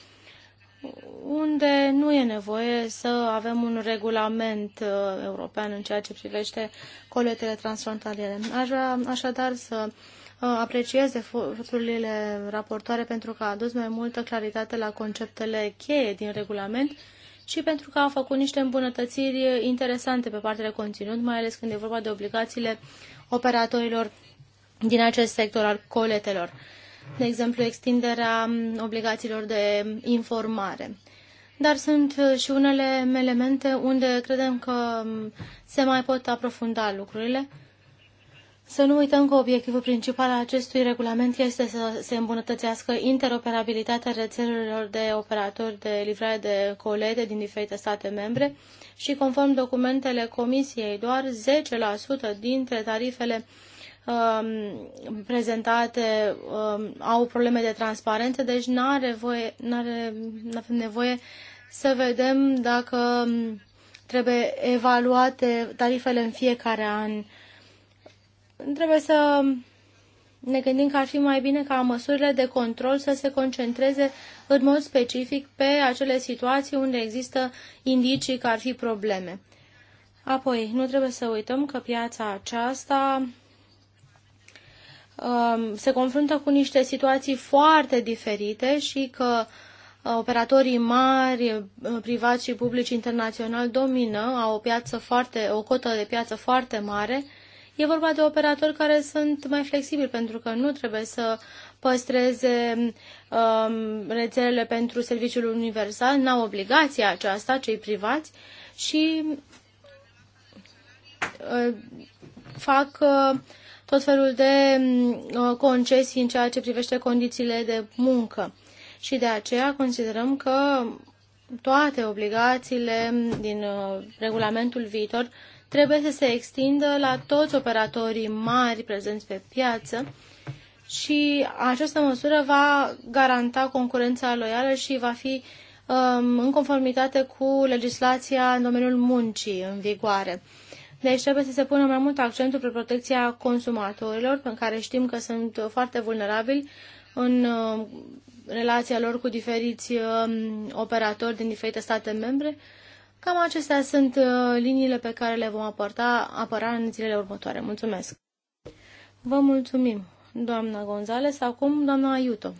unde nu e nevoie să avem un regulament uh, european în ceea ce privește coletele transfrontaliere. Aș vrea așadar să uh, apreciez eforturile raportoare pentru că a adus mai multă claritate la conceptele cheie din regulament și pentru că a făcut niște îmbunătățiri interesante pe partea de conținut, mai ales când e vorba de obligațiile operatorilor din acest sector al coletelor. De exemplu, extinderea obligațiilor de informare. Dar sunt uh, și unele elemente unde credem că se mai pot aprofunda lucrurile. Să nu uităm că obiectivul principal al acestui regulament este să se îmbunătățească interoperabilitatea rețelelor de operatori de livrare de colete din diferite state membre și, conform documentele Comisiei, doar 10% dintre tarifele Um, prezentate um, au probleme de transparență, deci nu are n-are, avem nevoie să vedem dacă um, trebuie evaluate tarifele în fiecare an. Trebuie să ne gândim că ar fi mai bine ca măsurile de control să se concentreze în mod specific pe acele situații unde există indicii că ar fi probleme. Apoi, nu trebuie să uităm că piața aceasta Um, se confruntă cu niște situații foarte diferite și că uh, operatorii mari, uh, privați și publici internaționali domină, au o piață foarte, o cotă de piață foarte mare. E vorba de operatori care sunt mai flexibili pentru că nu trebuie să păstreze um, rețelele pentru serviciul universal, n-au obligația aceasta, cei privați, și uh, fac uh, tot felul de mm, uh, concesii în ceea ce privește condițiile de muncă. Și de aceea considerăm că toate obligațiile mm, din uh, regulamentul viitor trebuie să se extindă la toți operatorii mari prezenți pe piață și această măsură va garanta concurența loială și va fi um, în conformitate cu legislația în domeniul muncii în vigoare. Deci trebuie să se pună mai mult accentul pe protecția consumatorilor, pe care știm că sunt foarte vulnerabili în uh, relația lor cu diferiți uh, operatori din diferite state membre. Cam acestea sunt uh, liniile pe care le vom apăra, apăra în zilele următoare. Mulțumesc! Vă mulțumim, doamna Gonzales, acum doamna Ayuto.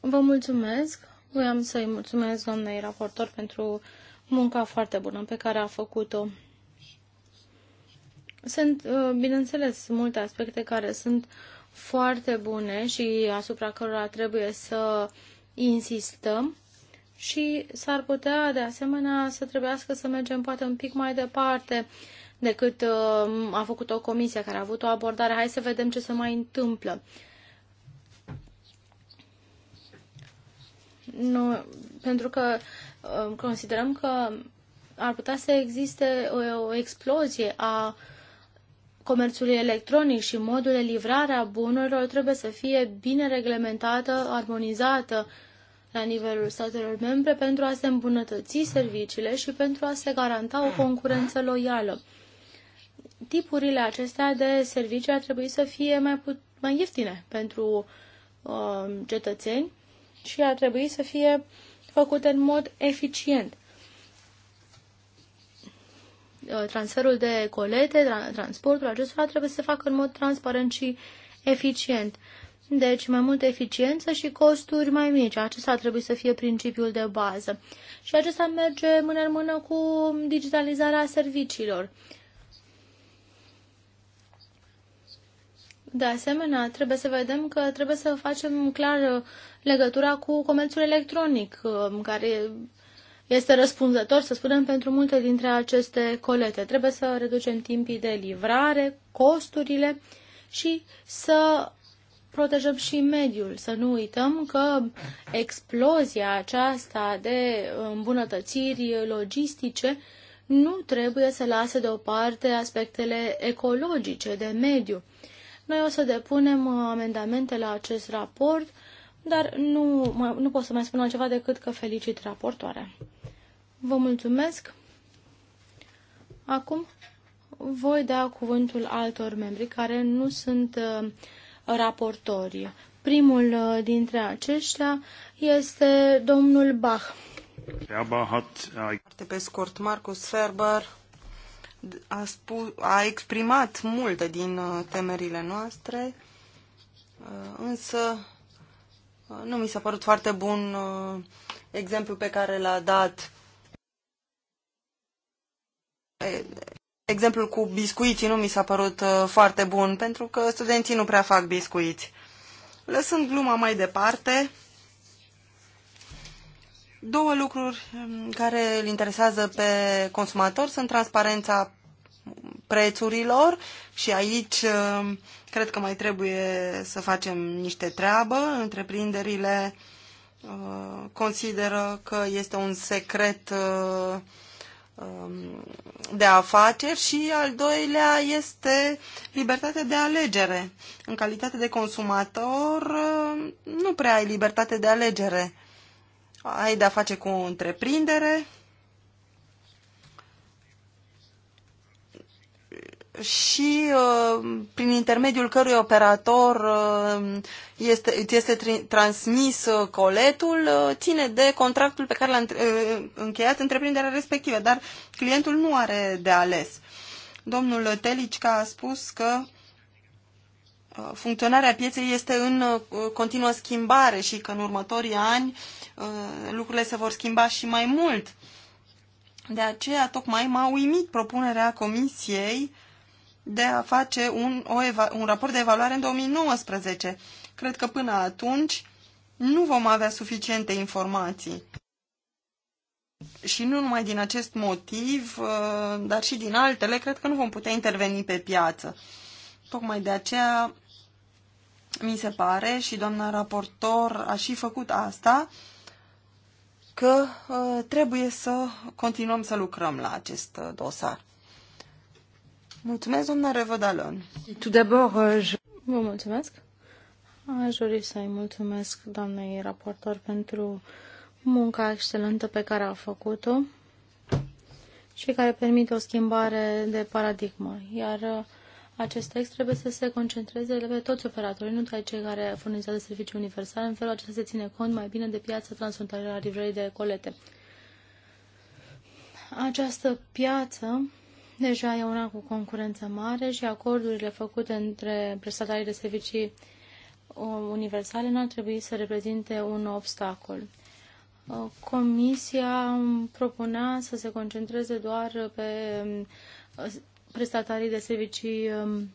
Vă mulțumesc! Vreau să-i mulțumesc doamnei raportor pentru munca foarte bună pe care a făcut-o. Sunt, uh, bineînțeles, multe aspecte care sunt foarte bune și asupra cărora trebuie să insistăm și s-ar putea, de asemenea, să trebuiască să mergem poate un pic mai departe decât uh, a făcut o comisie care a avut o abordare, hai să vedem ce se mai întâmplă. nu, pentru că um, considerăm că ar putea să existe o, o explozie a comerțului electronic și modul de livrare a bunurilor trebuie să fie bine reglementată, armonizată la nivelul statelor membre pentru a se îmbunătăți serviciile și pentru a se garanta o concurență loială. Tipurile acestea de servicii ar trebui să fie mai, mai ieftine pentru uh, cetățeni și ar trebui să fie făcute în mod eficient. Uh, transferul de colete, transportul acestora trebuie să se facă în mod transparent și eficient. Deci mai multă eficiență și costuri mai mici. Acesta trebuie să fie principiul de bază. Și acesta merge mână în mână cu digitalizarea serviciilor. De asemenea, trebuie să vedem că trebuie să facem clar uh, legătura cu comerțul electronic, uh, care este răspunzător, să spunem, pentru multe dintre aceste colete. Trebuie să reducem timpii de livrare, costurile și să protejăm și mediul. Să nu uităm că explozia aceasta de îmbunătățiri logistice nu trebuie să lase deoparte aspectele ecologice de mediu. Noi o să depunem uh, amendamente la acest raport, dar nu, nu pot să mai spun altceva decât că felicit raportoarea. Vă mulțumesc! Acum voi da cuvântul altor membri care nu sunt uh, raportori. Primul uh, dintre aceștia este domnul Bach. Äh, Foarte pe scurt, Marcus Ferber a, spu- a exprimat multe din uh, temerile noastre, uh, însă uh, nu mi s-a părut foarte bun exemplu pe care l-a dat exemplul cu biscuiții nu mi s-a părut foarte bun pentru că studenții nu prea fac biscuiți. Lăsând gluma mai departe, Două lucruri um, care îl interesează pe consumator sunt transparența prețurilor și aici um, cred că mai trebuie să facem niște treabă. Întreprinderile uh, consideră că este un secret uh, um, de afaceri și al doilea este libertatea de alegere. În calitate de consumator uh, nu prea ai libertate de alegere ai de-a face cu o întreprindere și uh, prin intermediul cărui operator uh, este, îți este transmis uh, coletul, ține de contractul pe care l-a încheiat întreprinderea respectivă, dar clientul nu are de ales. Domnul Telicca a spus că funcționarea pieței este în continuă schimbare și că în următorii ani Uh, lucrurile se vor schimba și mai mult. De aceea, tocmai m-a uimit propunerea Comisiei de a face un, o eva, un raport de evaluare în 2019. Cred că până atunci nu vom avea suficiente informații. Și nu numai din acest motiv, uh, dar și din altele, cred că nu vom putea interveni pe piață. Tocmai de aceea mi se pare, și doamna raportor a și făcut asta, că uh, trebuie să continuăm să lucrăm la acest uh, dosar. Mulțumesc, doamna Revădalon. Uh, Vă mulțumesc. Aș dori să-i mulțumesc doamnei raportor pentru munca excelentă pe care a făcut-o și care permite o schimbare de paradigmă. Iar uh, acest text trebuie să se concentreze pe toți operatorii, nu doar cei care furnizează servicii universale. În felul acesta se ține cont mai bine de piața transfrontalieră a livrării de colete. Această piață deja e una cu concurență mare și acordurile făcute între prestatarii de servicii uh, universale nu ar trebui să reprezinte un obstacol. Uh, comisia propunea să se concentreze doar pe uh, prestatarii de servicii um,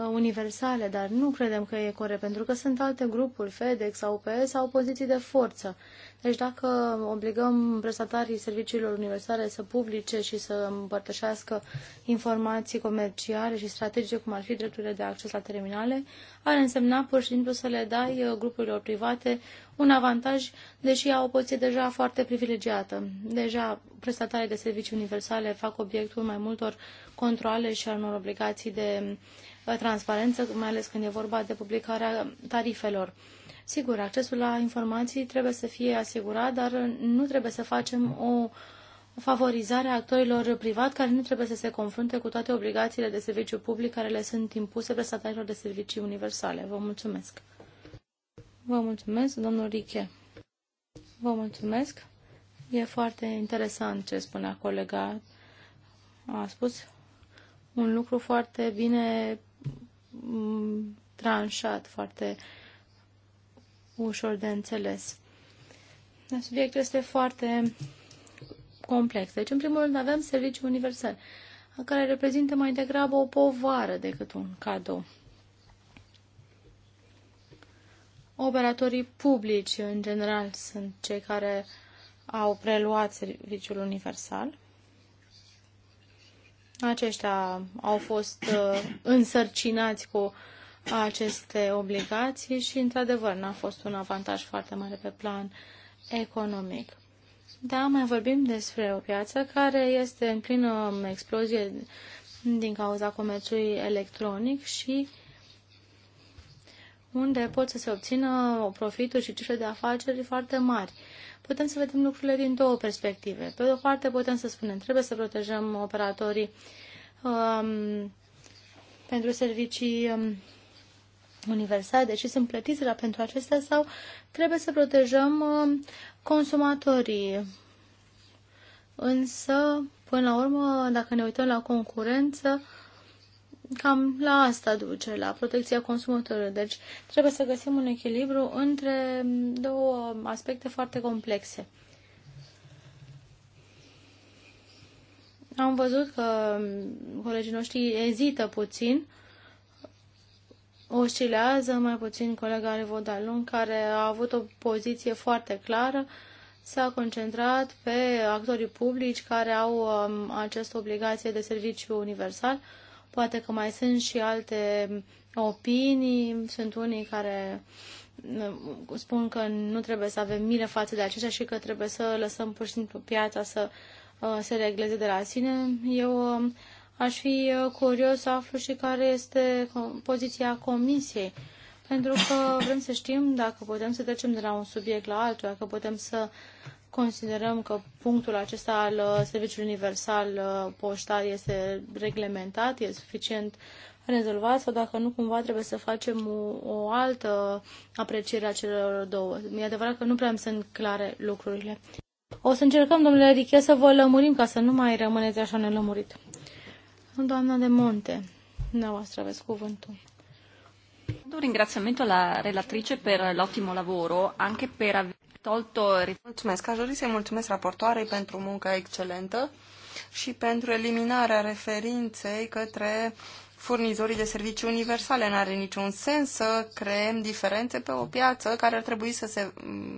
Uh, universale, dar nu credem că e corect, pentru că sunt alte grupuri, FedEx sau UPS, au poziții de forță. Deci dacă obligăm prestatarii serviciilor universale să publice și să împărtășească informații comerciale și strategice, cum ar fi drepturile de acces la terminale, ar însemna pur și simplu să le dai uh, grupurilor private un avantaj, deși au o poziție deja foarte privilegiată. Deja prestatarii de servicii universale fac obiectul mai multor controle și al unor obligații de uh, Uh, transparență, mai ales când e vorba de publicarea tarifelor. Sigur, accesul la informații trebuie să fie asigurat, dar nu trebuie să facem o favorizare a actorilor privat care nu trebuie să se confrunte cu toate obligațiile de serviciu public care le sunt impuse prestatorilor de servicii universale. Vă mulțumesc. Vă mulțumesc, domnul Riche. Vă mulțumesc. E foarte interesant ce spunea colega. A spus un lucru foarte bine tranșat, foarte ușor de înțeles. Subiectul este foarte complex. Deci, în primul rând, avem serviciul universal, care reprezintă mai degrabă o povară decât un cadou. Operatorii publici, în general, sunt cei care au preluat serviciul universal. Aceștia au fost uh, însărcinați cu aceste obligații și, într-adevăr, n-a fost un avantaj foarte mare pe plan economic. Da, mai vorbim despre o piață care este în plină explozie din cauza comerțului electronic și unde pot să se obțină profituri și cifre de afaceri foarte mari putem să vedem lucrurile din două perspective. Pe de o parte, putem să spunem, trebuie să protejăm operatorii um, pentru servicii um, universale, deci sunt plătiți la pentru acestea, sau trebuie să protejăm um, consumatorii. Însă, până la urmă, dacă ne uităm la concurență, uh, cam la asta duce, la protecția consumatorilor. Deci trebuie să găsim un echilibru între două aspecte foarte complexe. Am văzut că colegii noștri ezită puțin, oscilează mai puțin colega Revodalun, care a avut o poziție foarte clară, s-a concentrat pe actorii publici care au um, această obligație de serviciu universal, uh, Poate că mai sunt și alte opinii, sunt unii care mm, spun că nu trebuie să avem milă față de aceștia și că trebuie să lăsăm pur și simplu piața să uh, se regleze de la sine. Eu uh, aș fi uh, curios să aflu și care este poziția comisiei, pentru că vrem să știm dacă putem să trecem de la un subiect la altul, dacă putem să Considerăm că punctul acesta al uh, serviciului universal uh, poștar este reglementat, este suficient rezolvat sau dacă nu, cumva trebuie să facem o, o altă apreciere a celor două. E adevărat că nu prea îmi sunt clare lucrurile. O să încercăm, domnule Riche, să vă lămurim ca să nu mai rămâneți așa nelămurit. Doamna de Monte, dumneavoastră aveți cuvântul. Un ringraziamento alla relatrice per l'ottimo lavoro, anche per aver toltori. Mulțumesc. Aș dori să-i mulțumesc raportoarei pentru munca excelentă și pentru eliminarea referinței către furnizorii de servicii universale. N-are niciun sens să creăm diferențe pe o piață care ar trebui să, se,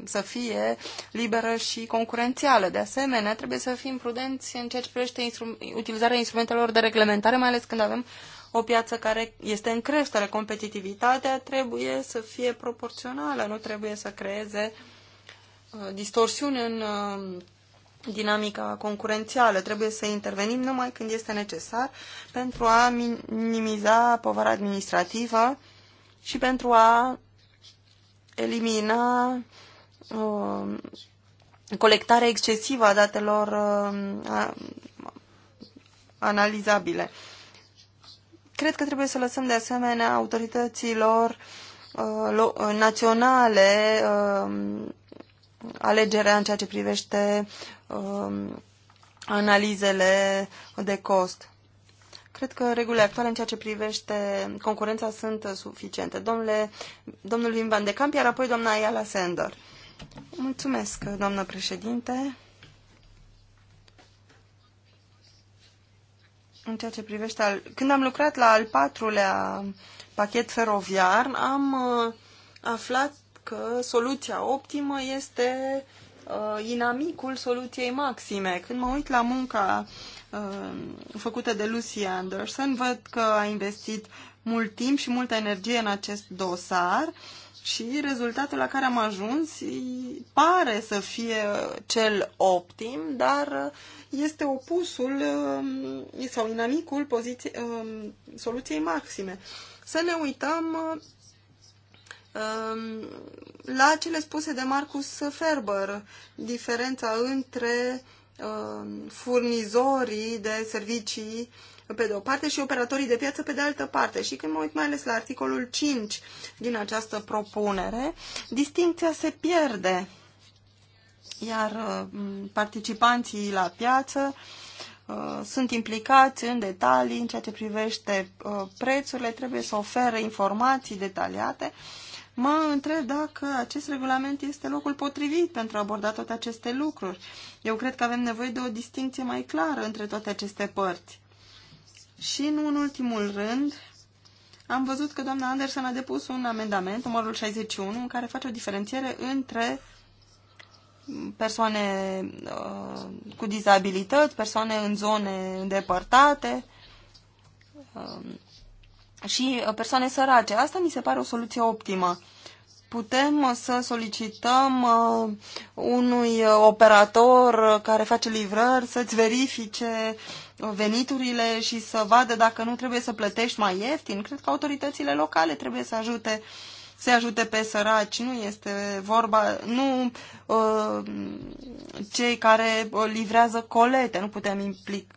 să fie liberă și concurențială. De asemenea, trebuie să fim prudenți în ceea ce privește instru- utilizarea instrumentelor de reglementare, mai ales când avem o piață care este în creștere. Competitivitatea trebuie să fie proporțională, nu trebuie să creeze uh, Uh, distorsiuni în uh, dinamica concurențială. Trebuie să intervenim numai când este necesar pentru a minimiza povara administrativă și pentru a elimina uh, colectarea excesivă a datelor analizabile. Cred că trebuie să lăsăm de asemenea autorităților naționale alegerea în ceea ce privește um, analizele de cost. Cred că regulile actuale în ceea ce privește concurența sunt suficiente. Domnule, domnul Vin Van de Camp, iar apoi doamna Ayala Sender. Mulțumesc, doamnă președinte. În ceea ce privește... Al... Când am lucrat la al patrulea pachet feroviar, am uh, aflat că soluția optimă este uh, inamicul soluției maxime. Când mă uit la munca uh, făcută de Lucy Anderson, văd că a investit mult timp și multă energie în acest dosar și rezultatul la care am ajuns pare să fie cel optim, dar este opusul uh, sau inamicul poziție, uh, soluției maxime. Să ne uităm uh, Ehm, la cele spuse de Marcus Ferber, diferența între ehm, furnizorii de servicii pe de o parte și operatorii de piață pe de altă parte. Și când mă uit mai ales la articolul 5 din această propunere, distincția se pierde, iar ehm, participanții la piață sunt implicați în detalii în ceea ce privește prețurile, trebuie să ofere informații detaliate Mă întreb dacă acest regulament este locul potrivit pentru a aborda toate aceste lucruri. Eu cred că avem nevoie de o distinție mai clară între toate aceste părți. Și, nu în ultimul rând, am văzut că doamna Anderson a depus un amendament, numărul 61, în care face o diferențiere între persoane uh, cu dizabilități, persoane în zone îndepărtate, uh, și uh, persoane sărace. Asta mi se pare o soluție optimă. Putem uh, să solicităm uh, unui operator care face livrări să-ți verifice veniturile și să vadă dacă nu trebuie să plătești mai ieftin. Cred că autoritățile locale trebuie să ajute se ajute pe săraci, nu este vorba, nu uh, cei care livrează colete, nu putem implic,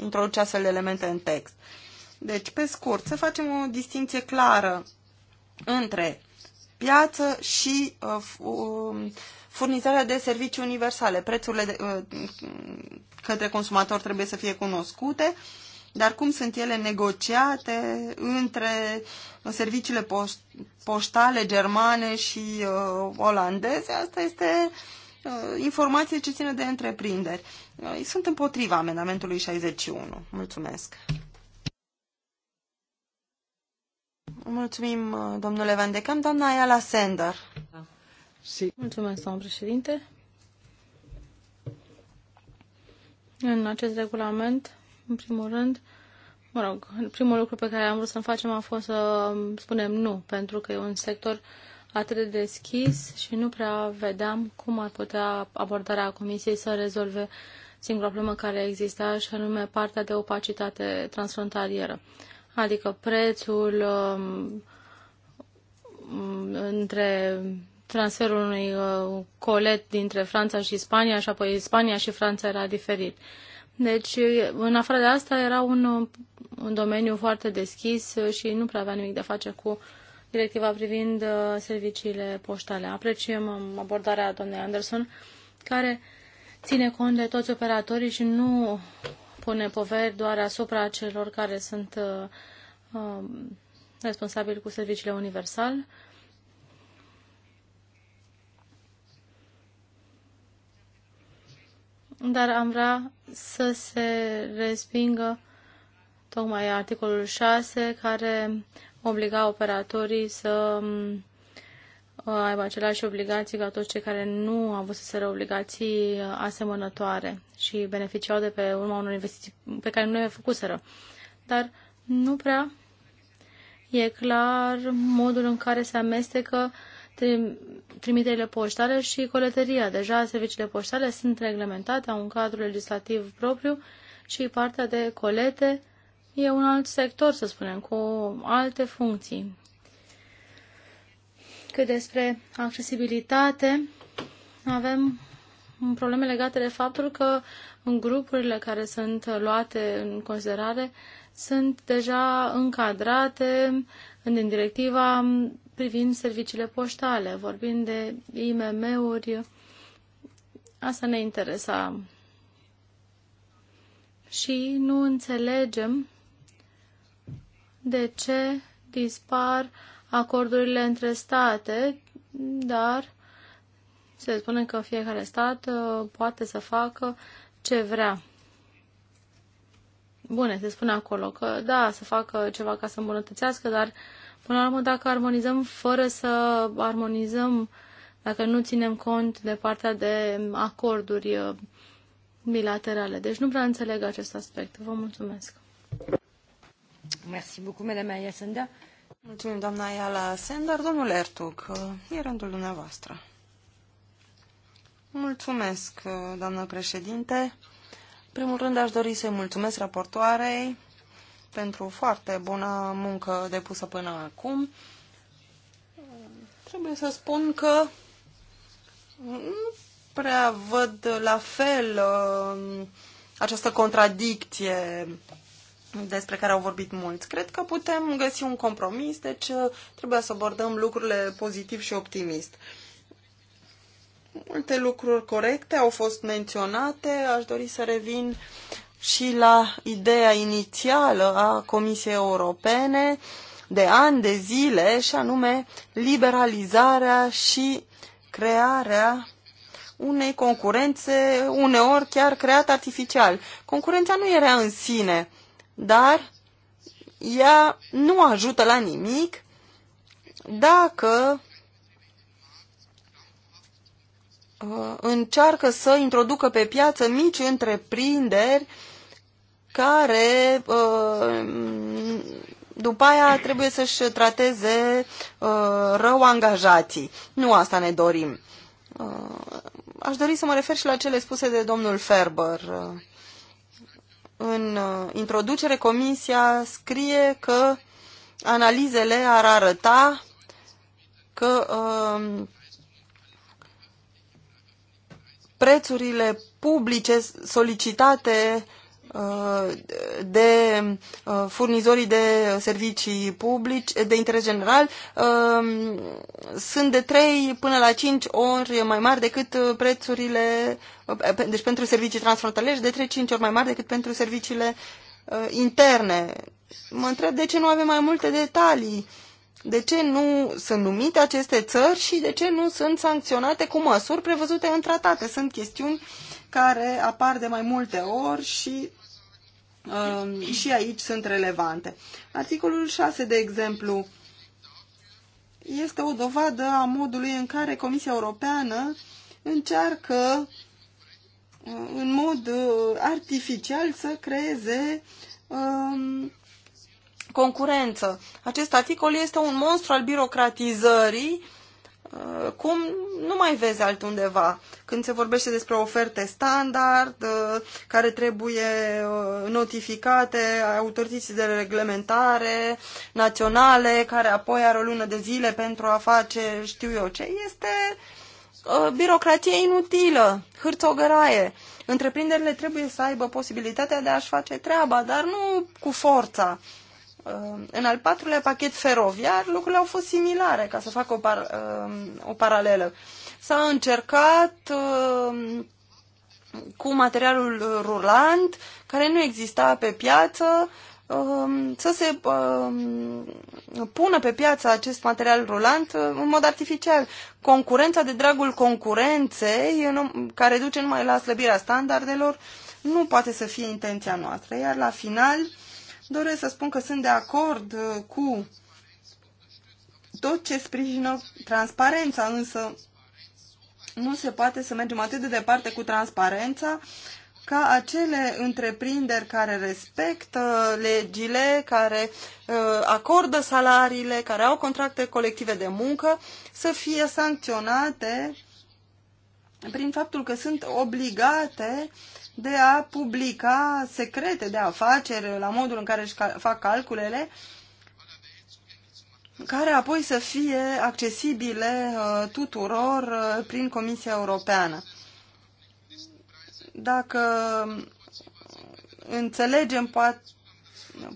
introduce astfel de elemente în text. Uh, deci, pe scurt, să facem o distinție clară între piață și uh, um, furnizarea de servicii universale. Prețurile de, uh, către consumator trebuie să fie cunoscute, dar cum sunt ele negociate între serviciile poș poștale germane și uh, olandeze, asta este uh, informație ce ține de întreprinderi. Uh, sunt împotriva amendamentului 61. Mulțumesc. Mulțumim, uh, domnule Van de Camp. Doamna Ayala Sender. Mulțumesc, doamnă președinte. În acest regulament, în primul rând, mă rog, primul lucru pe care am vrut să-l facem a fost să spunem nu, pentru că e un sector atât de deschis și nu prea vedeam cum ar putea abordarea Comisiei să rezolve singura problemă care exista, și anume partea de opacitate transfrontalieră adică prețul um, între transferul unui uh, colet dintre Franța și Spania și apoi Spania și Franța era diferit. Deci, în afară de asta, era un, un domeniu foarte deschis și nu prea avea nimic de face cu directiva privind uh, serviciile poștale. Apreciem um, abordarea doamnei Anderson, care ține cont de toți operatorii și nu pune poveri doar asupra celor care sunt uh, um, responsabili cu serviciile universal. Dar am vrea să se respingă tocmai articolul 6 care obliga operatorii să um, Uh, aibă aceleași obligații ca toți cei care nu au avut să obligații uh, asemănătoare și beneficiau de pe urma unor investiții pe care nu le sără. Dar nu prea e clar modul în care se amestecă trimiterile poștale și coletăria. Deja serviciile poștale sunt reglementate, au un cadru legislativ propriu și partea de colete e un alt sector, să spunem, cu alte funcții cât despre accesibilitate, avem un probleme legate de faptul că în grupurile care sunt luate în considerare sunt deja încadrate în directiva privind serviciile poștale, vorbind de IMM-uri. Asta ne interesa. Și nu înțelegem de ce dispar uh, acordurile între state, dar se spune că fiecare stat uh, poate să facă ce vrea. Bune, se spune acolo că da, să facă ceva ca să îmbunătățească, dar până la urmă dacă armonizăm fără să armonizăm, dacă nu ținem cont de partea de acorduri uh, bilaterale. Deci nu prea înțeleg acest aspect. Vă mulțumesc. Merci beaucoup, Madame Ayasanda. Mulțumim, doamna Iala Sender. Domnul Ertug, e rândul dumneavoastră. Mulțumesc, doamnă președinte. Primul rând aș dori să-i mulțumesc raportoarei pentru foarte bună muncă depusă până acum. Trebuie să spun că nu prea văd la fel uh, această contradicție despre care au vorbit mulți. Cred că putem găsi un compromis, deci uh, trebuie să abordăm lucrurile pozitiv și optimist. Multe lucruri corecte au fost menționate. Aș dori să revin și la ideea inițială a Comisiei Europene de ani de zile, și anume liberalizarea și crearea unei concurențe, uneori chiar creat artificial. Concurența nu era în sine dar ea nu ajută la nimic dacă uh, încearcă să introducă pe piață mici întreprinderi care uh, după aia trebuie să-și trateze uh, rău angajații. Nu asta ne dorim. Aș dori să mă refer și la cele spuse de domnul Ferber în uh, introducere, Comisia scrie că analizele ar arăta că uh, prețurile publice solicitate Uh, de uh, furnizorii de servicii publici de interes general um, sunt de 3 până la 5 ori mai mari decât uh, prețurile, deci pentru servicii transfrontaliere, de 3-5 ori mai mari decât pentru serviciile interne. Mă întreb de ce nu avem mai multe detalii, de ce nu sunt numite aceste țări și de ce nu sunt sancționate cu măsuri prevăzute în tratate. Sunt chestiuni care apar de mai multe ori și Um, și aici sunt relevante. Articolul 6, de exemplu, este o dovadă a modului în care Comisia Europeană încearcă uh, în mod uh, artificial să creeze um, concurență. Acest articol este un monstru al birocratizării Uh, cum nu mai vezi altundeva. Când se vorbește despre oferte standard, uh, care trebuie uh, notificate autorității de reglementare naționale, care apoi are o lună de zile pentru a face știu eu ce, este birocrație inutilă, hârțogăraie. Întreprinderile trebuie să aibă posibilitatea de a-și face treaba, dar nu cu forța. În al patrulea pachet feroviar, lucrurile au fost similare, ca să fac o, par, um, o paralelă. S-a încercat um, cu materialul rulant, care nu exista pe piață, um, să se pună pe piață acest material rulant uh, în mod artificial. Concurența de dragul concurenței, care duce numai la slăbirea standardelor, nu poate să fie intenția noastră. Iar la final, doresc să spun că sunt de acord uh, cu tot ce sprijină transparența, însă nu se poate să mergem atât de departe cu transparența ca acele întreprinderi care respectă legile, care uh, acordă salariile, care au contracte colective de muncă, să fie sancționate prin faptul că sunt obligate de a publica secrete de afaceri la modul în care își fac calculele, care apoi să fie accesibile uh, tuturor uh, prin Comisia Europeană. Dacă înțelegem poate,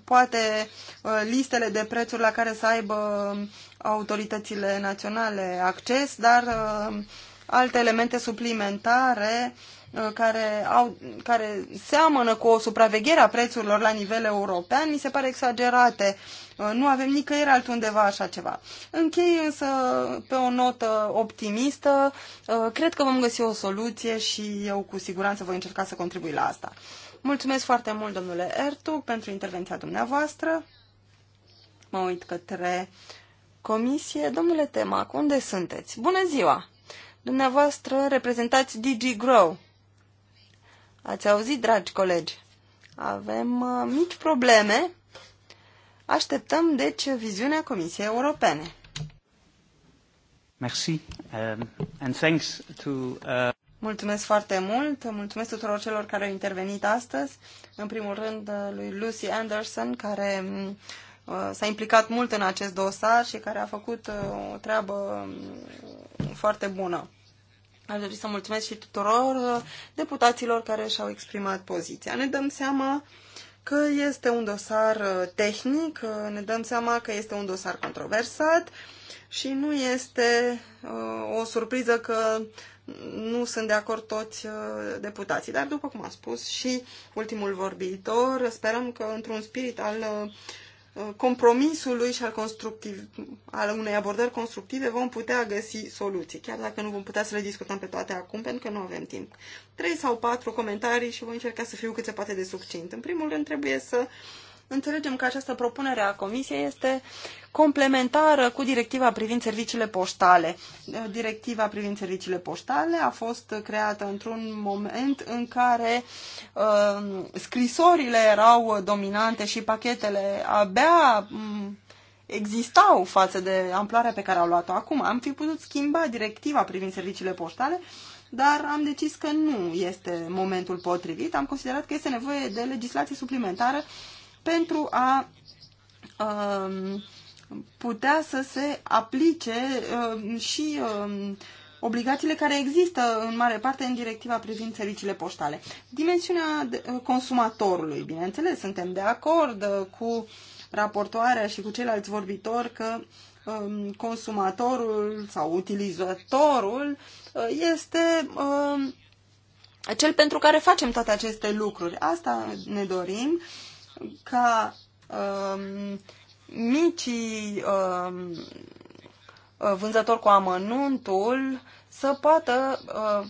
poate uh, listele de prețuri la care să aibă autoritățile naționale acces, dar alte elemente suplimentare uh, Uh, care, au, care seamănă cu o supraveghere a prețurilor la nivel european, mi se pare exagerate. Uh, nu avem nicăieri altundeva așa ceva. Închei însă pe o notă optimistă. Uh, cred că vom găsi o soluție și eu cu siguranță voi încerca să contribui la asta. Mulțumesc foarte mult, domnule Ertu, pentru intervenția dumneavoastră. Mă uit către comisie. Domnule Temac, unde sunteți? Bună ziua! Dumneavoastră reprezentați DG Grow. Ați auzit, dragi colegi, avem uh, mici probleme. Așteptăm, deci, viziunea Comisiei Europene. Merci. Um, and thanks to, uh... Mulțumesc foarte mult. Mulțumesc tuturor celor care au intervenit astăzi. În primul rând, uh, lui Lucy Anderson, care um, uh, s-a implicat mult în acest dosar și care a făcut uh, o treabă um, foarte bună. Aș dori să mulțumesc și tuturor uh, deputaților care și-au exprimat poziția. Ne dăm seama că este un dosar uh, tehnic, uh, ne dăm seama că este un dosar controversat și nu este o surpriză că nu sunt de acord toți deputații. Dar, după cum a spus și ultimul vorbitor, sperăm că într-un spirit al Uh, compromisului și al, constructiv, al unei abordări constructive vom putea găsi soluții, chiar dacă nu vom putea să le discutăm pe toate acum, pentru că nu avem timp. Trei sau patru comentarii și voi încerca să fiu cât se poate de succint. În primul rând, trebuie să uh, Înțelegem că această propunere a Comisiei este complementară cu directiva privind serviciile poștale. Directiva privind serviciile poștale a fost creată într-un moment în care uh, scrisorile erau dominante și pachetele abia um, existau față de amploarea pe care au luat-o acum. Am fi putut schimba directiva privind serviciile poștale, dar am decis că nu este momentul potrivit. Am considerat că este nevoie de legislație suplimentară pentru a um, putea să se aplice um, și um, obligațiile care există în mare parte în directiva privind serviciile poștale. Dimensiunea uh, consumatorului, bineînțeles, suntem de acord uh, cu raportoarea și cu ceilalți vorbitori că consumatorul sau utilizatorul uh, este cel pentru care facem toate aceste lucruri. Asta ne dorim ca um, micii um, vânzători cu amănuntul să poată uh,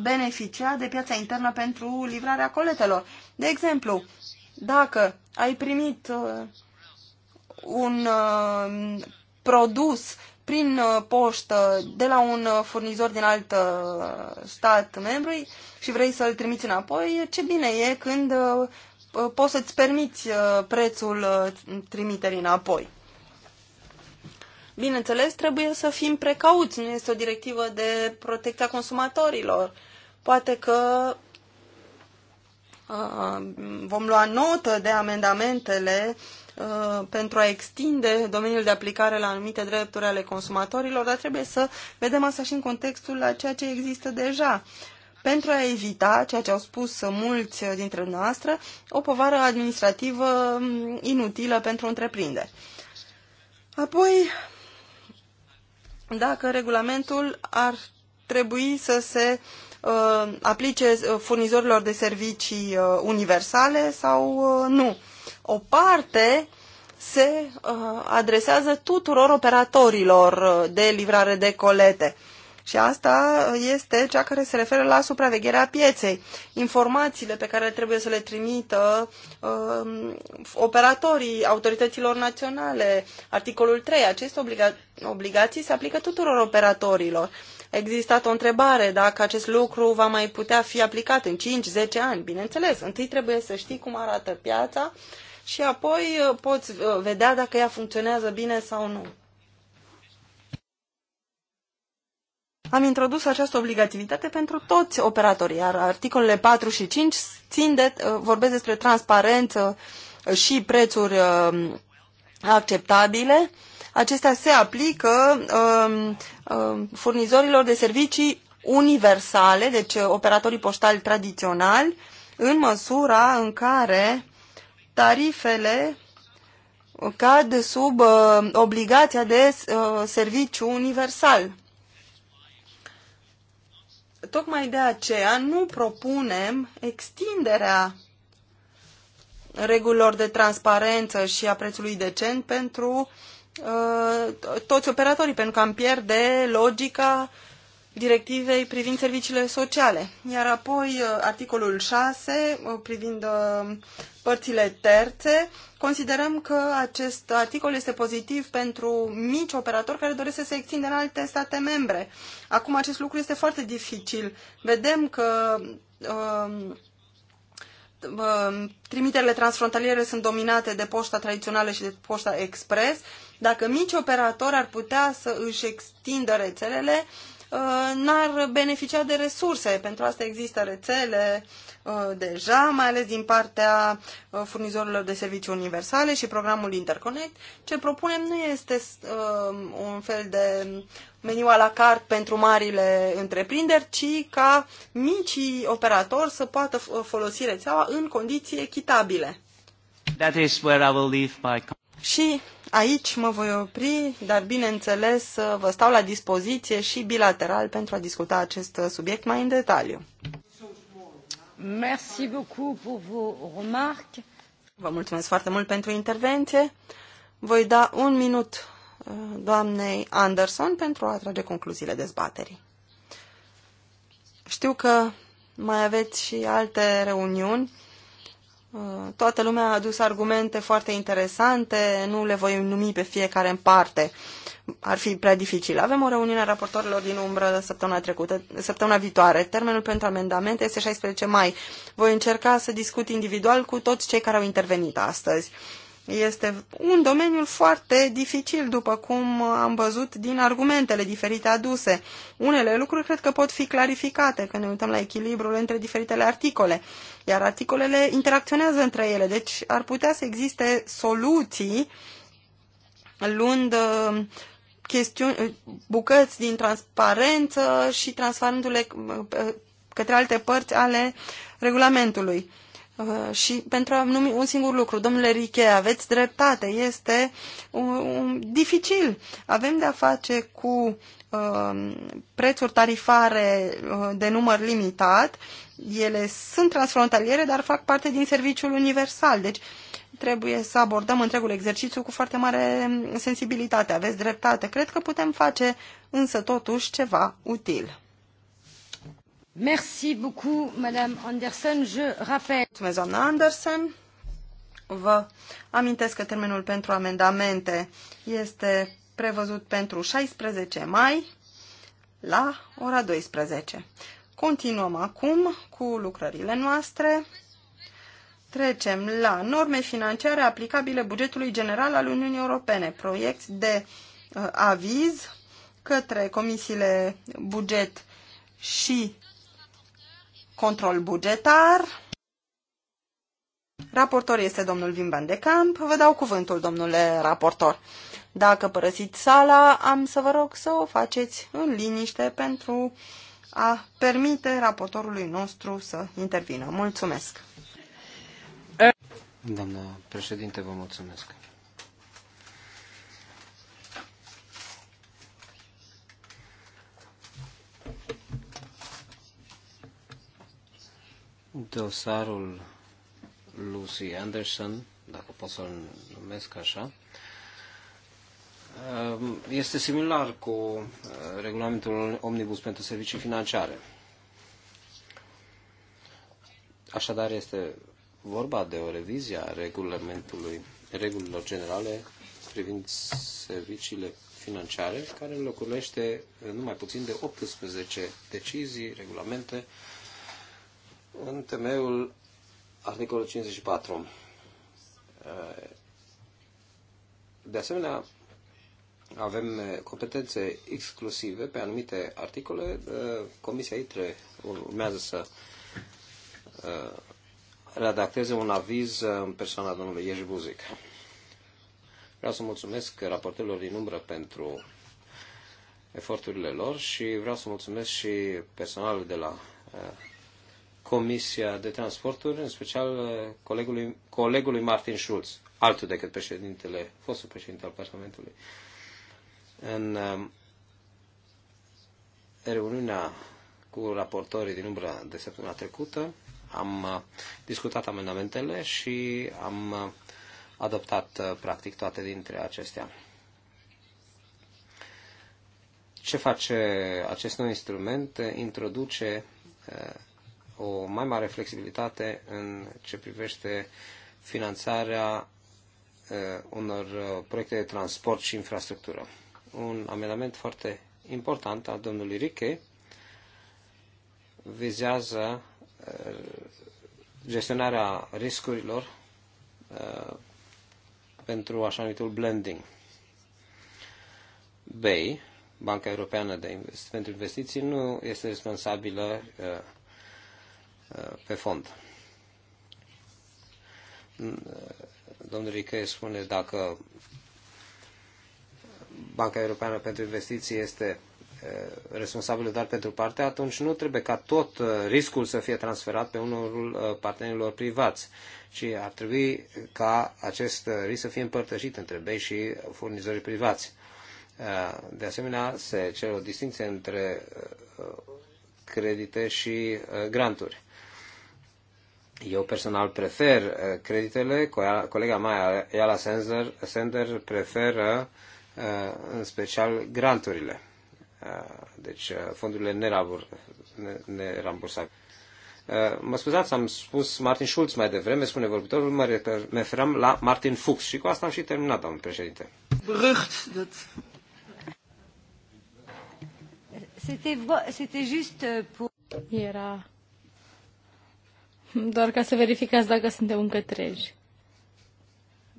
beneficia de piața internă pentru livrarea coletelor. De exemplu, dacă ai primit uh, un uh, produs prin uh, poștă de la un uh, furnizor din alt uh, stat membru și vrei să-l trimiți înapoi, ce bine e când uh, Uh, poți să-ți permiți uh, prețul uh, trimiterii înapoi. Bineînțeles, trebuie să fim precauți. Nu este o directivă de protecția consumatorilor. Poate că vom lua notă de amendamentele pentru a extinde domeniul de aplicare la anumite drepturi ale consumatorilor, dar trebuie să vedem asta și în contextul la ceea ce există deja pentru a evita ceea ce au spus mulți dintre noastre, o povară administrativă mm, inutilă pentru întreprinderi. Apoi, dacă regulamentul ar trebui să se uh, aplice uh, furnizorilor de servicii uh, universale sau uh, nu. O parte se uh, adresează tuturor operatorilor uh, de livrare de colete. Uh, și asta este cea care se referă la supravegherea pieței. Informațiile pe care trebuie să le trimită uh, operatorii autorităților naționale. Articolul 3. Aceste obliga- obligații se aplică tuturor operatorilor. A existat o întrebare dacă acest lucru va mai putea fi aplicat în 5-10 ani. Bineînțeles, întâi trebuie să știi cum arată piața și apoi uh, poți uh, vedea dacă ea funcționează bine sau nu. am introdus această obligativitate pentru toți operatorii, iar articolele 4 și 5 țin de, uh, vorbesc despre transparență și prețuri um, acceptabile. Acestea se aplică um, um, furnizorilor de servicii universale, deci uh, operatorii poștali tradiționali, în măsura în care tarifele cad sub uh, obligația de serviciu universal tocmai de aceea nu propunem extinderea regulilor de transparență și a prețului decent pentru uh, toți operatorii, pentru că am pierde logica directivei privind serviciile sociale, iar apoi uh, articolul 6 uh, privind uh, părțile terțe. Considerăm că acest articol este pozitiv pentru mici operatori care doresc să se extindă în alte state membre. Acum acest lucru este foarte dificil. Vedem că um, um, trimiterile transfrontaliere sunt dominate de poșta tradițională și de poșta expres. Dacă mici operatori ar putea să își extindă rețelele, uh, Uh, n-ar beneficia de resurse. Pentru asta există rețele uh, deja, mai ales din partea uh, furnizorilor de servicii universale și programul Interconnect. Ce propunem nu este un fel de meniu la carte pentru marile întreprinderi, ci ca micii operatori să poată folosi rețeaua în condiții echitabile. That is where I will leave my... Și aici mă voi opri, dar bineînțeles uh, vă stau la dispoziție și bilateral pentru a discuta acest uh, subiect mai în detaliu. Merci beaucoup pour vos remarques. Vă mulțumesc foarte mult pentru intervenție. Voi da un minut uh, doamnei Anderson pentru a trage concluziile dezbaterii. Știu că mai aveți și alte reuniuni Uh, toată lumea a adus argumente foarte interesante, nu le voi numi pe fiecare în parte. Ar fi prea dificil. Avem o reuniune a raportorilor din umbră săptămâna trecută, săptămâna viitoare. Termenul pentru amendamente este 16 mai. Voi încerca să discut individual cu toți cei care au intervenit astăzi. Este un domeniu foarte dificil, după cum am văzut din argumentele diferite aduse. Unele lucruri cred că pot fi clarificate când ne uităm la echilibrul între diferitele articole, iar articolele interacționează între ele, deci ar putea să existe soluții luând uh, chestiuni, uh, bucăți din transparență și transferându-le uh, către alte părți ale regulamentului. Uh, și pentru a numi un singur lucru, domnule Riche, aveți dreptate, este un dificil. Avem de-a face cu uh, prețuri tarifare uh, de număr limitat, ele sunt transfrontaliere, dar fac parte din serviciul universal. Deci trebuie să abordăm întregul exercițiu cu foarte mare sensibilitate. Aveți dreptate. Cred că putem face însă totuși ceva util doamnă andersson Mulțumesc, Anderson. Vă amintesc că termenul pentru amendamente este prevăzut pentru 16 mai la ora 12. Continuăm acum cu lucrările noastre. Trecem la norme financiare aplicabile bugetului general al Uniunii Europene, proiect de uh, aviz către comisiile buget și control bugetar. Raportor este domnul Vim Van de Camp. Vă dau cuvântul, domnule raportor. Dacă părăsiți sala, am să vă rog să o faceți în liniște pentru a permite raportorului nostru să intervină. Mulțumesc! Doamna președinte, vă mulțumesc! dosarul Lucy Anderson, dacă pot să-l numesc așa, um, este similar cu uh, regulamentul Omnibus pentru servicii financiare. Așadar, este vorba de o revizie a regulamentului, regulilor generale privind serviciile financiare, care înlocuiește numai puțin de 18 decizii, regulamente în temeiul articolului 54. Uh, de asemenea, avem competențe exclusive pe anumite articole. Uh, Comisia ITRE urmează să uh, redacteze un aviz în persoana domnului Ieși Buzic. Vreau să mulțumesc raportelor din umbră pentru eforturile lor și vreau să mulțumesc și personalul de la Comisia de Transporturi, în special uh, colegului, colegului Martin Schulz, altul decât președintele, fostul președinte al Parlamentului. În um, reuniunea cu raportorii din umbra de săptămâna trecută, am uh, discutat amendamentele și am uh, adoptat practic toate dintre acestea. Ce face acest nou instrument? Introduce o mai mare flexibilitate în ce privește finanțarea eh, unor eh, proiecte de transport și infrastructură. Un amendament foarte important al domnului Riche vizează eh, gestionarea riscurilor pentru așa numitul blending. BEI, Banca Europeană de Invest- pentru Investiții, nu este responsabilă pe fond. Domnul Riche spune dacă Banca Europeană pentru Investiții este responsabilă doar pentru parte, atunci nu trebuie ca tot riscul să fie transferat pe unul partenerilor privați, ci ar trebui ca acest risc să fie împărtășit între bei și furnizorii privați. De asemenea, se cere o distinție între credite și granturi. Eu personal prefer uh, creditele, colega mea, Iala Sender, Sender preferă uh, în special granturile, uh, deci fondurile nerabur, nerambursabile. Mă scuzați, am spus Martin Schulz mai devreme, spune vorbitorul, mă referam la Martin Fuchs și cu asta am și terminat, domnul președinte. Brâcht, C'était juste pour... Era doar ca să verificați dacă suntem încă treji.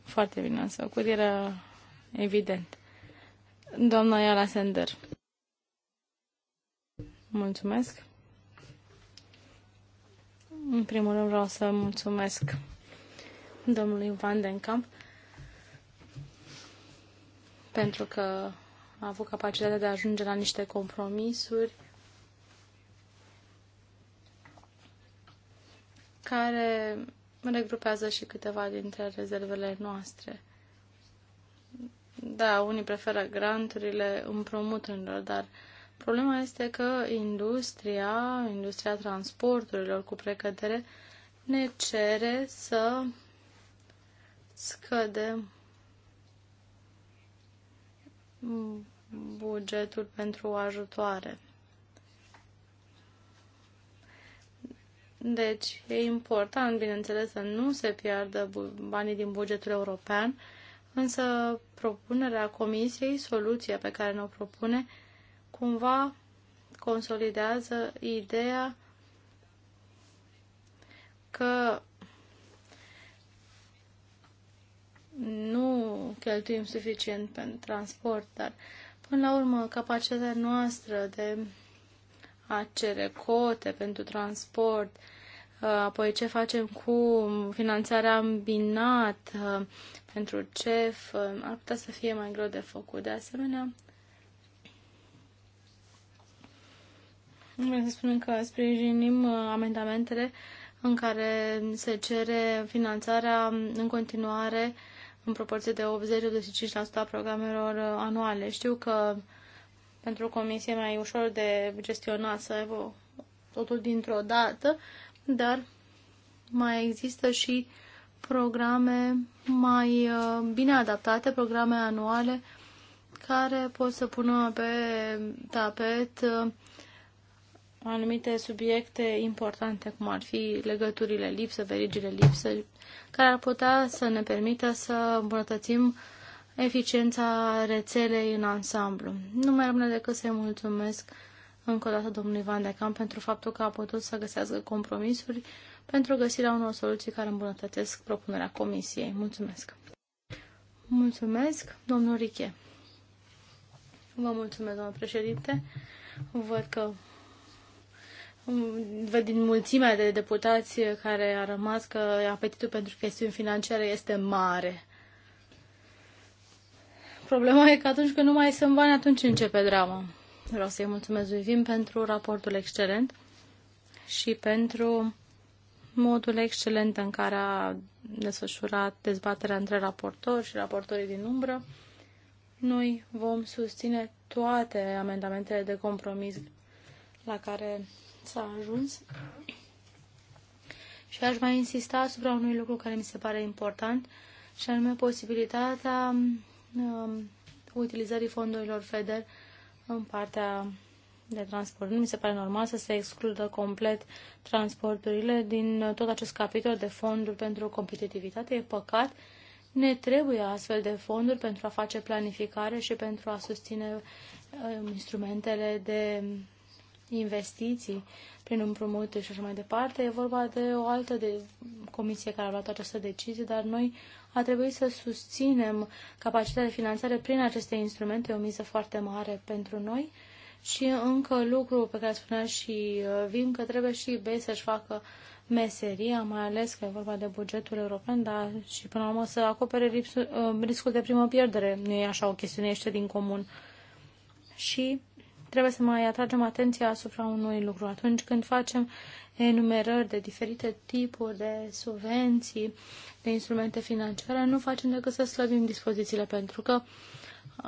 Foarte bine ați făcut, era evident. Doamna Iala Sender. Mulțumesc. În primul rând vreau să mulțumesc domnului Van den Kamp pentru că a avut capacitatea de a ajunge la niște compromisuri care regrupează și câteva dintre rezervele noastre. Da, unii preferă granturile împrumuturilor, dar problema este că industria, industria transporturilor cu precădere, ne cere să scădem bugetul pentru ajutoare. Deci e important, bineînțeles, să nu se piardă banii din bugetul european, însă propunerea comisiei, soluția pe care ne-o propune, cumva consolidează ideea că nu cheltuim suficient pentru transport, dar până la urmă capacitatea noastră de a cere cote pentru transport, apoi ce facem cu finanțarea ambinat uh, pentru CEF, uh, ar putea să fie mai greu de făcut. De asemenea, vreau să spunem că sprijinim uh, amendamentele în care se cere finanțarea în continuare în proporție de 80-85% a programelor anuale. Știu că pentru comisie mai ușor de gestionat să aibă totul dintr-o dată, dar mai există și programe mai uh, bine adaptate, programe anuale care pot să pună pe tapet uh, anumite subiecte importante, cum ar fi legăturile lipsă, verigile lipsă, care ar putea să ne permită să îmbunătățim eficiența rețelei în ansamblu. Nu mai rămâne decât să-i mulțumesc încă o dată domnului Van de Camp pentru faptul că a putut să găsească compromisuri pentru găsirea unor soluții care îmbunătățesc propunerea comisiei. Mulțumesc! Mulțumesc, domnul Riche! Vă mulțumesc, domnul președinte! Văd că um, văd din mulțimea de deputați care a rămas că apetitul pentru chestiuni financiare este mare. Problema e că atunci când nu mai sunt bani, atunci începe drama. Vreau să-i mulțumesc lui Vim pentru raportul excelent și pentru modul excelent în care a desfășurat dezbaterea între raportori și raportorii din umbră. Noi vom susține toate amendamentele de compromis la care s-a ajuns. Și aș mai insista asupra unui lucru care mi se pare important, și anume posibilitatea um, utilizării fondurilor FEDER în partea de transport. Nu mi se pare normal să se excludă complet transporturile din tot acest capitol de fonduri pentru competitivitate. E păcat. Ne trebuie astfel de fonduri pentru a face planificare și pentru a susține um, instrumentele de investiții prin împrumuturi și așa mai departe. E vorba de o altă de comisie care a luat această decizie, dar noi a trebuit să susținem capacitatea de finanțare prin aceste instrumente, o miză foarte mare pentru noi. Și încă lucru pe care spunea și uh, Vim, că trebuie și BEI să-și facă meseria, mai ales că e vorba de bugetul european, dar și până la urmă să acopere uh, riscul de primă pierdere. Nu e așa o chestiune, este din comun. Și trebuie să mai atragem atenția asupra unui lucru. Atunci când facem enumerări de diferite tipuri de subvenții, de instrumente financiare, nu facem decât să slăbim dispozițiile, pentru că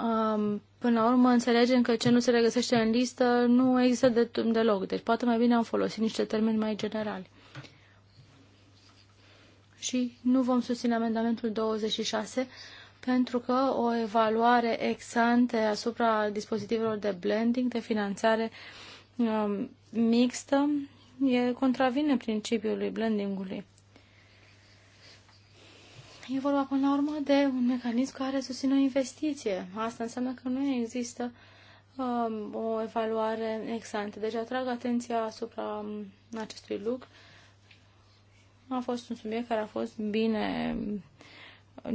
um, până la urmă înțelegem că ce nu se regăsește în listă nu există de, deloc. Deci poate mai bine am folosit niște termeni mai generali. Și nu vom susține amendamentul 26 pentru că o evaluare ex-ante asupra dispozitivelor de blending, de finanțare um, mixtă, e, contravine principiului blendingului. E vorba până la urmă de un mecanism care susține o investiție. Asta înseamnă că nu există um, o evaluare exantă. Deci atrag atenția asupra um, acestui lucru. A fost un subiect care a fost bine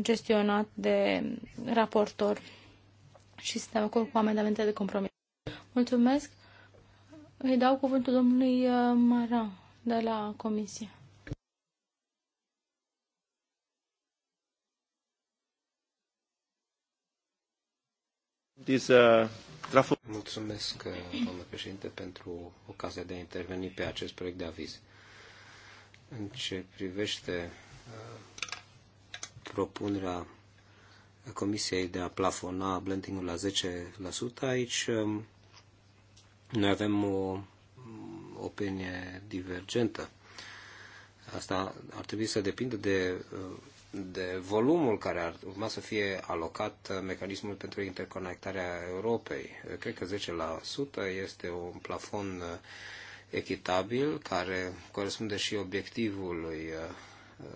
gestionat de raportor și sistemul cu amendamente de compromis. Mulțumesc! Îi dau cuvântul domnului uh, Mara de la Comisie. Uh, Mulțumesc, uh, domnule președinte, pentru ocazia de a interveni pe acest proiect de aviz. În ce privește propunerea Comisiei de a plafona blending-ul la 10%, aici um, noi avem o opinie divergentă. Asta ar trebui să depindă de, de volumul care ar urma să fie alocat mecanismul pentru interconectarea Europei. Cred că 10% este un plafon echitabil care corespunde și obiectivului uh,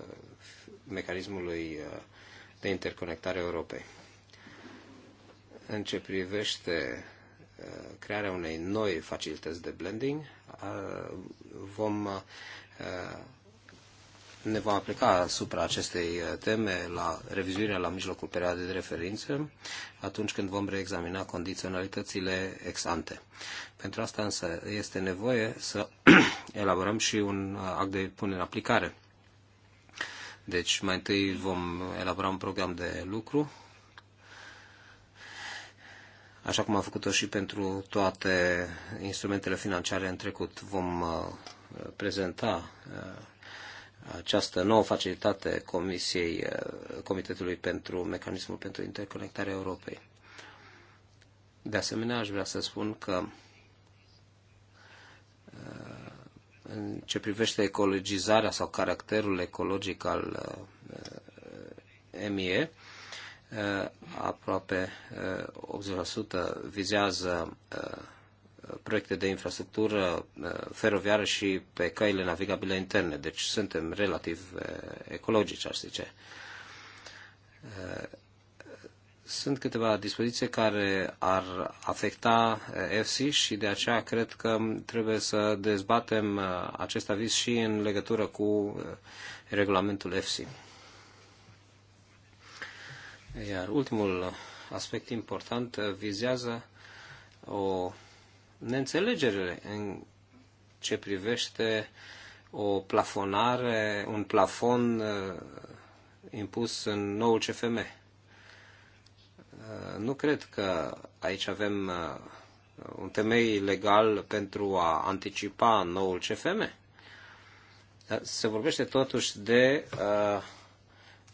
mecanismului uh, de interconectare Europei. În ce privește Uh, crearea unei noi facilități de blending. Uh, vom, uh, ne vom aplica asupra acestei teme la revizuirea la mijlocul perioadei de referință, atunci când vom reexamina condiționalitățile ex ante. Pentru asta însă este nevoie să elaborăm și un act de punere în aplicare. Deci mai întâi vom elabora un program de lucru așa cum am făcut-o și pentru toate instrumentele financiare în trecut. Vom uh, prezenta uh, această nouă facilitate Comisiei uh, Comitetului pentru Mecanismul pentru Interconectarea Europei. De asemenea, aș vrea să spun că în ce privește ecologizarea sau caracterul ecologic al MIE, Uh, aproape uh, 80% vizează uh, proiecte de infrastructură feroviară și pe căile navigabile interne, deci suntem relativ ecologici, aș zice. Sunt câteva dispoziții care ar afecta EFSI și de aceea cred că trebuie să dezbatem acest aviz și în legătură cu regulamentul EFSI. Iar ultimul aspect important uh, vizează o neînțelegere în ce privește o plafonare, un plafon uh, impus în noul CFM. Uh, nu cred că aici avem un temei legal pentru a anticipa noul CFM. Se vorbește totuși de uh,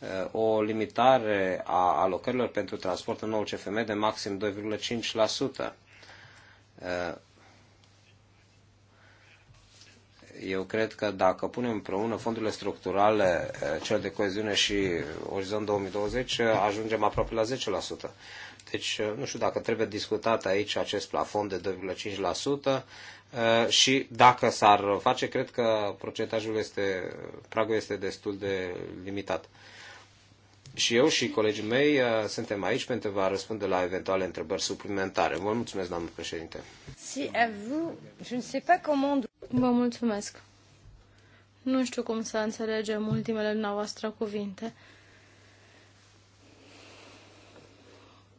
Uh, o limitare a alocărilor pentru transport în noul CFM de maxim 2,5%. Uh, eu cred că dacă punem împreună fondurile structurale, uh, cel de coeziune și Orizont 2020, ajungem aproape la 10%. Deci, nu știu dacă trebuie discutat aici acest plafon de 2,5% și dacă s-ar face, cred că procentajul este, pragul este destul de limitat și eu și colegii mei uh, suntem aici pentru a răspunde la eventuale întrebări suplimentare. Vă mulțumesc, doamnă președinte. Vă mulțumesc. Nu știu cum să înțelegem ultimele noastre cuvinte.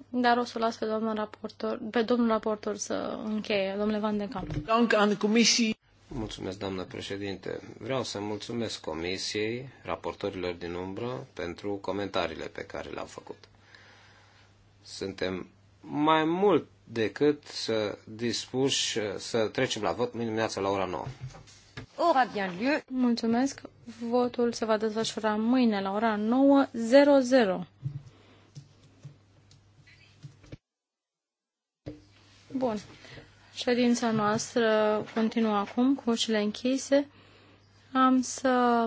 Dar o să las pe domnul raportor, pe domnul raportor să încheie, domnule Van de Camp. Dank aan de comisie. Mulțumesc, doamnă președinte. Vreau să mulțumesc comisiei, raportorilor din umbră, pentru comentariile pe care le-au făcut. Suntem mai mult decât să dispuși să trecem la vot mâine dimineața la ora 9. Ora bien lieu. Mulțumesc. Votul se va desfășura mâine la ora 9.00. Bun. Ședința noastră continuă acum cu ușile închise. Am să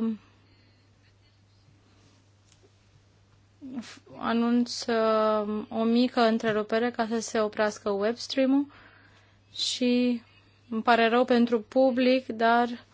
anunț uh, o mică întrerupere ca să se oprească webstream-ul și îmi pare rău pentru public, dar